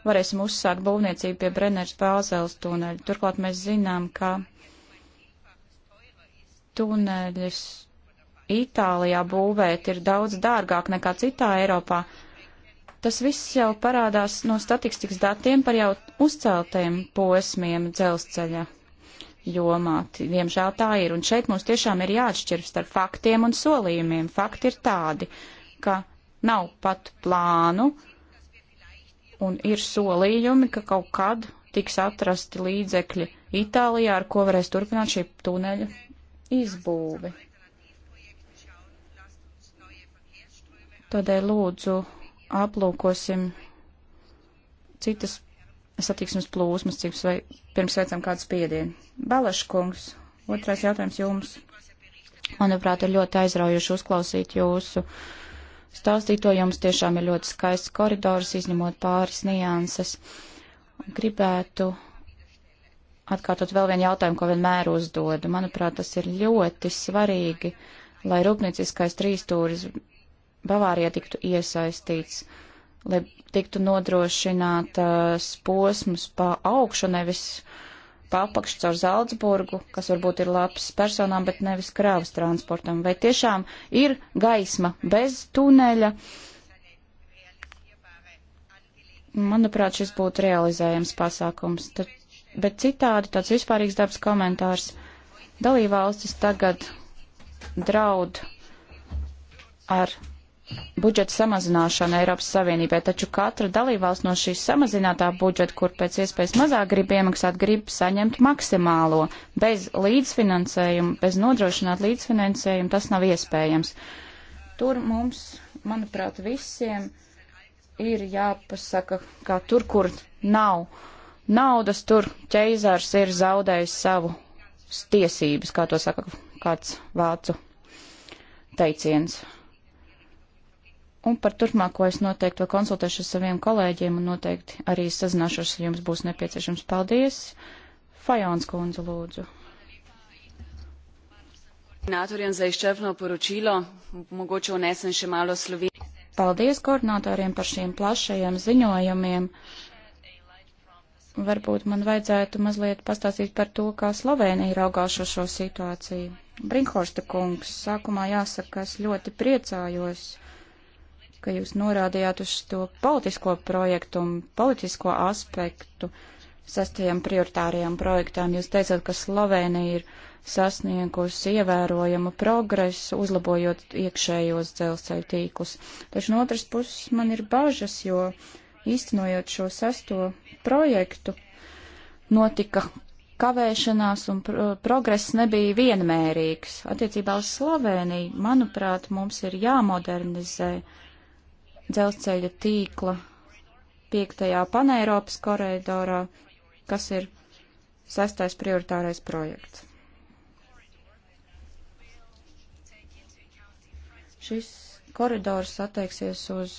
varēsim uzsākt būvniecību pie Brenners Bāzēles tuneļa. Turklāt mēs zinām, ka tuneļus Itālijā būvēt ir daudz dārgāk nekā citā Eiropā. Tas viss jau parādās no statistikas datiem par jau uzceltajiem posmiem dzelzceļa jomā. Diemžēl tā ir. Un šeit mums tiešām ir jāatšķir starp faktiem un solījumiem. Fakti ir tādi, ka nav pat plānu un ir solījumi, ka kaut kad tiks atrasti līdzekļi Itālijā, ar ko varēs turpināt šī tuneļa izbūvi. Tādēļ lūdzu aplūkosim citas satiksmes plūsmas, cik vai pirms veicam kādu spiedienu. Balaškungs, otrais jautājums jums. Manuprāt, ir ļoti aizraujuši uzklausīt jūsu stāstīto. Jums tiešām ir ļoti skaists koridors, izņemot pāris nianses. Gribētu atkārtot vēl vienu jautājumu, ko vienmēr uzdodu. Manuprāt, tas ir ļoti svarīgi, lai rūpnieciskais trīstūris Bavārijā tiktu iesaistīts. Uh, lai tiktu nodrošinātas uh, posms pa augšu, nevis pa apakšu caur Zaldzburgu, kas varbūt ir labs personām, bet nevis krāvas transportam. Vai tiešām ir gaisma bez tuneļa? Manuprāt, šis būtu realizējams pasākums. Tad, bet citādi tāds vispārīgs dabas komentārs. Dalībvalstis tagad draud ar budžeta samazināšana Eiropas Savienībai, taču katra dalībvalsts no šīs samazinātā budžeta, kur pēc iespējas mazāk grib iemaksāt, grib saņemt maksimālo. Bez līdzfinansējuma, bez nodrošināt līdzfinansējumu tas nav iespējams. Tur mums, manuprāt, visiem ir jāpasaka, kā tur, kur nav naudas, tur ķeizārs ir zaudējis savu tiesības, kā to saka kāds vācu teiciens. Un par turpmāko es noteikti vēl konsultēšu ar saviem kolēģiem un noteikti arī sazināšos, ja jums būs nepieciešams. Paldies! Fajons kundze lūdzu. Koordinatorjem za izčrpno poročilo, mogoče unesem še malo Slovenije. Paldies koordinatoriem par šiem plašajiem ziņojumiem. Varbūt man vajadzētu mazliet pastāstīt par to, kā Slovenija raugās uz šo situāciju. Brinkhorsta kungs, sākumā jāsaka, ka es ļoti priecājos ka jūs norādījāt uz to politisko projektu un politisko aspektu sastajam prioritārajam projektām. Jūs teicāt, ka Slovenija ir sasniegusi ievērojamu progresu, uzlabojot iekšējos dzelzceļu tīklus. Taču no otras puses man ir bažas, jo īstenojot šo sesto projektu, notika kavēšanās un pro progress nebija vienmērīgs. Attiecībā uz Sloveniju, manuprāt, mums ir jāmodernizē uh, dzelzceļa tīkla 5. paneiropas koridorā, kas ir sestais prioritārais projekts. Šis koridors attieksies uz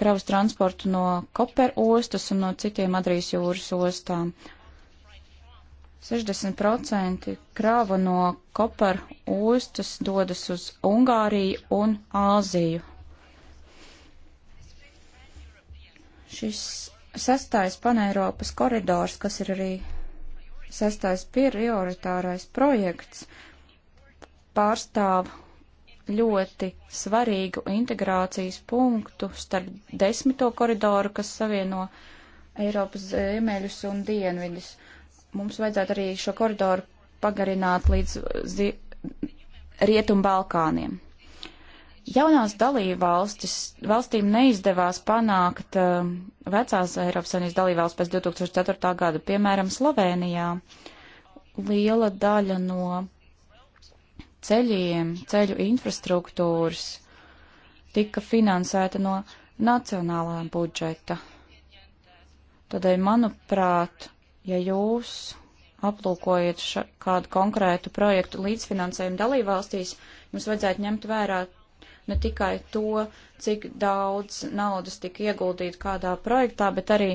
kravas transportu no Koper ostas un no citiem Adrijas jūras ostām. 60% krāva no Koper ostas dodas uz Ungāriju un Āziju. Šis sastais paneiropas koridors, kas ir arī sastais prioritārais projekts, pārstāv ļoti svarīgu integrācijas punktu starp desmito koridoru, kas savieno Eiropas ziemeļus un dienvidus. Mums vajadzētu arī šo koridoru pagarināt līdz Rietumbalkāniem. Jaunās dalībvalstis valstīm neizdevās panākt uh, vecās Eiropas Savienības dalībvalsts pēc 2004. gada, piemēram, Slovenijā. Liela daļa no ceļiem, ceļu infrastruktūras tika finansēta no nacionālā budžeta. Tādēļ, manuprāt, ja jūs aplūkojat ša, kādu konkrētu projektu līdzfinansējumu dalībvalstīs, jums vajadzētu ņemt vērā ne tikai to, cik daudz naudas tika ieguldīt kādā projektā, bet arī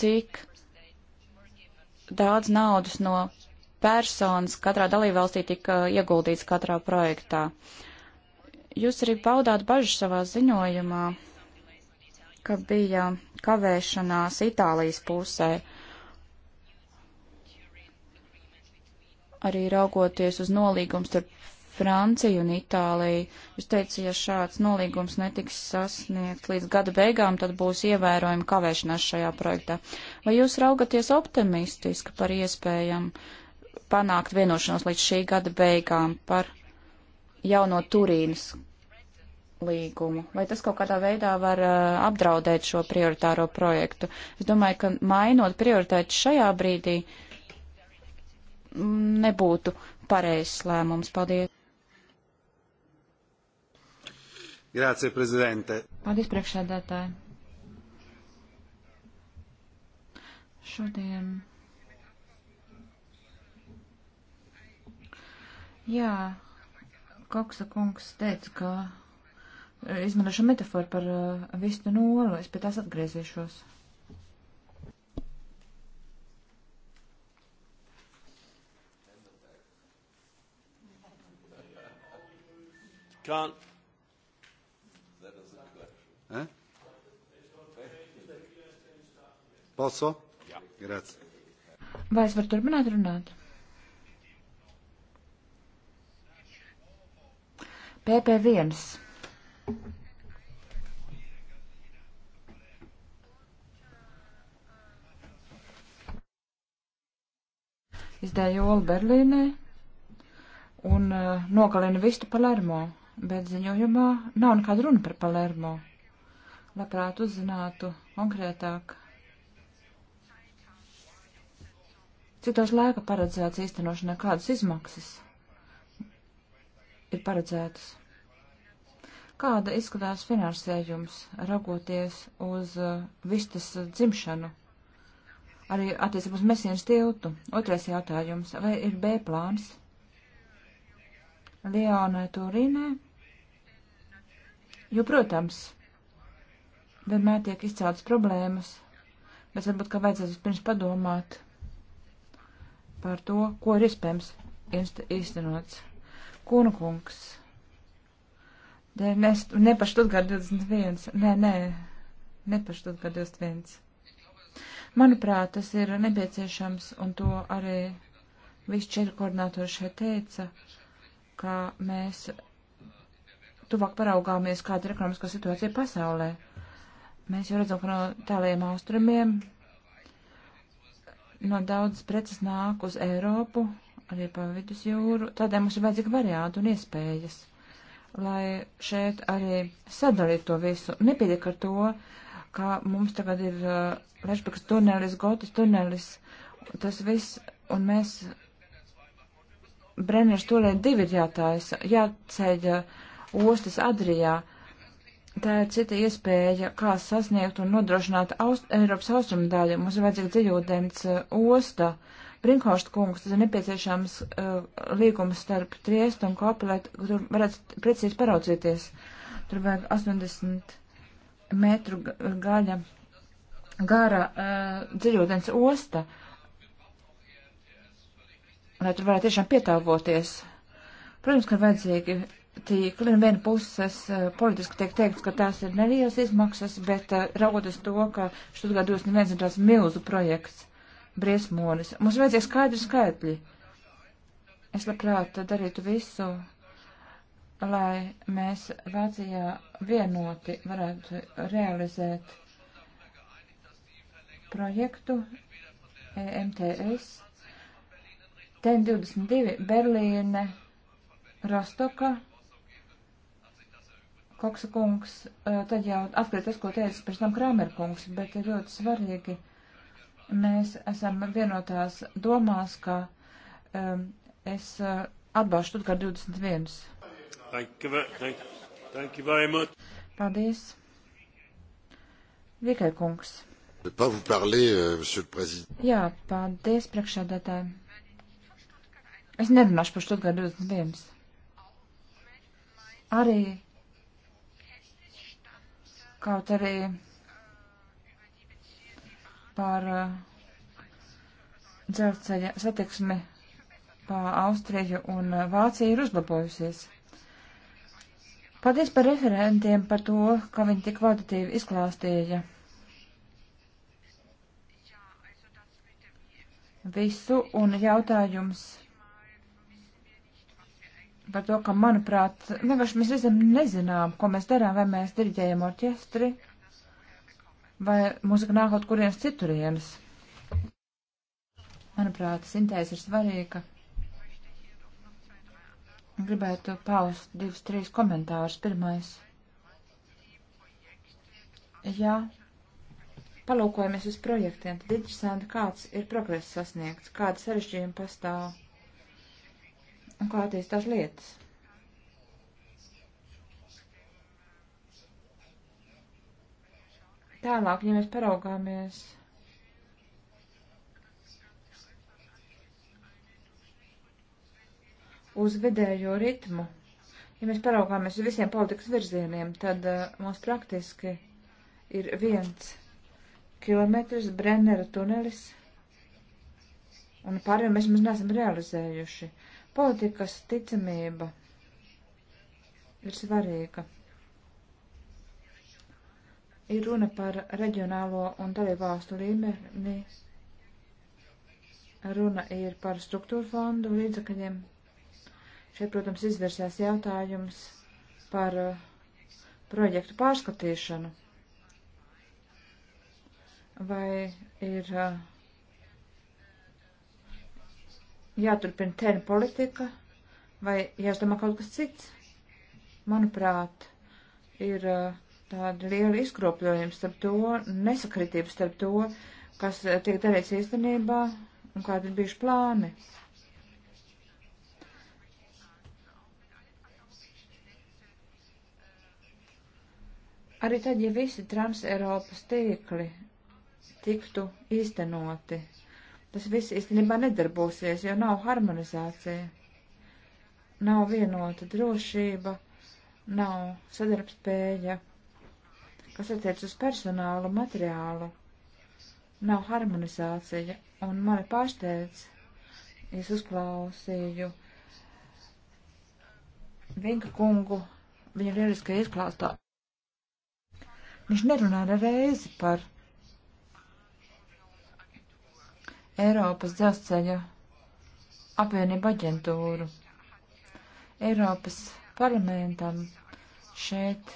cik daudz naudas no personas katrā dalībvalstī tika ieguldīts katrā projektā. Jūs arī paudāt bažas savā ziņojumā, ka bija kavēšanās Itālijas pusē. Arī raugoties uz nolīgums starp Franciju un Itāliju. Jūs teicat, ja šāds nolīgums netiks sasniegts līdz gada beigām, tad būs ievērojama kavēšanās šajā projektā. Vai jūs raugaties optimistiski par iespējam panākt vienošanos līdz šī gada beigām par jauno Turīnas līgumu? Vai tas kaut kādā veidā var uh, apdraudēt šo prioritāro projektu? Es domāju, ka mainot prioritāti šajā brīdī mm, nebūtu pareizs lēmums. Paldies! Grācija prezidente. Paldies priekšsēdētāji. Šodien. Jā, Koksa kungs teica, ka e, izmantošu metaforu par uh, e, vistu nolu, es pie tās atgriezīšos. Can't Eh? Posso? Jā. Grazie. Vai es varu turpināt runāt? PP1. Izdēja Ola Berlīnē un uh, eh, nogalina vistu Palermo, bet ziņojumā nav nekāda runa par Palermo labprāt uzzinātu konkrētāk, cik daudz laika paredzēts īstenošanai, kādas izmaksas ir paredzētas. Kāda izskatās finansējums, raugoties uz uh, vistas uh, dzimšanu? Arī attiecībā uz mesienas tiltu. Otrais jautājums. Vai ir B plāns? Leonai Turīnai? Jo, protams, vienmēr tiek izceltas problēmas, bet varbūt, ka vajadzētu vispirms padomāt par to, ko ir iespējams īstenots. Kūna kungs. Nē, ne, ne par Štutgārdu 21. Nē, nē, ne par Štutgārdu 21. Manuprāt, tas ir nepieciešams, un to arī visi četri koordinātori šeit teica, ka mēs tuvāk paraugāmies, kāda ir ekonomiskā situācija pasaulē. Mēs jau redzam, ka no tāliem austrumiem no daudz preces nāk uz Eiropu, arī pa vidus jūru. Tādēļ mums ir vajadzīgi varianti un iespējas, lai šeit arī sadalītu to visu. Nepietiek ar to, ka mums tagad ir uh, Lešbekas tunelis, Gotas tunelis, tas viss, un mēs Brennies tunelī divi ir jātājas, jāceļ uh, ostas Adrijā. Uh, tā ir cita iespēja, kā sasniegt un nodrošināt aust, Eiropas austrumu daļu. Mums ir vajadzīga dziļūdens uh, osta. Brinkhorst kungs, tas ir nepieciešams uh, līgums starp Triestu un Kopilētu, kur varētu precīzi paraudzīties. Tur vajag 80 metru gaļa gara uh, dziļūdens osta, lai tur varētu tiešām pietāvoties. Protams, ka vajadzīgi tiek no vienas puses eh, politiski tiek teikts, ka tās ir nelielas izmaksas, bet eh, raudas to, ka Štutgārdā 21 ir tās milzu projekts, briesmonis. Mums vajadzēja skaidri skaitļi. Es labprāt darītu visu, lai mēs Vācijā vienoti varētu realizēt projektu MTS. TEN 22 Berlīne, Rostoka, Koksa kungs, eh, tad jau atklāt tas, ko teica pirms tam Krāmer kungs, bet ir ļoti svarīgi. Mēs esam vienotās domās, ka um, es uh, atbalstu Stuttgart 21. Thank you, thank, thank you very much. Paldies. Vikai kungs. Parler, uh, Jā, paldies priekšādātājiem. Es nerunāšu par Stuttgart 21. Arī kaut arī par eh, dzelzceļa satiksmi pa Austriju un eh, Vāciju ir uzlabojusies. Paldies par referentiem par to, ka viņi tik kvalitatīvi izklāstīja visu un jautājums par to, ka, manuprāt, vienkārši mēs visam nezinām, ko mēs darām, vai mēs diriģējam orķestri, vai mūzika nāk kaut kurienes citurienes. Manuprāt, sintēze ir svarīga. Gribētu paust divus, trīs komentārus. Pirmais. Jā. Palūkojamies uz projektiem, tad interesanti, kāds ir progress sasniegts, kāda sarežģījuma pastāv un kā attīstās lietas. Tālāk, ja mēs paraugāmies uz vidējo ritmu, ja mēs paraugāmies uz visiem politikas virzieniem, tad uh, mums praktiski ir viens kilometrs Brennera tunelis, un pārējo mēs mums neesam realizējuši. Uh, Politikas ticamība ir svarīga. Ir runa par reģionālo un dalībvalstu līmeni. Runa ir par struktūru fondu līdzakļiem. Šeit, protams, izvērsās jautājums par uh, projektu pārskatīšanu. Vai ir uh, jāturpina tēna politika vai jāizdomā kaut kas cits. Manuprāt, ir uh, tāda liela izkropļojuma starp to, nesakritība starp to, kas uh, tiek darīts īstenībā un kādi ir bijuši plāni. Arī tad, ja visi trans Eiropas tīkli tiktu īstenoti, tas viss īstenībā nedarbosies, jo nav harmonizācija, nav vienota drošība, nav sadarbspēja, kas attiec uz personālu materiālu, nav harmonizācija, un mani pārsteidz, es uzklausīju Vinka kungu, viņa lieliskajā izklāstā. Viņš nerunāja reizi par Eiropas dzelzceļa apvienību aģentūru. Eiropas parlamentam šeit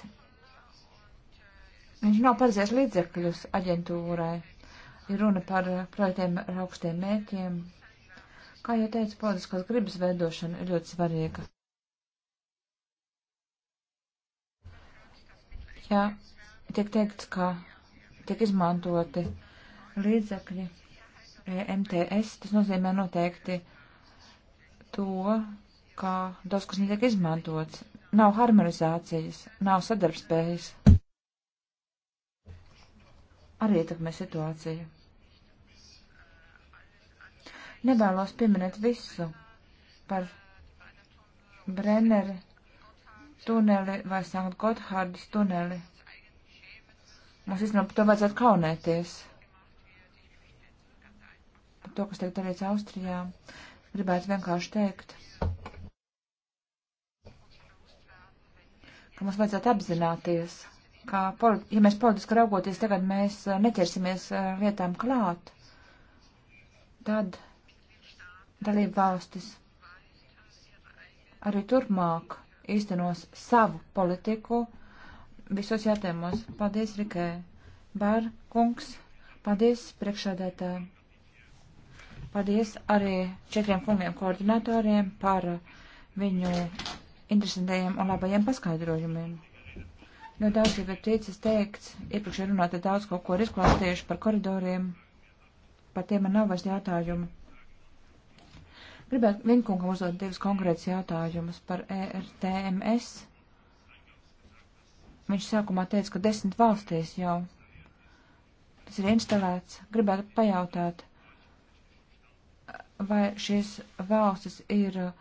viņš nav paredzējis līdzekļus aģentūrai. Ir runa par projektiem ar augstiem mērķiem. Kā jau teicu, politiskās gribas veidošana ir ļoti svarīga. Jā, tiek teikts, ka tiek izmantoti līdzekļi E MTS, tas nozīmē noteikti to, ka daudz kas netiek izmantots. Nav harmonizācijas, nav sadarbspējas. Arī ietekmē situāciju. Nevēlos pieminēt visu par Brenneri tuneli vai Sankt Gotthardis tuneli. Mums īstenībā par to vajadzētu kaunēties to, kas tiek darīts Austrijā. Gribētu vienkārši teikt, ka mums vajadzētu apzināties, ka, ja mēs politiski raugoties, tagad mēs eh, neķersimies eh, lietām klāt, tad dalību valstis arī turpmāk īstenos savu politiku visos jautājumos. Paldies, Rikē Bār, kungs. Paldies, priekšādētāji. Paldies arī četriem kungiem koordinatoriem par viņu interesantajiem un labajiem paskaidrojumiem. Nu, daudz jau ir ticis teikts, iepriekšēji runāta daudz kaut ko ir izklāstījuši par koridoriem, par tiem man nav vairs jautājumu. Gribētu Vinkungam uzdot divus konkrētus jautājumus par ERTMS. Viņš sākumā teica, ka desmit valstīs jau tas ir instalēts. Gribētu pajautāt, vai šīs valstis ir uh,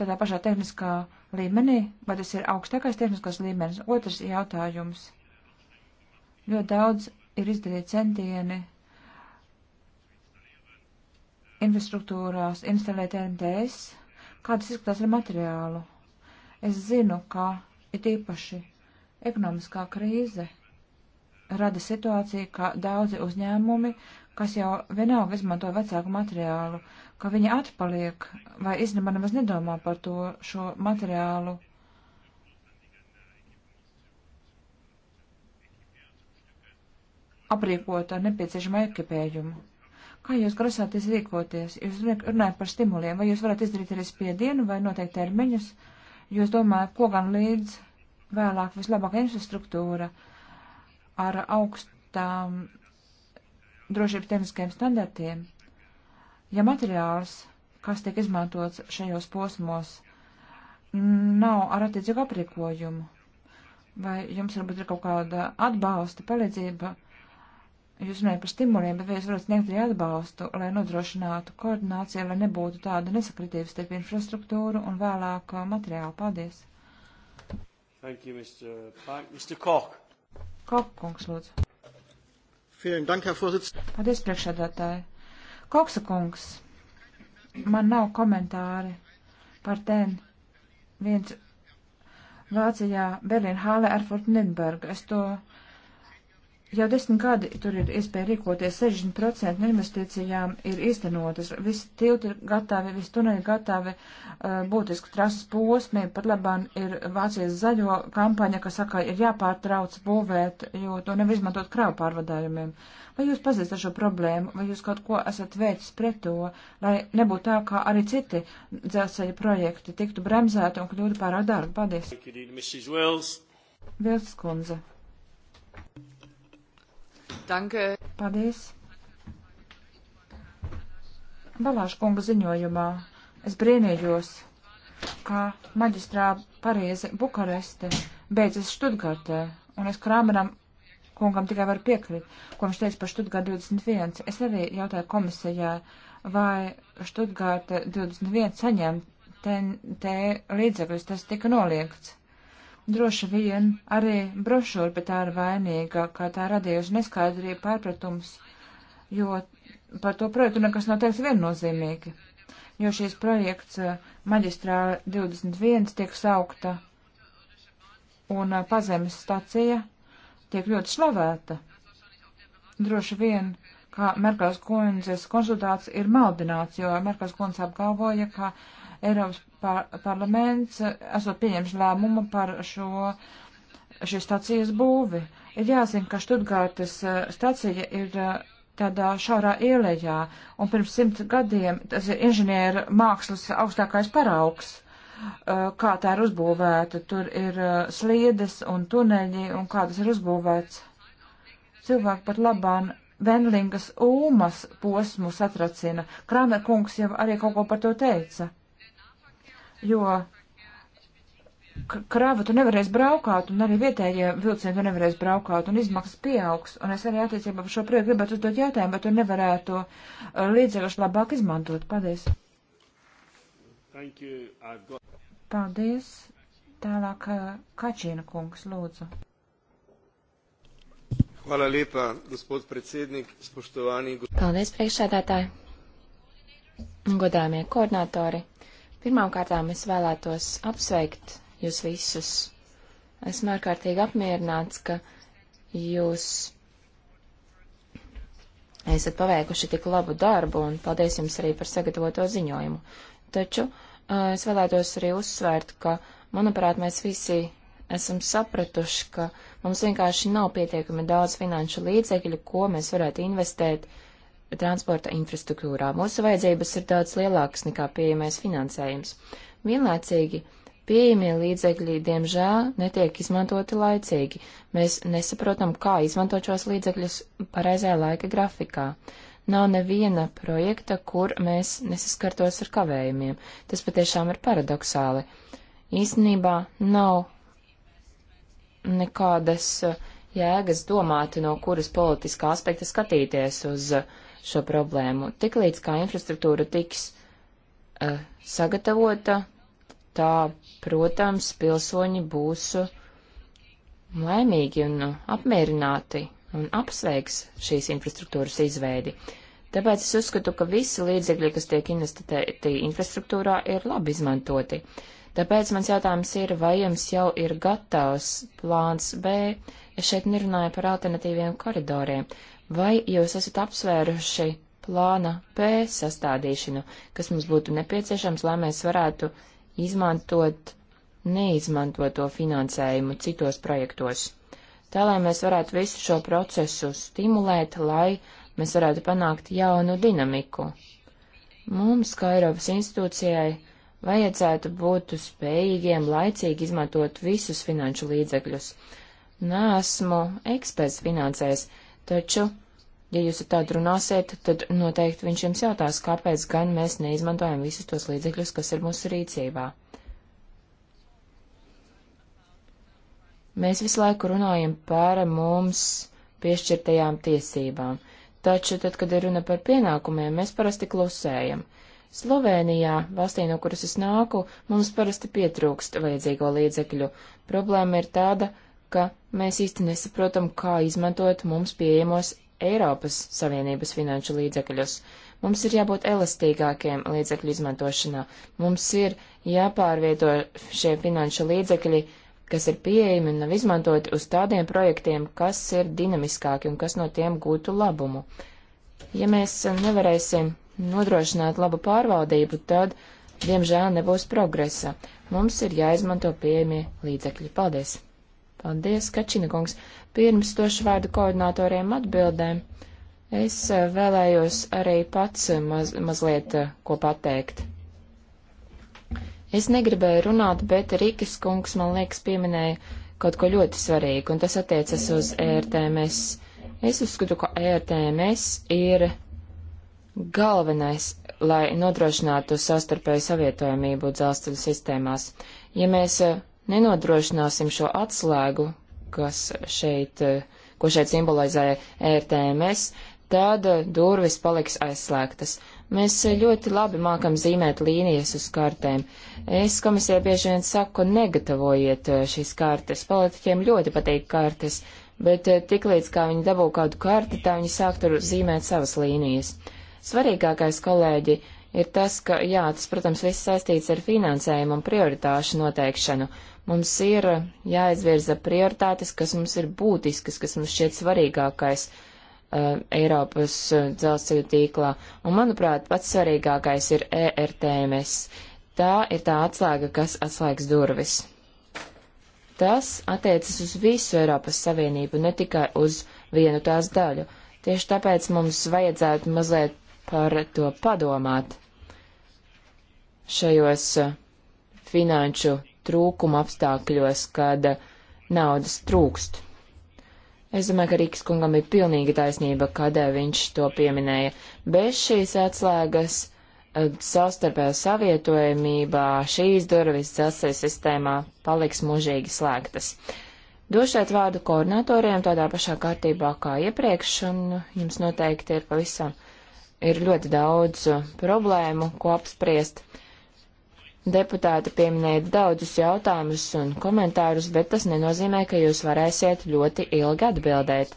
tādā pašā tehniskā līmenī, vai tas ir augstākais tehniskās līmenis. Otrs jautājums. Ļoti daudz ir izdarīti centieni infrastruktūrās instalēt NTS. Kā tas izskatās ar materiālu? Es zinu, ka ir īpaši ekonomiskā krīze rada situāciju, ka daudzi uzņēmumi, kas jau vienalga izmanto vecāku materiālu, ka viņi atpaliek vai īstenībā nemaz nedomā par to šo materiālu. Apriekot ar nepieciešamo ekipējumu. Kā jūs grasāties rīkoties? Jūs runājat par stimuliem, vai jūs varat izdarīt arī spiedienu vai noteikti termiņus? Jūs domājat, ko gan līdz vēlāk vislabākā infrastruktūra ar augstām drošības tehniskajiem standartiem, ja materiāls, kas tiek izmantots šajos posmos, nav ar attiecīgu aprīkojumu, vai jums varbūt ir kaut kāda atbalsta, palīdzība, jūs runājat par stimuliem, bet vai jūs varat sniegt arī atbalstu, lai nodrošinātu koordināciju, lai nebūtu tāda nesakritība starp infrastruktūru un vēlāk materiālu. Paldies! Thank you, Mr. Park. Mr. Koch. Koch, kungs, lūdzu. Paldies, priekšsēdētāji. Koksa kungs, man nav komentāri par ten viens Vācijā Berlīna Hāle Erfurt Nidberg. Es to Jau desmit gadi tur ir iespēja rīkoties, 60% no investīcijām ir īstenotas, visi tilti ir gatavi, visi tuneli ir gatavi, uh, būtiski trases posmi, pat labāk ir Vācijas zaļo kampaņa, kas saka, ir jāpārtrauc būvēt, jo to nevar izmantot kravu pārvadājumiem. Vai jūs pazīstat šo problēmu, vai jūs kaut ko esat veicis pret to, lai nebūtu tā, kā arī citi dzelzceļa projekti tiktu bremzēti un kļūtu pārāk dārgi? Paldies! Vils kundze. Danke. Paldies. Balāšu kunga ziņojumā es brīnījos, kā maģistrā Parīze Bukareste beidzas Študgartē, un es Krāmeram kungam tikai varu piekrīt, ko viņš teica par Študgārtu 21. Es arī jautāju komisijā, vai Študgārta 21 saņem te, te līdzekļus, tas tika noliegts. Droši vien arī brošūra, bet tā ir vainīga, kā tā radījusi neskaidrību pārpratums, jo par to projektu nekas nav teiks viennozīmīgi, jo šīs projekts eh, maģistrāla 21 tiek saukta un eh, pazemes stacija tiek ļoti slavēta. Droši vien, kā Merkels kundzes konsultāts ir maldināts, jo Merkels kundze apgalvoja, ka Eiropas par parlaments eh, esot pieņems lēmumu par šo, šīs stacijas būvi. Ir jāzina, ka Študgārtas eh, stacija ir eh, tādā šaurā ielējā, un pirms simt gadiem tas ir inženieru mākslas augstākais paraugs kā tā ir uzbūvēta. Tur ir sliedes un tuneļi un kā tas ir uzbūvēts. Cilvēki pat labāk Venlingas ūmas posmu satracina. Krāmerkungs jau arī kaut ko par to teica jo krava tu nevarēsi braukāt, un arī vietējie vilcieni tu nevarēsi braukāt, un izmaksas pieaugs. Un es arī attiecībā par šo prieku gribētu uzdot jautājumu, bet tu nevarētu uh, līdzekļus labāk izmantot. Paldies. Got... Paldies. Tālāk uh, Kačīna kungs, lūdzu. Hvala lepa, gospod predsednik, spoštovani. Paldies, priekšsēdētāji. Godāmie koordinātori, Pirmkārtām es vēlētos apsveikt jūs visus. Esmu ārkārtīgi apmierināts, ka jūs esat paveikuši tik labu darbu, un paldies jums arī par sagatavoto ziņojumu. Taču es vēlētos arī uzsvērt, ka, manuprāt, mēs visi esam sapratuši, ka mums vienkārši nav pietiekami daudz finanšu līdzekļu, ko mēs varētu investēt uh, transporta infrastruktūrā. Mūsu vajadzības ir daudz lielākas nekā pieejamais finansējums. Vienlaicīgi pieejamie līdzekļi, diemžēl, netiek izmantoti laicīgi. Mēs nesaprotam, kā izmantot šos līdzekļus pareizajā laika grafikā. Nav neviena projekta, kur mēs nesaskartos ar kavējumiem. Tas patiešām ir paradoxāli. Īstenībā nav nekādas uh, jēgas domāt, no kuras politiskā aspekta skatīties uz uh, šo problēmu. Tiklīdz kā infrastruktūra tiks uh, sagatavota, tā, protams, pilsoņi būs eh, laimīgi un apmierināti un apsveiks šīs infrastruktūras izveidi. Tāpēc es uzskatu, ka visi līdzekļi, kas tiek investēti infrastruktūrā, ir labi izmantoti. Tāpēc mans jautājums ir, vai jums jau ir gatavs plāns B? Es šeit nerunāju par alternatīviem koridoriem, Vai jūs esat apsvēruši plāna P sastādīšanu, kas mums būtu nepieciešams, lai mēs varētu izmantot neizmantoto finansējumu citos projektos? Tā, lai mēs varētu visu šo procesu stimulēt, lai mēs varētu panākt jaunu dinamiku. Mums, kā Eiropas institūcijai, vajadzētu būt spējīgiem laicīgi izmantot visus finanšu līdzekļus. Nē, esmu eksperts finansēs, Taču, ja jūs ar tādu runāsiet, tad noteikti viņš jums jautās, kāpēc gan mēs neizmantojam visus tos līdzekļus, kas ir mūsu rīcībā. Mēs visu laiku runājam par mums piešķirtajām tiesībām, taču tad, kad ir runa par pienākumiem, mēs parasti klusējam. Slovenijā, valstī, no kuras es nāku, mums parasti pietrūkst vajadzīgo līdzekļu. Problēma ir tāda, ka ka mēs īsti nesaprotam, kā izmantot mums pieejamos Eiropas Savienības finanšu līdzekļus. Mums ir jābūt elastīgākiem līdzekļu izmantošanā. Mums ir jāpārvieto šie finanšu līdzekļi, kas ir pieejami un nav izmantoti uz tādiem projektiem, kas ir dinamiskāki un kas no tiem gūtu labumu. Ja mēs nevarēsim nodrošināt labu pārvaldību, tad, diemžēl, nebūs progresa. Mums ir jāizmanto pieejamie līdzekļi. Paldies! Paldies, Kačina kungs. Pirms došu vārdu koordinatoriem atbildēm. Es eh, vēlējos arī pats eh, maz, mazliet eh, ko pateikt. Es negribēju runāt, bet Rīgas kungs, man liekas, pieminēja kaut ko ļoti svarīgu, un tas attiecas uz ērtēmēs. E es uzskatu, ka ērtēmēs e ir galvenais, lai nodrošinātu savstarpēju savietojamību dzelzceļu sistēmās. Ja mēs nenodrošināsim šo atslēgu, kas šeit, eh, ko šeit simbolizē e RTMS, tad eh, durvis paliks aizslēgtas. Mēs eh, ļoti labi mākam zīmēt līnijas uz kartēm. Es komisijai bieži vien saku, negatavojiet šīs kartes. Politiķiem ļoti patīk kartes, bet tiklīdz kā viņi dabū kādu karti, tā viņi sāk tur zīmēt savas līnijas. Svarīgākais, kolēģi, ir tas, ka, jā, tas, protams, viss saistīts ar finansējumu un prioritāšu noteikšanu, Mums ir jāizvirza prioritātes, kas mums ir būtiskas, kas mums šķiet svarīgākais uh, Eiropas uh, dzelzceļa tīklā. Un, manuprāt, pats svarīgākais ir ERTMS. Tā ir tā atslēga, kas atslēgs durvis. Tas attiecas uz visu Eiropas Savienību, ne tikai uz vienu tās daļu. Tieši tāpēc mums vajadzētu mazliet par to padomāt šajos uh, finanšu trūkuma apstākļos, kad naudas trūkst. Es domāju, ka Rīgas kungam ir pilnīga taisnība, kad viņš to pieminēja. Bez šīs atslēgas eh, savstarpējā savietojamībā šīs durvis dzelzceļa sistēmā paliks mūžīgi slēgtas. Došēt vārdu koordinatoriem tādā pašā kārtībā kā iepriekš, un jums noteikti ir pavisam ir ļoti daudz eh, problēmu, ko apspriest. Deputāti pieminēja daudzus jautājumus un komentārus, bet tas nenozīmē, ka jūs varēsiet ļoti ilgi atbildēt.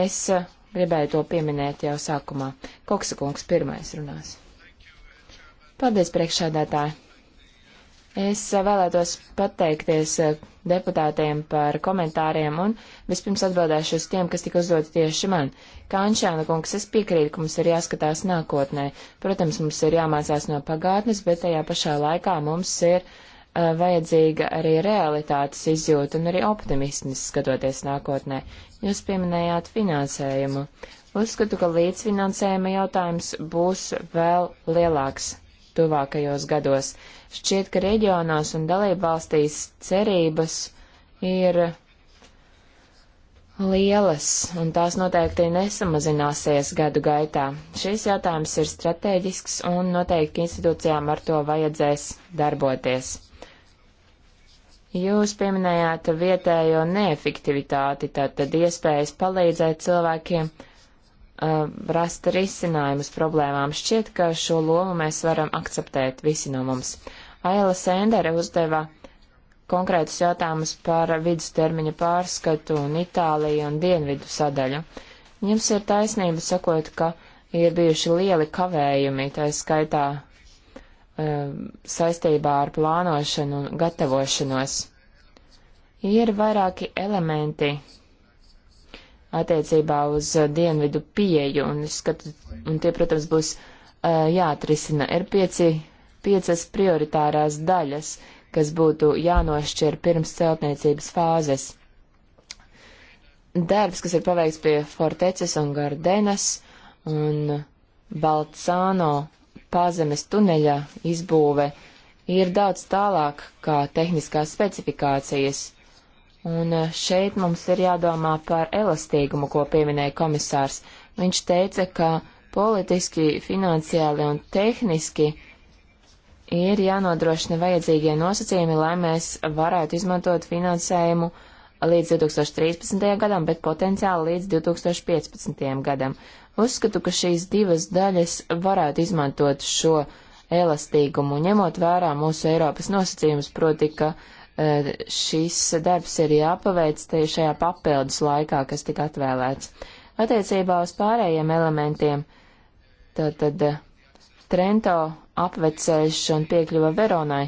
Es eh, gribēju to pieminēt jau sākumā. Koksakungs pirmais runās. Paldies, priekšādātāji! Es eh, vēlētos pateikties eh, deputātiem par komentāriem un vispirms atbildēšu uz tiem, kas tika uzdoti tieši man. Kančāna kungs, es piekrītu, ka mums ir jāskatās nākotnē. Protams, mums ir jāmācās no pagātnes, bet tajā pašā laikā mums ir uh, vajadzīga arī realitātes izjūta un arī optimisms skatoties nākotnē. Jūs pieminējāt finansējumu. Uzskatu, ka līdzfinansējuma jautājums būs vēl lielāks tuvākajos gados. Šķiet, ka reģionos un dalībvalstīs cerības ir lielas, un tās noteikti nesamazināsies gadu gaitā. Šis jautājums ir strateģisks, un noteikti institūcijām ar to vajadzēs darboties. Jūs pieminējāt vietējo neefektivitāti, tātad iespējas palīdzēt cilvēkiem Uh, rast risinājumus problēmām. Šķiet, ka šo lomu mēs varam akceptēt visi no mums. Aila Sendere uzdeva konkrētus jautājumus par vidustermiņa pārskatu un Itāliju un Dienvidu sadaļu. Jums ir taisnība sakot, ka ir bijuši lieli kavējumi, tā skaitā um, saistībā ar plānošanu un gatavošanos. Ir vairāki elementi, attiecībā uz uh, dienvidu pieju, un, skatu, un tie, protams, būs uh, jāatrisina. Ir pieci, piecas prioritārās daļas, kas būtu jānošķir pirms celtniecības fāzes. Darbs, kas ir paveikts pie Forteces un Gardenas un Balcāno pazemes tuneļa izbūve, ir daudz tālāk kā tehniskās specifikācijas. Un eh, šeit mums ir jādomā par elastīgumu, ko pieminēja komisārs. Viņš teica, ka politiski, finansiāli un tehniski ir jānodrošina vajadzīgie nosacījumi, lai mēs varētu izmantot finansējumu līdz 2013. gadam, bet potenciāli līdz 2015. gadam. Uzskatu, ka šīs divas daļas varētu izmantot šo elastīgumu, ņemot vērā mūsu Eiropas nosacījumus, proti, ka uh, Eh, šis darbs ir jāpaveic tiešajā papildus laikā, kas tika atvēlēts. Attiecībā uz pārējiem elementiem, tātad eh, Trento apvecēš un piekļuva Veronai,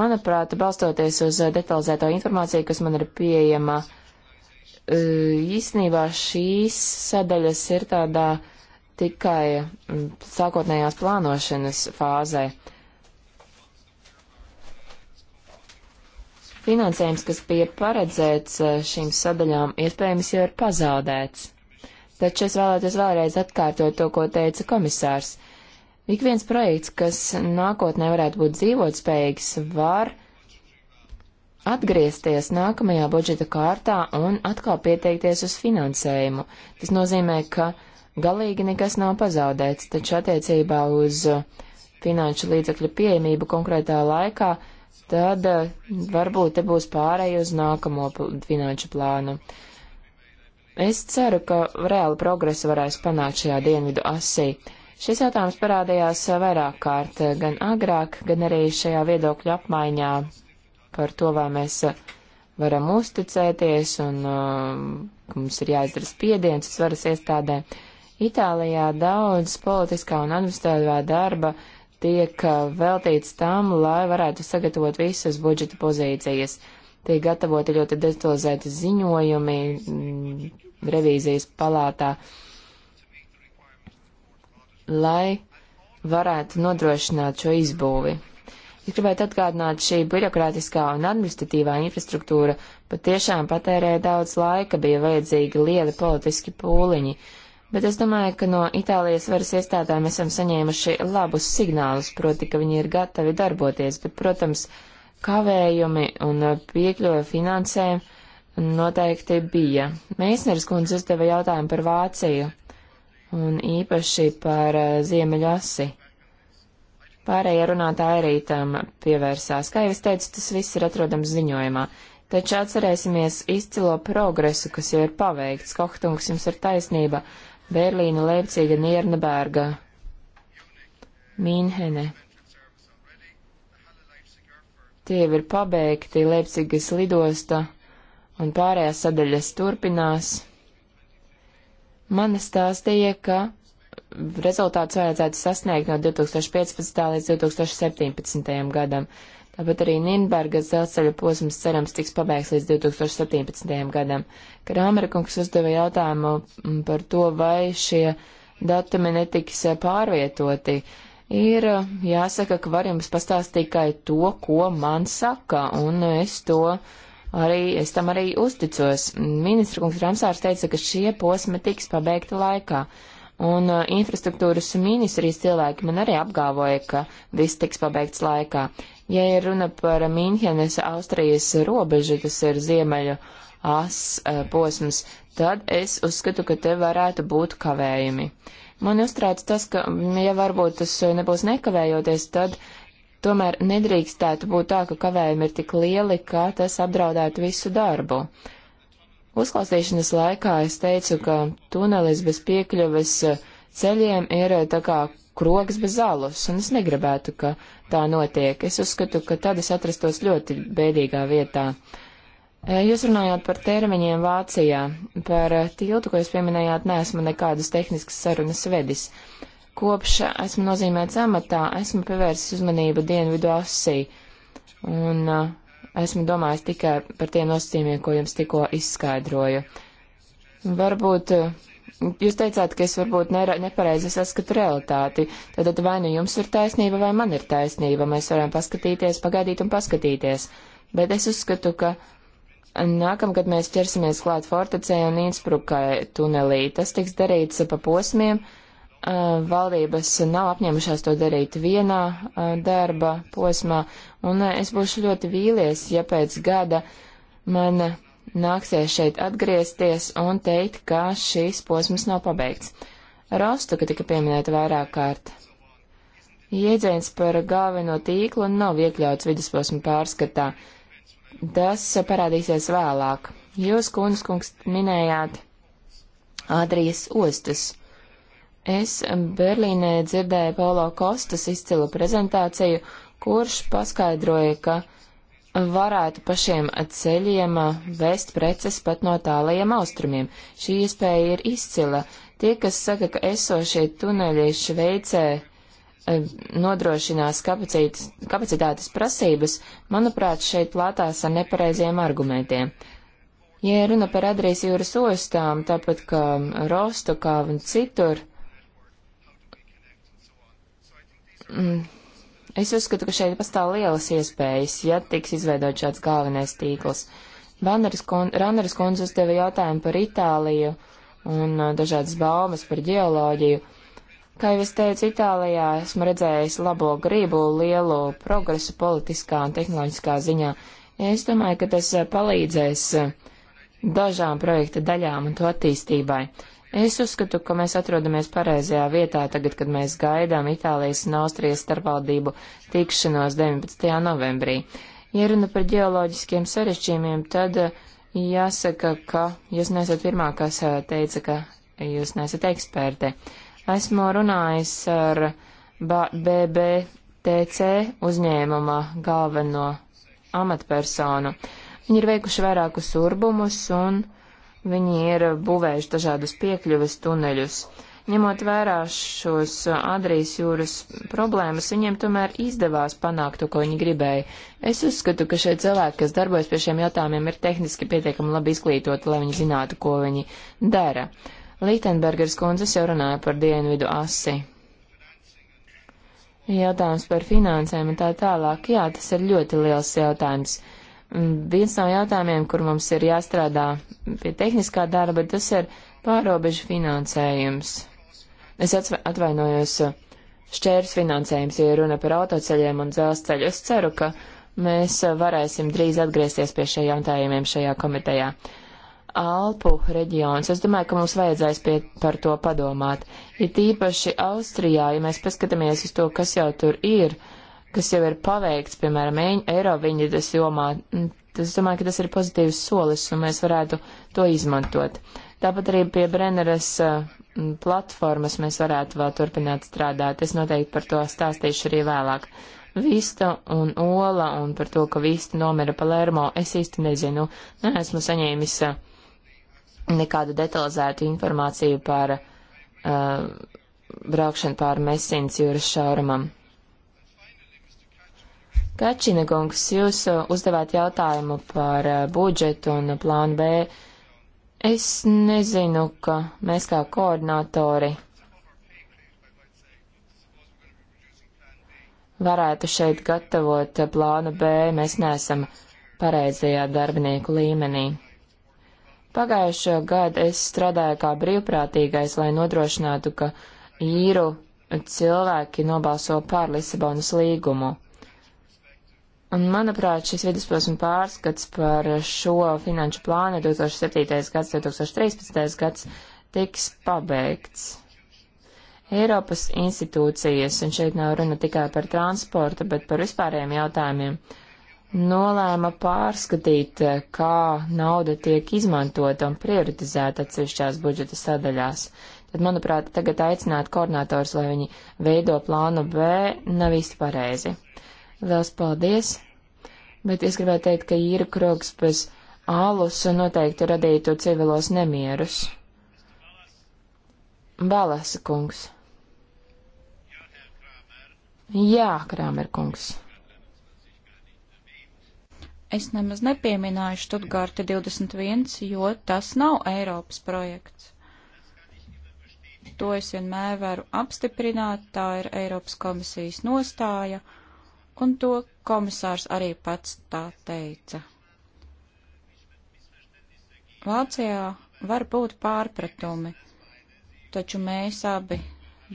manuprāt, balstoties uz eh, detalizēto informāciju, kas man ir pieejama, īsnībā šīs sadaļas ir tādā tikai mm, sākotnējās plānošanas fāzē. Finansējums, kas bija paredzēts eh, šīm sadaļām, iespējams jau ir pazaudēts. Taču es vēlētos vēlreiz atkārtot to, ko teica komisārs. Ik viens projekts, kas nākotnē varētu būt dzīvotspējīgs, var atgriezties nākamajā budžeta kārtā un atkal pieteikties uz finansējumu. Tas nozīmē, ka galīgi nekas nav pazaudēts, taču attiecībā uz finanšu līdzekļu pieejamību konkrētā laikā tad eh, varbūt te būs pārēj uz nākamo finanšu plānu. Es ceru, ka reāli progresu varēs panākt šajā dienvidu asī. Šis jautājums parādījās vairāk kārt, eh, gan agrāk, gan arī šajā viedokļu apmaiņā par to, vai mēs eh, varam uzticēties un ka mums ir jāizdara spiediens uz varas iestādēm. Itālijā daudz politiskā un administratīvā darba uh, tiek uh, veltīts tam, lai varētu sagatavot visas budžeta pozīcijas. Tiek gatavoti ļoti detalizēti ziņojumi m, mm, revīzijas palātā, lai varētu nodrošināt šo izbūvi. Es gribētu atgādināt, šī birokrātiskā un administratīvā infrastruktūra patiešām patērēja daudz laika, bija vajadzīgi lieli politiski pūliņi. Uh, bet es domāju, ka no Itālijas varas iestādēm esam saņēmuši labus signālus, proti, ka viņi ir gatavi darboties, bet, protams, kavējumi un uh, piekļuve finansēm noteikti bija. Meisneris kundze uzdeva jautājumu par Vāciju un īpaši par uh, Ziemeļasi. Pārējie runātāji arī tam pievērsās. Kā jau es teicu, tas viss ir atrodams ziņojumā. Taču atcerēsimies izcilo progresu, kas jau ir paveikts. Kohtungs jums ir taisnība. Berlīna, Leipciga, Nierneberga, Mīnhene. Tie jau ir pabeigti, Leipcigas lidosta un pārējās sadaļas turpinās. Man stāstīja, ka rezultāts vajadzētu sasniegt no 2015. līdz 2017. gadam. Tāpat arī Nīnbergas dzelzceļa posms cerams tiks pabeigts līdz 2017. gadam. Krāmera kungs uzdeva jautājumu mm, par to, vai šie datumi netiks eh, pārvietoti. Ir eh, jāsaka, ka var jums pastāstīt tikai to, ko man saka, un es to arī, es tam arī uzticos. Ministra kungs Ramsārs teica, ka šie posmi tiks pabeigti laikā. Un eh, infrastruktūras ministrijas cilvēki man arī apgāvoja, ka viss tiks pabeigts laikā. Ja ir runa par Mīnhenes Austrijas robežu, tas ir ziemeļu as eh, posms, tad es uzskatu, ka te varētu būt kavējumi. Man uztrauc tas, ka, mm, ja varbūt tas nebūs nekavējoties, tad tomēr nedrīkstētu būt tā, ka kavējumi ir tik lieli, ka tas apdraudētu visu darbu. Uzklausīšanas laikā es teicu, ka tunelis bez piekļuves eh, ceļiem ir eh, tā kā krogs bez zāles, un es negribētu, ka tā notiek. Es uzskatu, ka tad es atrastos ļoti bēdīgā vietā. E, jūs runājāt par termiņiem Vācijā. Par tiltu, ko jūs pieminējāt, neesmu nekādas tehniskas sarunas vedis. Kopš esmu nozīmēts amatā, esmu pievērsis uzmanību dienvidu asī. Un e, esmu domājis tikai par tiem nosacījumiem, ko jums tikko izskaidroju. Varbūt Jūs teicāt, ka es varbūt nepareizi saskatu realitāti. Tad vai nu jums ir taisnība, vai man ir taisnība. Mēs varam paskatīties, pagaidīt un paskatīties. Bet es uzskatu, ka nākamgad mēs ķersimies klāt Fortecē un Innsbrukai tunelī. Tas tiks darīts pa posmiem. Valdības nav apņēmušās to darīt vienā darba posmā, un es būšu ļoti vīlies, ja pēc gada man nāksies šeit atgriezties un teikt, ka šīs posms nav pabeigts. Rostu, ka tika pieminēta vairāk kārt. Iedzēns par galveno tīklu nav iekļauts vidusposma pārskatā. Tas parādīsies vēlāk. Jūs, kundz, kungs, minējāt Adrijas ostas. Es Berlīnē dzirdēju Paulo Kostas izcilu prezentāciju, kurš paskaidroja, ka varētu pašiem ceļiem uh, vest preces pat no tālajiem austrumiem. Šī iespēja ir izcila. Tie, kas saka, ka esošie tuneļi Šveicē uh, nodrošinās kapacitātes prasības, manuprāt, šeit plātās ar nepareiziem argumentiem. Ja runa par Adrijas jūras ostām, tāpat kā Rostokā un citur, mm, Es uzskatu, ka šeit pastāv lielas iespējas, ja tiks izveidot šāds galvenais tīkls. Ranneris kundze uzdeva jautājumu par Itāliju un uh, dažādas baumas par ģeoloģiju. Kā jau es teicu, Itālijā esmu redzējis labo gribu, lielu progresu politiskā un tehnoloģiskā ziņā. Es domāju, ka tas uh, palīdzēs uh, dažām projekta daļām un to attīstībai. Es uzskatu, ka mēs atrodamies pareizajā vietā tagad, kad mēs gaidām Itālijas un Austrijas starpvaldību tikšanos 19. novembrī. Ja runa par ģeoloģiskiem sarešķījumiem, tad uh, jāsaka, ka jūs nesat pirmā, kas uh, teica, ka jūs nesat eksperte. Esmu runājis ar BBTC uzņēmuma galveno amatpersonu. Viņi ir veikuši vairākus urbumus un Viņi ir būvējuši dažādus piekļuves tuneļus. Ņemot vērā šos Adrijas jūras problēmas, viņiem tomēr izdevās panākt to, ko viņi gribēja. Es uzskatu, ka šie cilvēki, kas darbojas pie šiem jautājumiem, ir tehniski pietiekami labi izglītoti, lai viņi zinātu, ko viņi dara. Lītenbergers kundzes jau runāja par dienvidu asi. Jautājums par finansēm un tā tālāk, jā, tas ir ļoti liels jautājums. Viens no jautājumiem, kur mums ir jāstrādā pie tehniskā darba, tas ir pārobežu finansējums. Es atvainojos šķērs finansējums, ja runa par autoceļiem un dzelzceļu. Es ceru, ka mēs varēsim drīz atgriezties pie šiem jautājumiem šajā komitejā. Alpu reģions. Es domāju, ka mums vajadzēs pie, par to padomāt. Ir ja tīpaši Austrijā, ja mēs paskatāmies uz to, kas jau tur ir, uh, kas jau ir paveikts, piemēram, Eiroviņģidas jomā, mm, tas, domāju, ka tas ir pozitīvs solis, un mēs varētu to izmantot. Tāpat arī pie Brenneres uh, mm, platformas mēs varētu vēl turpināt strādāt. Es noteikti par to stāstīšu arī vēlāk. Vista un Ola un par to, ka Vista nomira Palermo, es īsti nezinu. Neesmu saņēmis uh, nekādu detalizētu informāciju par uh, braukšanu pāri Messīnas jūras šaurumam. Kačina kungs, jūs uh, uzdevāt jautājumu par uh, budžetu un plānu B. Es nezinu, ka mēs kā koordinatori varētu šeit gatavot plānu B, mēs neesam pareizajā darbinieku līmenī. Pagājušo gadu es strādāju kā brīvprātīgais, lai nodrošinātu, ka īru cilvēki nobalso pār Lisabonas līgumu. Un, manuprāt, šis vidusposma pārskats par šo finanšu plānu 2007. gads, 2013. gads tiks pabeigts. Eiropas institūcijas, un šeit nav runa tikai par transportu, bet par vispārējiem jautājumiem, nolēma pārskatīt, kā nauda tiek izmantota un prioritizēta atsevišķās budžeta sadaļās. Tad, manuprāt, tagad aicināt koordinātors, lai viņi veido plānu B, nav īsti pareizi. Liels paldies! Bet es gribēju teikt, ka īra krogs bez ālus noteikti radītu civilos nemierus. Balasa kungs. Jā, Krāmer kungs. Es nemaz nepieminēju Štutgārta 21, jo tas nav Eiropas projekts. To es vienmēr varu apstiprināt, tā ir Eiropas komisijas nostāja. Uh, un to komisārs arī pats tā teica. Vācijā var būt pārpratumi, taču mēs abi,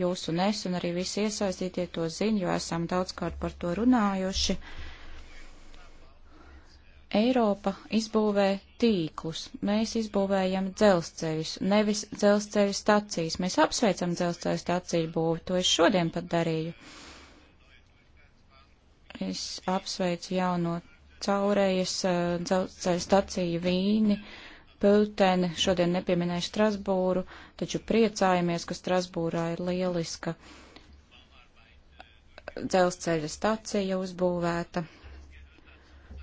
jūs un es, un arī visi iesaistītie to ziņu, jo esam daudzkārt par to runājuši. Eiropa izbūvē tīklus, mēs izbūvējam dzelzceļus, nevis dzelzceļu stacijas. Mēs apsveicam dzelzceļu staciju būvu, to es šodien pat darīju. Uh, Es apsveicu jauno caurējas eh, dzelzceļa staciju Vīni, Pulteni, šodien nepieminēju Strasbūru, taču priecājamies, ka Strasbūrā ir lieliska dzelzceļa stacija uzbūvēta.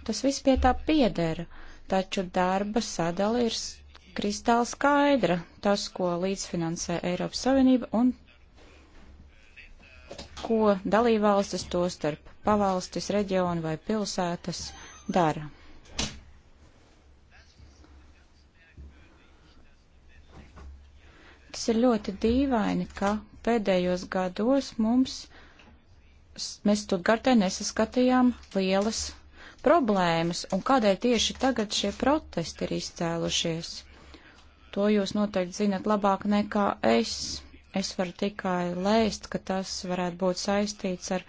Tas viss pie tā piedera, taču darba sadala ir kristāli skaidra, tas, ko līdzfinansē Eiropas Savienība un ko dalībvalstis to starp pavalstis, reģioni vai pilsētas dara. Tas ir ļoti dīvaini, ka pēdējos gados mums, mēs Studgartē nesaskatījām lielas problēmas, un kādēļ tieši tagad šie protesti ir izcēlušies. To jūs noteikti zinat labāk nekā es. Es varu tikai lēst, ka tas varētu būt saistīts ar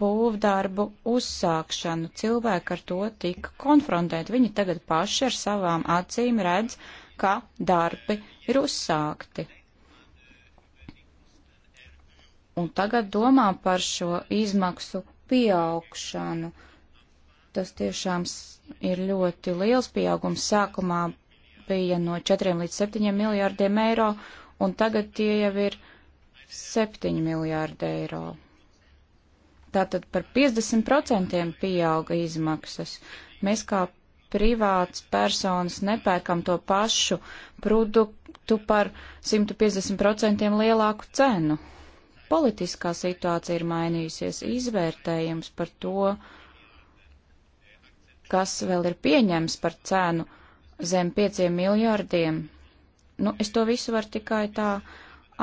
būvdarbu uzsākšanu. Cilvēki ar to tika konfrontēti. Viņi tagad paši ar savām acīm redz, ka darbi ir uzsākti. Un tagad domā par šo izmaksu pieaugšanu. Tas tiešām ir ļoti liels pieaugums. Sākumā bija no 4 līdz 7 miljārdiem eiro, un tagad tie jau ir 7 miljārdi eiro. Tātad par 50% pieauga izmaksas. Mēs kā privāts personas nepērkam to pašu produktu par 150% lielāku cenu. Politiskā situācija ir mainījusies, izvērtējums par to, kas vēl ir pieņems par cenu zem 5 miljārdiem. Nu, es to visu varu tikai tā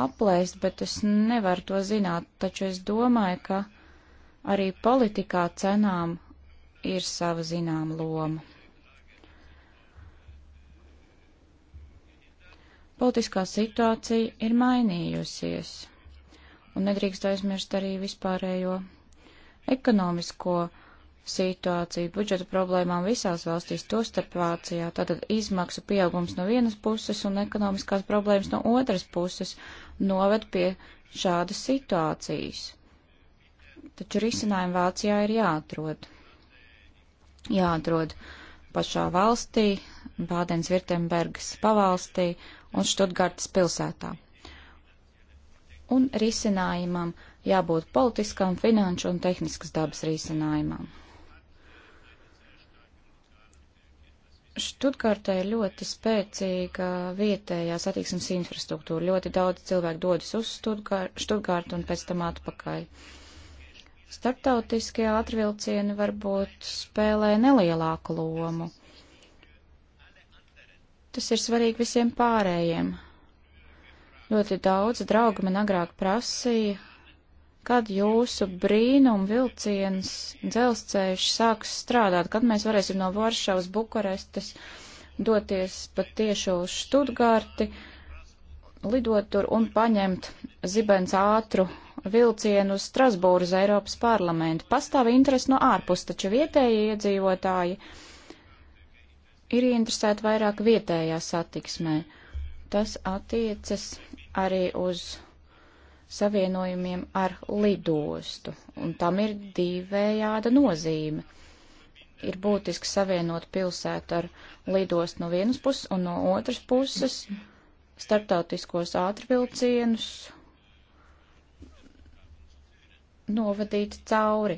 aplēst, bet es nevaru to zināt, taču es domāju, ka Arī politikā cenām ir sava zinām loma. Politiskā situācija ir mainījusies, un nedrīkst aizmirst arī vispārējo ekonomisko situāciju, budžeta problēmām visās valstīs, to starp Vācijā. Tātad izmaksu pieaugums no vienas puses un ekonomiskās problēmas no otras puses noved pie šādas situācijas. Taču risinājumi Vācijā ir jāatrod. Jāatrod pašā valstī, Bādens-Virtembergas pavalstī un Študgartas pilsētā. Un risinājumam jābūt politiskam, finanšu un tehniskas dabas risinājumam. Študkartē ir ļoti spēcīga vietējā satiksmes infrastruktūra. Ļoti daudz cilvēku dodas uz Študgārtu un pēc tam atpakaļ. Uh, Startautiskie ātrvilcieni varbūt spēlē nelielāku lomu. Tas ir svarīgi visiem pārējiem. Ļoti daudz draugi man agrāk prasīja, kad jūsu brīnum vilciens dzelzceļš sāks strādāt, kad mēs varēsim no Varšavas Bukarestes doties pat tieši uz Študgārti, lidot tur un paņemt zibens ātru vilcienu uz Strasbūru uz Eiropas parlamentu. Pastāv interesi no ārpus, taču vietējie iedzīvotāji ir interesēti vairāk vietējā satiksmē. Tas attiecas arī uz savienojumiem ar lidostu, un tam ir divējāda nozīme. Ir būtiski savienot pilsētu ar lidostu no vienas puses un no otras puses starptautiskos ātrvilcienus novadīt cauri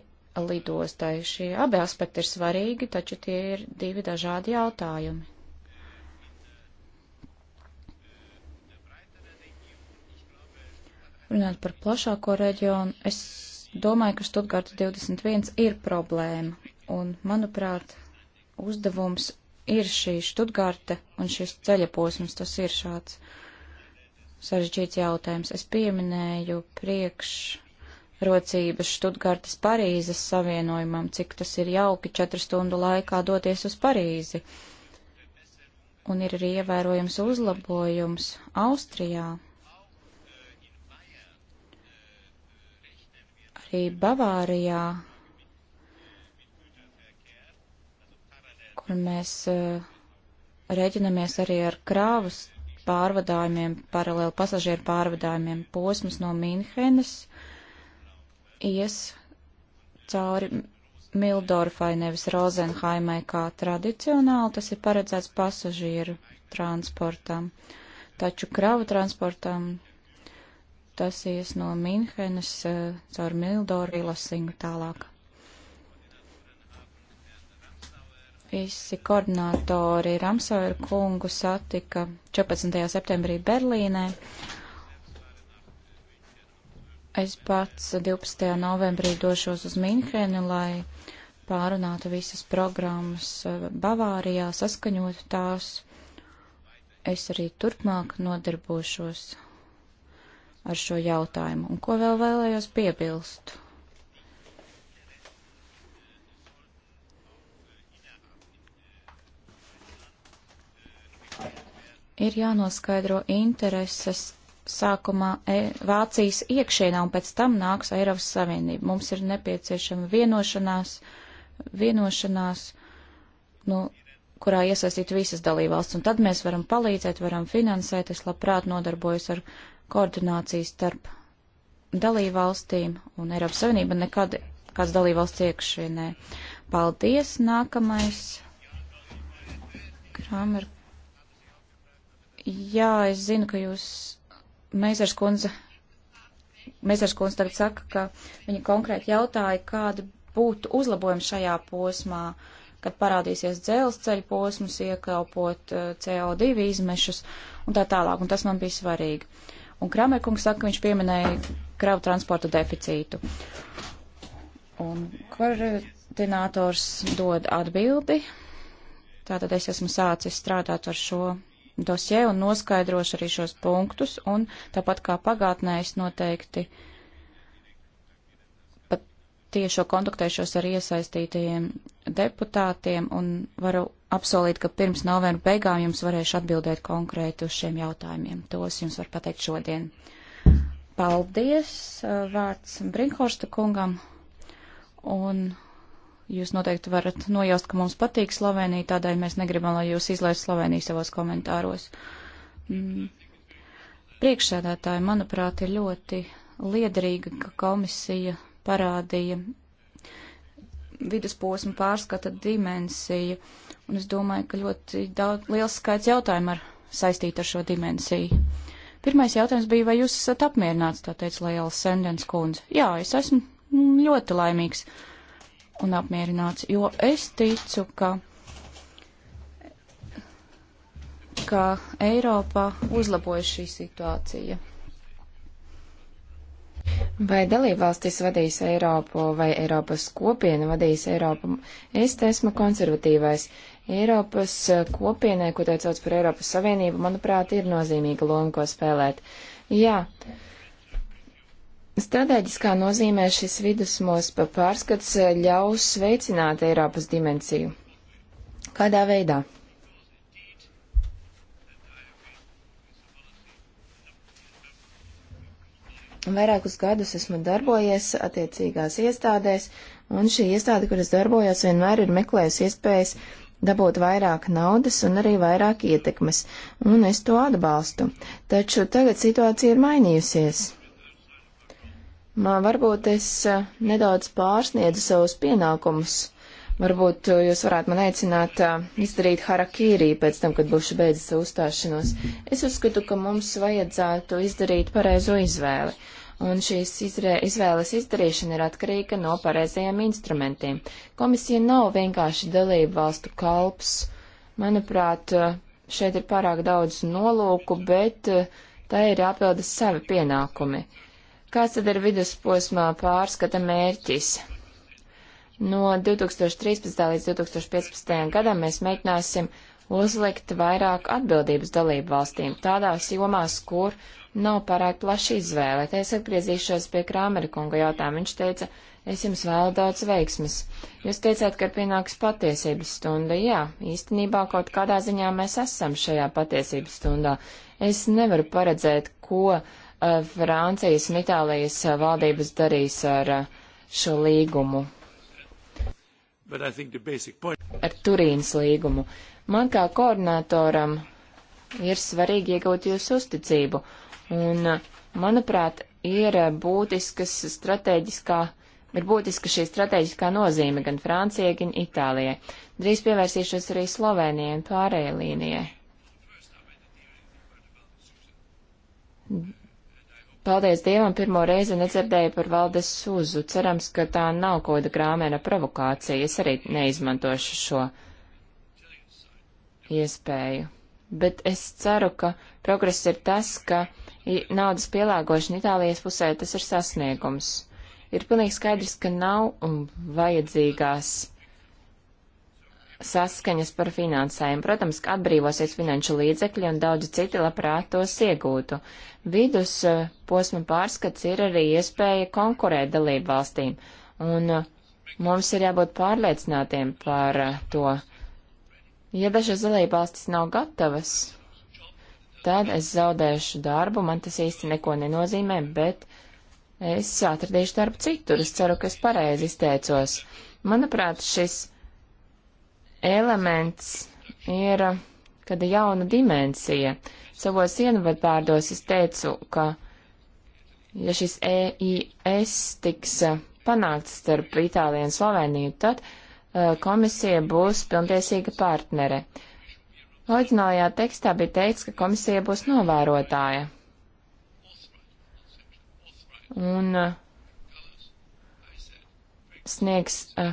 lidostai. Šie abi aspekti ir svarīgi, taču tie ir divi dažādi jautājumi. Runāt par plašāko reģionu, es domāju, ka Stuttgarta 21 ir problēma. Un, manuprāt, uzdevums ir šī Stuttgarta un šis ceļa posms, tas ir šāds sarežģīts jautājums. Es pieminēju priekš rocības Študgartas Parīzes savienojumam, cik tas ir jauki četru stundu laikā doties uz Parīzi. Un ir arī ievērojams uzlabojums Austrijā. Arī Bavārijā, kur mēs uh, reģinamies arī ar krāvas pārvadājumiem, paralēli pasažieru pārvadājumiem, posms no Mīnhenes ies cauri Mildorfai, nevis Rozenhaimai kā tradicionāli, tas ir paredzēts pasažieru transportam. Taču kravu transportam tas ies no Minhenes eh, caur Mildoru Ilasingu tālāk. Visi koordinātori Ramsauer kungu satika 14. septembrī Berlīnē Es pats 12. novembrī došos uz Minheni, lai pārunātu visas programmas eh, Bavārijā, saskaņotu tās. Es arī turpmāk nodarbošos ar šo jautājumu. Un ko vēl vēlējos piebilst? Ir jānoskaidro intereses sākumā e, Vācijas iekšienā un pēc tam nāks Eiropas Savienība. Mums ir nepieciešama vienošanās, vienošanās, nu, kurā iesaistīt visas dalībvalsts, un tad mēs varam palīdzēt, varam finansēt. Es labprāt nodarbojos ar koordināciju starp dalībvalstīm un Eiropas Savienība nekad kāds dalībvalsts iekšienē. Paldies! Nākamais. Kramer. Jā, es zinu, ka jūs Meizers kundze, Meizers kundze tagad saka, ka viņa konkrēti jautāja, kāda būtu uzlabojuma šajā posmā, kad parādīsies dzelzceļa posms, iekļaupot eh, CO2 izmešus un tā tālāk, un tas man bija svarīgi. Un Kramerkungs saka, ka viņš pieminēja kravu transporta deficītu. Un koordinators dod atbildi. Tātad es esmu sācis strādāt ar šo dosie un noskaidrošu arī šos punktus, un tāpat kā pagātnē es noteikti pat tiešo kontaktēšos ar iesaistītajiem deputātiem un varu apsolīt, ka pirms novembra beigām jums varēšu atbildēt konkrēti uz šiem jautājumiem. Tos jums var pateikt šodien. Paldies, uh, vārds Brinkhorsta kungam, un Jūs noteikti varat nojaust, ka mums patīk Slovenija, tādēļ mēs negribam, lai jūs izlaist Sloveniju savos komentāros. Mm. Priekšsēdētāji, manuprāt, ir ļoti liederīga, ka komisija parādīja vidusposmu pārskata dimensiju, un es domāju, ka ļoti daudz, liels skaits jautājumu ar saistīti ar šo dimensiju. Pirmais jautājums bija, vai jūs esat apmierināts, tā teica Liela Sendens kundze. Jā, es esmu ļoti laimīgs. Uh, un apmierināts, jo es ticu, ka, ka Eiropā uzlabojas šī situācija. Vai dalībvalstis vadīs Eiropu vai Eiropas kopiena vadīs Eiropu? Es te esmu konservatīvais. Eiropas kopienai, ko te sauc par Eiropas Savienību, manuprāt, ir nozīmīga loma, ko spēlēt. Jā. Uh, Stratēģiskā nozīmē šis vidusmos pa pārskats eh, ļaus veicināt Eiropas dimensiju. Kādā veidā? Vairākus gadus esmu darbojies attiecīgās iestādēs, un šī iestāde, kuras darbojos, vienmēr ir meklējusi iespējas dabūt vairāk naudas un arī vairāk ietekmes, un es to atbalstu. Taču tagad situācija ir mainījusies. Man varbūt es eh, nedaudz pārsniedzu savus pienākumus. Varbūt eh, jūs varētu man aicināt eh, izdarīt harakīrī pēc tam, kad būšu beidzis savu uzstāšanos. Es uzskatu, ka mums vajadzētu izdarīt pareizo izvēli. Un šīs izrē, izvēles izdarīšana ir atkarīga no pareizajiem instrumentiem. Komisija nav vienkārši dalību valstu kalps. Manuprāt, šeit ir pārāk daudz nolūku, bet tai ir jāpilda savi pienākumi. Kāds tad ir vidusposmā pārskata mērķis? No 2013. līdz 2015. gadam mēs mēģināsim uzlikt vairāk atbildības dalību valstīm tādās jomās, kur nav pārāk plaša izvēle. Te es atgriezīšos pie Krāmera kunga jautājuma. Viņš teica, es jums vēlu daudz veiksmes. Jūs teicāt, ka pienāks patiesības stunda. Jā, īstenībā kaut kādā ziņā mēs esam šajā patiesības stundā. Es nevaru paredzēt, ko uh, Francijas un Itālijas valdības darīs ar eh, šo līgumu. Point... Ar Turīnas līgumu. Man kā koordinatoram ir svarīgi iegūt jūsu uzticību, un, eh, manuprāt, ir eh, būtiskas stratēģiskā, ir būtiska šī stratēģiskā nozīme gan Francijai, gan Itālijai. Drīz pievērsīšos arī Slovenijai un pārējai līnijai. Paldies Dievam, pirmo reizi nedzirdēju par valdes sūzu. Cerams, ka tā nav koda grāmēna provokācija. Es arī neizmantošu šo iespēju. Bet es ceru, ka progress ir tas, ka naudas pielāgošana Itālijas pusē tas ir sasniegums. Ir pilnīgi skaidrs, ka nav um, vajadzīgās saskaņas par finansējumu. Protams, ka atbrīvosies finanšu līdzekļi un daudzi citi labprāt tos iegūtu. Vidus eh, posma pārskats ir arī iespēja konkurēt dalību valstīm, un eh, mums ir jābūt pārliecinātiem par eh, to. Ja dažas dalību valstis nav gatavas, tad es zaudēšu darbu, man tas īsti neko nenozīmē, bet es atradīšu darbu citur. Es ceru, ka es pareizi izteicos. Manuprāt, šis elements ir kāda jauna dimensija. Savos ienvadvārdos es teicu, ka ja šis EIS tiks eh, panākts starp Itāliju un Sloveniju, tad uh, komisija būs pilntiesīga partnere. Oriģinālajā tekstā bija teikts, ka komisija būs novērotāja. Un uh, sniegs uh,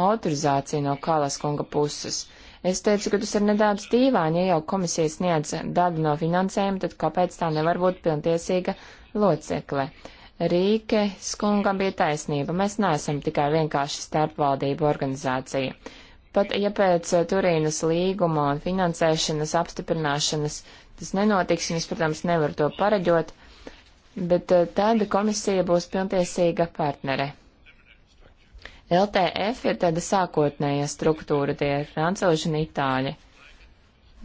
autorizāciju no Kalas kunga puses. Es teicu, ka tas ir nedaudz dīvaini, ja jau komisija sniedz daļu no finansējuma, tad kāpēc tā nevar būt pilntiesīga locekle? Rīke skungam bija taisnība, mēs neesam tikai vienkārši starpvaldību organizācija. Pat ja pēc eh, Turīnas līguma un finansēšanas apstiprināšanas tas nenotiks, un es, protams, nevaru to pareģot, bet eh, tad komisija būs pilntiesīga partnere. LTF ir tāda sākotnējā struktūra, tie ir francūži un itāļi.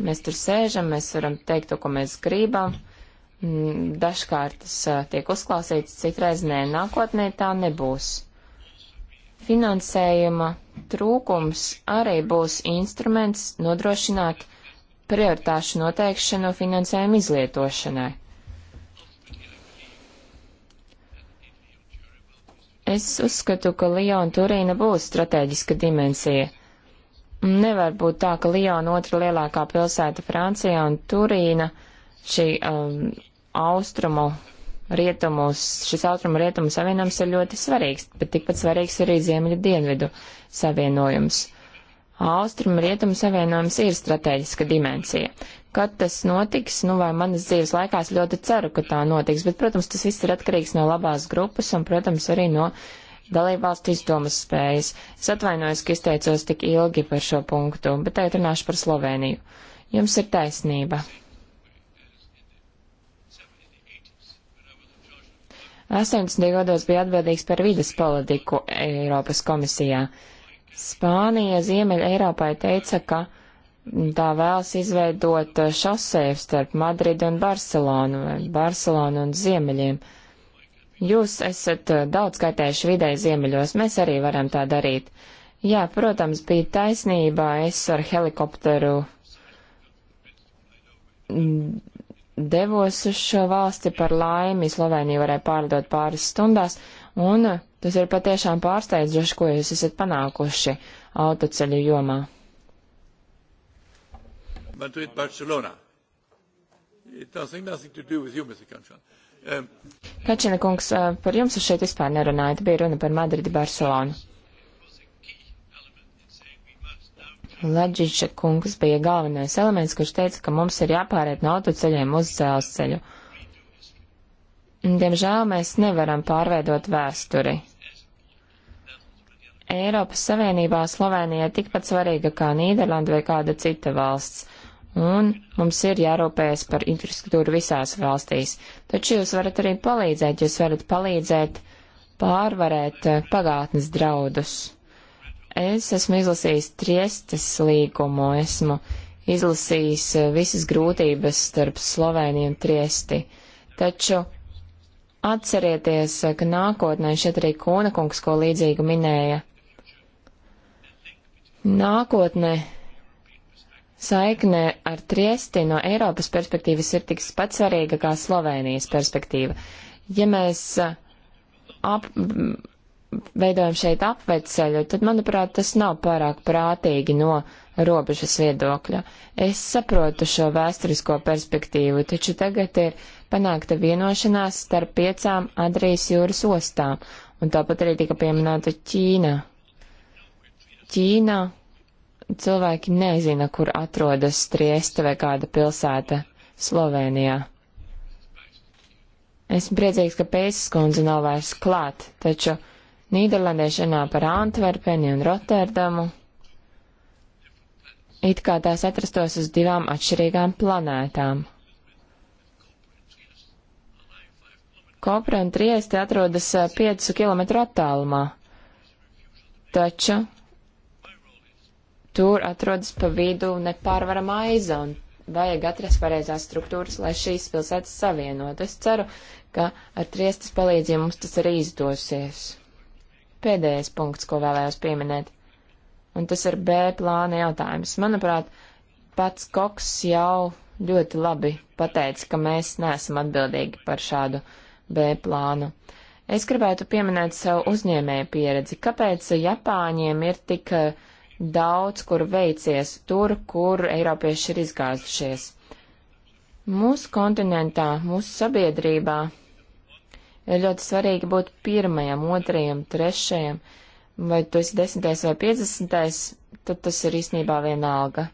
Mēs tur sēžam, mēs varam teikt to, ko mēs gribam. Mm, Dažkārt tas tiek uzklausīts, citreiz nē, nākotnē tā nebūs. Finansējuma trūkums arī būs instruments nodrošināt prioritāšu noteikšanu finansējumu izlietošanai. Es uzskatu, ka Lija un Turīna būs strateģiska dimensija. Nevar būt tā, ka Lija un otra lielākā pilsēta Francijā un Turīna šī um, austrumu rietumus, šis austrumu rietumu savienojums ir ļoti svarīgs, bet tikpat svarīgs arī ziemeļu dienvidu savienojums. Austrumu rietumu savienojums ir strateģiska dimensija. Kad tas notiks, nu vai manas dzīves laikā es ļoti ceru, ka tā notiks, bet, protams, tas viss ir atkarīgs no labās grupas un, protams, arī no dalībvalstu izdomas spējas. Es atvainojos, ka izteicos tik ilgi par šo punktu, bet tagad runāšu par Sloveniju. Jums ir taisnība. Astoņdesmit gados bija atbildīgs par vides politiku Eiropas komisijā. Spānija Ziemeļa Eiropai teica, ka tā vēlas izveidot šoseju starp Madridu un Barcelonu, vai Barcelonu un Ziemeļiem. Jūs esat daudz kaitējuši vidē Ziemeļos, mēs arī varam tā darīt. Jā, protams, bija taisnība, es ar helikopteru devos uz šo valsti par laimi, Sloveniju varēja pārlidot pāris stundās, un tas ir patiešām pārsteidzoši, ko jūs esat panākuši autoceļu jomā. Madrid, Barcelona. It has nothing to do with you, Mr. Kančan. Um, Kačina kungs, uh, par jums es šeit vispār nerunāju, bija runa par Madridi, Barcelonu. Leģiša kungs bija galvenais elements, kurš teica, ka mums ir jāpāriet no autoceļiem uz dzelzceļu. Diemžēl mēs nevaram pārveidot vēsturi. Eiropas Savienībā Slovenija ir tikpat svarīga kā Nīderlanda vai kāda cita valsts un mums ir jārūpējas par infrastruktūru visās valstīs. Taču jūs varat arī palīdzēt, jūs varat palīdzēt pārvarēt eh, pagātnes draudus. Es esmu izlasījis triestes līgumu, esmu izlasījis eh, visas grūtības starp Sloveniju un triesti, taču atcerieties, eh, ka nākotnē šeit arī Kūna kungs, ko līdzīgu minēja, nākotnē Saikne ar Triesti no Eiropas perspektīvas ir tik pats svarīga kā Slovenijas perspektīva. Ja mēs uh, ap, mm, veidojam šeit apveceļu, tad, manuprāt, tas nav pārāk prātīgi no robežas viedokļa. Es saprotu šo vēsturisko perspektīvu, taču tagad ir panākta vienošanās starp piecām Adrijas jūras ostām, un tāpat arī tika pieminēta Ķīna. Ķīna cilvēki nezina, kur atrodas Trieste vai kāda pilsēta Slovenijā. Esmu priecīgs, ka Pēcis kundze nav vairs klāt, taču Nīderlandieši runā par Antverpeni un Rotterdamu. It kā tās atrastos uz divām atšķirīgām planētām. Kopra un Trieste atrodas 5 km attālumā, taču tur atrodas pa vidu nepārvarama aiza un vajag atrast pareizās struktūras, lai šīs pilsētas savienot. Es ceru, ka ar triestas palīdzību mums tas arī izdosies. Pēdējais punkts, ko vēlējos pieminēt, un tas ir B plāna jautājums. Manuprāt, pats Koks jau ļoti labi pateica, ka mēs neesam atbildīgi par šādu B plānu. Es gribētu pieminēt savu uzņēmēju pieredzi. Kāpēc Japāņiem ir tik uh, daudz kur veicies, tur, kur Eiropieši ir izgāzušies. Mūsu kontinentā, mūsu sabiedrībā ir ļoti svarīgi būt pirmajam, otrajam, trešajam, vai tu esi desmitais vai piecdesmitais, tad tas ir īstenībā vienalga.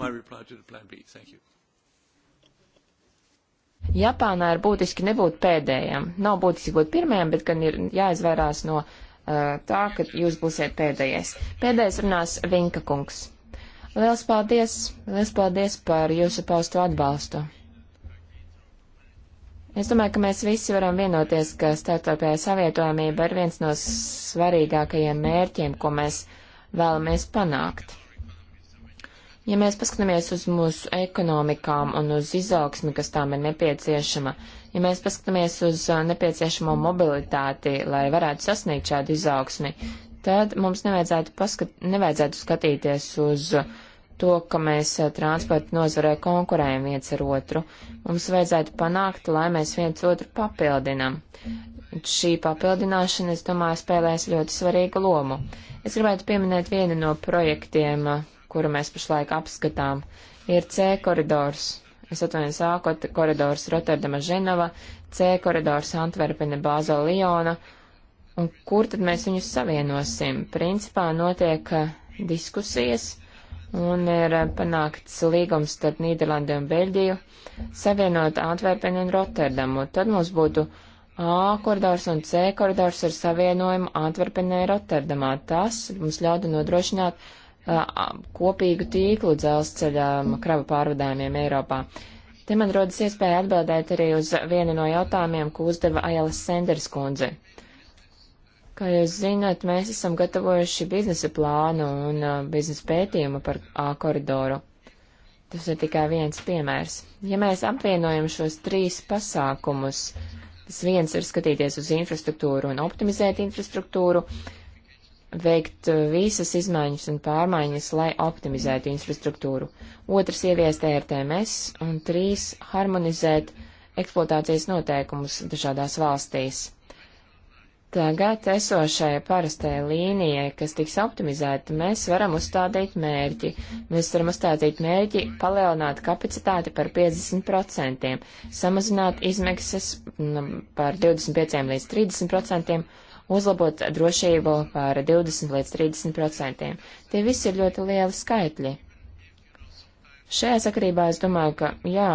My reply to the plan B. Thank you. Japānā ir būtiski nebūt pēdējiem. Nav būtiski būt pirmajam, bet gan ir jāizvairās no uh, tā, ka jūs būsiet pēdējais. Pēdējais runās Vinka kungs. Liels paldies, liels paldies par jūsu pausto atbalstu. Es domāju, ka mēs visi varam vienoties, ka starptautējā savietojamība ir viens no svarīgākajiem mērķiem, ko mēs vēlamies panākt. Ja mēs paskatāmies uz mūsu ekonomikām un uz izaugsmi, kas tām ir nepieciešama, ja mēs paskatāmies uz nepieciešamo mobilitāti, lai varētu sasniegt šādu izaugsmi, tad mums nevajadzētu, paskat nevajadzētu skatīties uz to, ka mēs transporta nozarē konkurējam viens ar otru. Mums vajadzētu panākt, lai mēs viens otru papildinam šī papildināšana, es domāju, spēlēs ļoti svarīgu lomu. Es gribētu pieminēt vienu no projektiem, kuru mēs pašlaik apskatām, ir C koridors. Es atvainojos A koridors Rotterdama Ženava, C koridors Antverpene Bāzo Liona. Un kur tad mēs viņus savienosim? Principā notiek eh, diskusijas un ir eh, panākts līgums starp Nīderlandi un Beļģiju savienot Antverpeni un Rotterdamu. Tad mums būtu A koridors un C koridors ar savienojumu Antverpenē Rotterdamā. Tas mums ļautu nodrošināt kopīgu tīklu dzelzceļa kravu pārvadājumiem Eiropā. Te man rodas iespēja atbildēt arī uz vienu no jautājumiem, ko uzdeva Ailes Sanders kundze. Kā jūs zināt, mēs esam gatavojuši biznesa plānu un biznesa pētījumu par A koridoru. Tas ir tikai viens piemērs. Ja mēs apvienojam šos trīs pasākumus, tas viens ir skatīties uz infrastruktūru un optimizēt infrastruktūru, veikt eh, visas izmaiņas un pārmaiņas, lai optimizētu infrastruktūru. Otrs ieviest ERTMS un trīs harmonizēt eksploatācijas noteikumus dažādās valstīs. Tagad esošajai parastajai līnijai, kas tiks optimizēta, mēs varam uzstādīt mērķi. Mēs varam uzstādīt mērķi palielināt kapacitāti par 50%, samazināt izmaksas mm, par 25 līdz 30% uzlabot drošību par 20 līdz 30 procentiem. Tie visi ir ļoti lieli skaitļi. Šajā sakarībā es domāju, ka jā,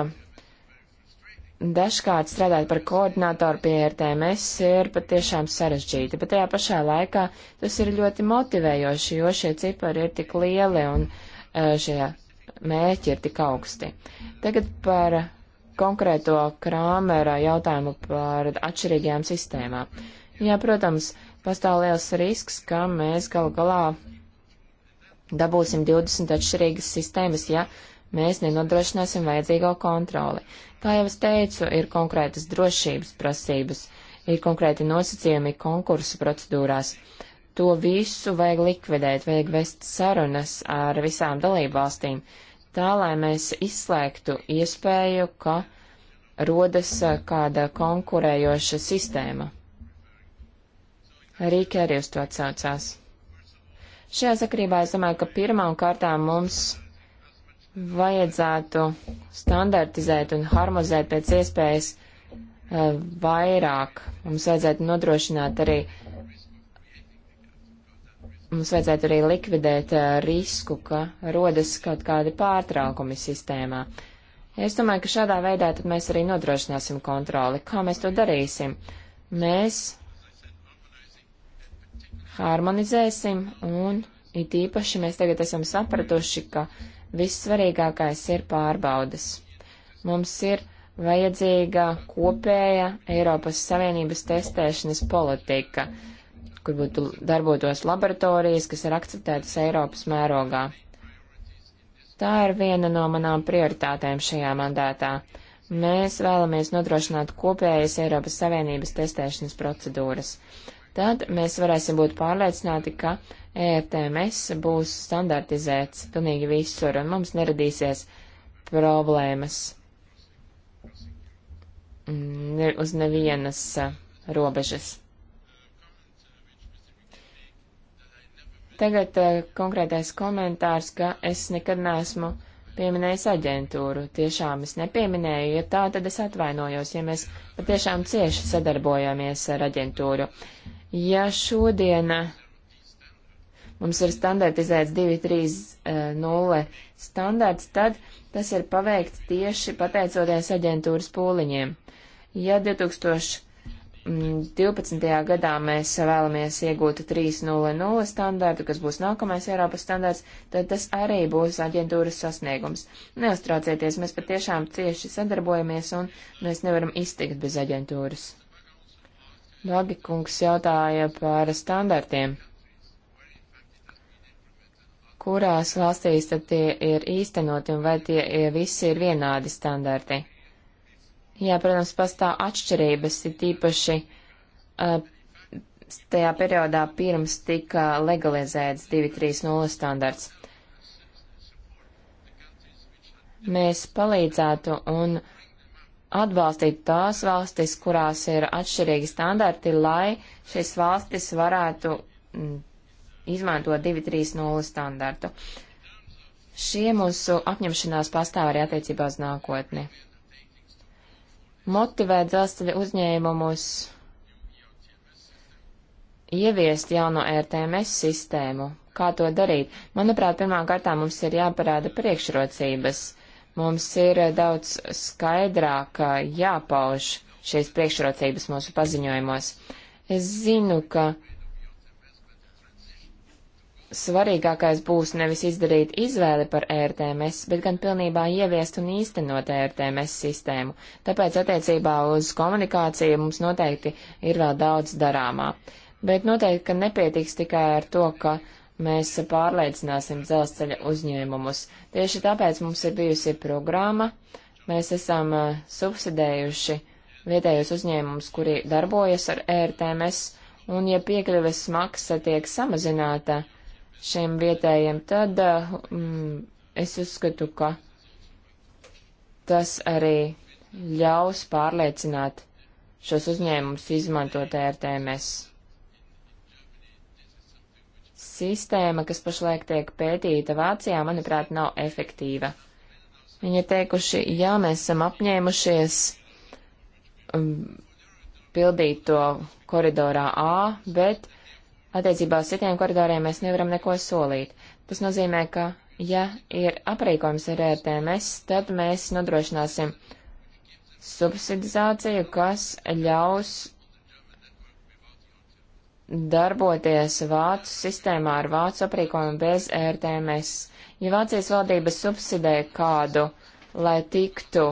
dažkārt strādāt par koordinātoru pie RTMS ir patiešām sarežģīti, bet tajā pašā laikā tas ir ļoti motivējoši, jo šie cipari ir tik lieli un e, šie mērķi ir tik augsti. Tagad par konkrēto krāmera jautājumu par atšķirīgajām sistēmām. Jā, protams, pastāv liels risks, ka mēs gal galā dabūsim 20 atšķirīgas sistēmas, ja mēs nenodrošināsim vajadzīgo kontroli. Kā jau es teicu, ir konkrētas drošības prasības, ir konkrēti nosacījumi konkursu procedūrās. To visu vajag likvidēt, vajag vest sarunas ar visām dalībvalstīm, tā lai mēs izslēgtu iespēju, ka rodas eh, kāda konkurējoša sistēma. Arī Kērijus to atsaucās. Šajā sakarībā es domāju, ka pirmām kārtām mums vajadzētu standartizēt un harmonizēt pēc iespējas uh, vairāk. Mums vajadzētu nodrošināt arī, mums vajadzētu arī likvidēt uh, risku, ka rodas kaut kādi pārtraukumi sistēmā. Es domāju, ka šādā veidā tad mēs arī nodrošināsim kontroli. Kā mēs to darīsim? Mēs harmonizēsim, un it īpaši mēs tagad esam sapratuši, ka vissvarīgākais ir pārbaudas. Mums ir vajadzīga kopēja Eiropas Savienības testēšanas politika, kur būtu darbotos laboratorijas, kas ir akceptētas Eiropas mērogā. Tā ir viena no manām prioritātēm šajā mandātā. Mēs vēlamies nodrošināt kopējas Eiropas Savienības testēšanas procedūras tad mēs varēsim būt pārliecināti, ka ERTMS būs standartizēts pilnīgi visur un mums neradīsies problēmas ne, uz nevienas robežas. Tagad konkrētais komentārs, ka es nekad neesmu pieminējis aģentūru. Tiešām es nepieminēju, ja tā, tad es atvainojos, ja mēs patiešām cieši sadarbojamies ar aģentūru. Ja šodien eh, mums ir standartizēts 230 eh, standarts, tad tas ir paveikts tieši pateicoties aģentūras pūliņiem. Ja 2012. Mm, gadā mēs vēlamies iegūt 3.00 standārtu, kas būs nākamais Eiropas standārts, tad tas arī būs aģentūras sasniegums. Neuztraucieties, mēs patiešām cieši sadarbojamies un mēs nevaram iztikt bez aģentūras. Dāgi kungs jautāja par standartiem. Kurās valstīs tad tie ir īstenoti un vai tie ir, eh, visi ir vienādi standarti? Jā, protams, pastāv atšķirības, ir tīpaši uh, tajā periodā pirms tika legalizēts 230 standarts. Mēs palīdzētu un uh, atbalstīt tās valstis, kurās ir atšķirīgi standarti, lai šīs valstis varētu mm, izmantot 230 standartu. Šie mūsu apņemšanās pastāv arī attiecībā uz nākotni. Motivēt dzelzceļa uzņēmumus ieviest jauno RTMS sistēmu. Kā to darīt? Manuprāt, pirmām kārtām mums ir jāparāda priekšrocības Mums ir eh, daudz skaidrāk eh, jāpauž šīs priekšrocības mūsu paziņojumos. Es zinu, ka svarīgākais būs nevis izdarīt izvēli par ērtēmēs, e bet gan pilnībā ieviest un īstenot ērtēmēs e sistēmu. Tāpēc attiecībā uz komunikāciju mums noteikti ir vēl daudz darāmā. Bet noteikti, ka nepietiks tikai ar to, ka uh, mēs pārliecināsim dzelzceļa uzņēmumus. Tieši tāpēc mums ir bijusi programma, mēs esam uh, subsidējuši vietējos uzņēmumus, kuri darbojas ar ērtēmes, e un ja piekļuves maksa tiek samazināta šiem vietējiem, tad uh, mm, es uzskatu, ka tas arī ļaus pārliecināt šos uzņēmumus izmantot ērtēmes. E sistēma, kas pašlaik tiek pētīta Vācijā, manuprāt, nav efektīva. Viņi ir teikuši, jā, mēs esam apņēmušies um, pildīt to koridorā A, bet attiecībā uz citiem koridoriem mēs nevaram neko solīt. Tas nozīmē, ka ja ir aprīkojums ar RTMS, tad mēs nodrošināsim subsidizāciju, kas ļaus darboties Vācu sistēmā ar Vācu aprīkojumu bez ērtēmēs. Ja Vācijas valdības subsidē kādu, lai tiktu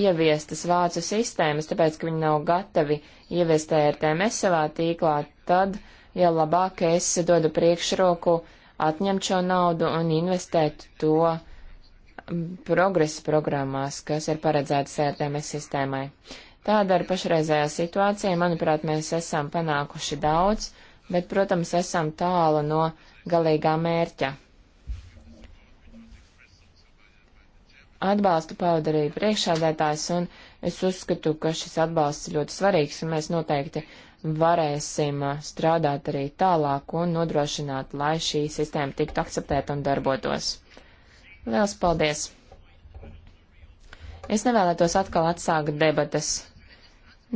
ieviestas Vācu sistēmas, tāpēc, ka viņi nav gatavi ieviest ērtēmēs savā tīklā, tad, ja labāk es dodu priekšroku atņemt šo naudu un investēt to mm, progresa programmās, kas ir paredzētas ērtēmēs sistēmai. Tāda ir pašreizējā situācija. Manuprāt, mēs esam panākuši daudz, bet, protams, esam tālu no galīgā mērķa. Atbalstu pauda arī priekšādētājs, un es uzskatu, ka šis atbalsts ir ļoti svarīgs, un mēs noteikti varēsim uh, strādāt arī tālāk un nodrošināt, lai šī sistēma tiktu akceptēta un darbotos. Liels paldies! Es nevēlētos atkal atsākt debatas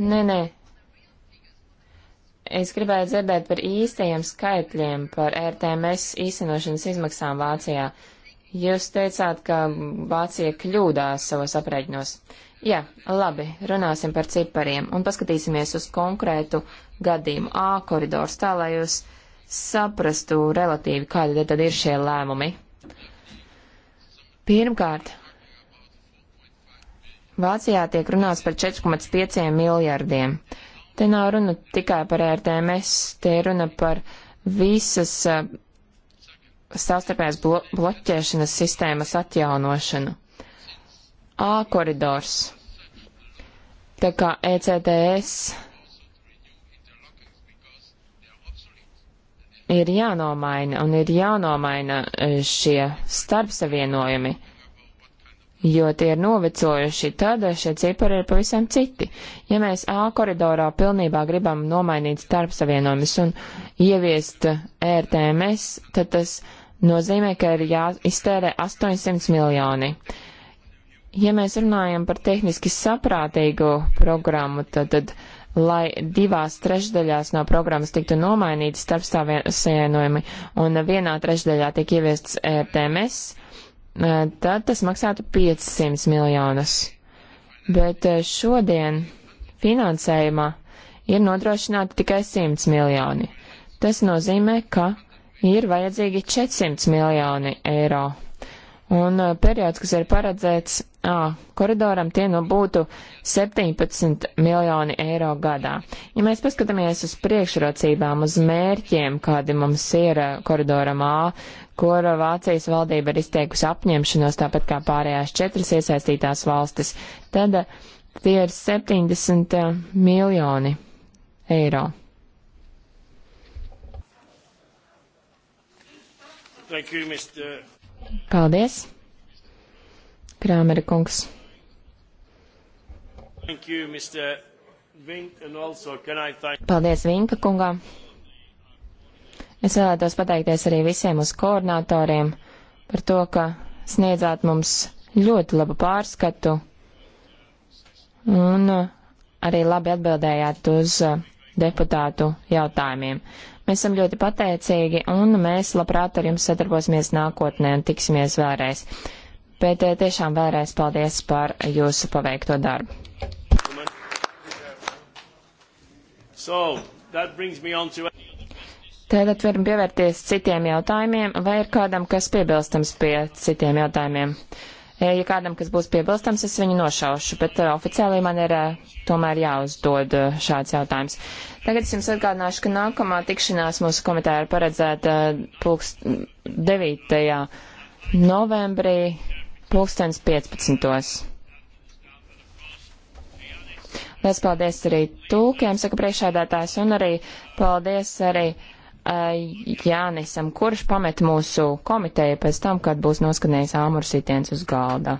Nē, nē. Es gribēju dzirdēt par īstajiem skaitļiem par RTMS īstenošanas izmaksām Vācijā. Jūs teicāt, ka Vācija kļūdās savos aprēķinos. Jā, labi, runāsim par cipariem un paskatīsimies uz konkrētu gadījumu A koridors, tā lai jūs saprastu relatīvi, kādi tad ir šie lēmumi. Pirmkārt, Vācijā tiek runāts par 4,5 miljardiem. Te nav runa tikai par RTMS, te runa par visas eh, savstarpējās blo bloķēšanas sistēmas atjaunošanu. A koridors. Tā kā ECTS ir jānomaina un ir jānomaina eh, šie starpsavienojumi jo tie ir novecojuši, tad šie cipari ir pavisam citi. Ja mēs A koridorā pilnībā gribam nomainīt starpsavienojumus un ieviest e RTMS, tad tas nozīmē, ka ir jāiztērē 800 miljoni. Ja mēs runājam par tehniski saprātīgu programmu, tad, tad lai divās trešdaļās no programmas tiktu nomainīti starpstāvienojumi un vienā trešdaļā tiek ieviests e RTMS, tad tas maksātu 500 miljonus. Bet šodien finansējumā ir nodrošināti tikai 100 miljoni. Tas nozīmē, ka ir vajadzīgi 400 miljoni eiro. Un periods, kas ir paredzēts, A koridoram tie nu būtu 17 miljoni eiro gadā. Ja mēs paskatāmies uz priekšrocībām, uz mērķiem, kādi mums ir koridoram A, kur Vācijas valdība ir izteikusi apņemšanos, tāpat kā pārējās četras iesaistītās valstis, tad tie ir 70 miljoni eiro. Thank you, Mr. Paldies! Krāmeri kungs. You, Vink, thank... Paldies Vinka kungām. Es vēlētos pateikties arī visiem uz koordinatoriem par to, ka sniedzāt mums ļoti labu pārskatu un uh, arī labi atbildējāt uz uh, deputātu jautājumiem. Mēs esam ļoti pateicīgi un mēs labprāt ar jums sadarbosimies nākotnē un tiksimies vēlreiz bet eh, tiešām vēlreiz paldies par jūsu paveikto darbu. So, to... Tātad varam pievērties citiem jautājumiem, vai ir kādam, kas piebilstams pie citiem jautājumiem? Eh, ja kādam, kas būs piebilstams, es viņu nošaušu, bet uh, oficiāli man ir uh, tomēr jāuzdod uh, šāds jautājums. Tagad es jums atgādināšu, ka nākamā tikšanās mūsu komitē ir paredzēta pulkst 9. novembrī pulkstens 15. Liels paldies arī tūkiem, saka priekšādātājs, un arī paldies arī uh, Jānisam, kurš pamet mūsu komiteju pēc tam, kad būs noskanējis āmursītiens uz galda.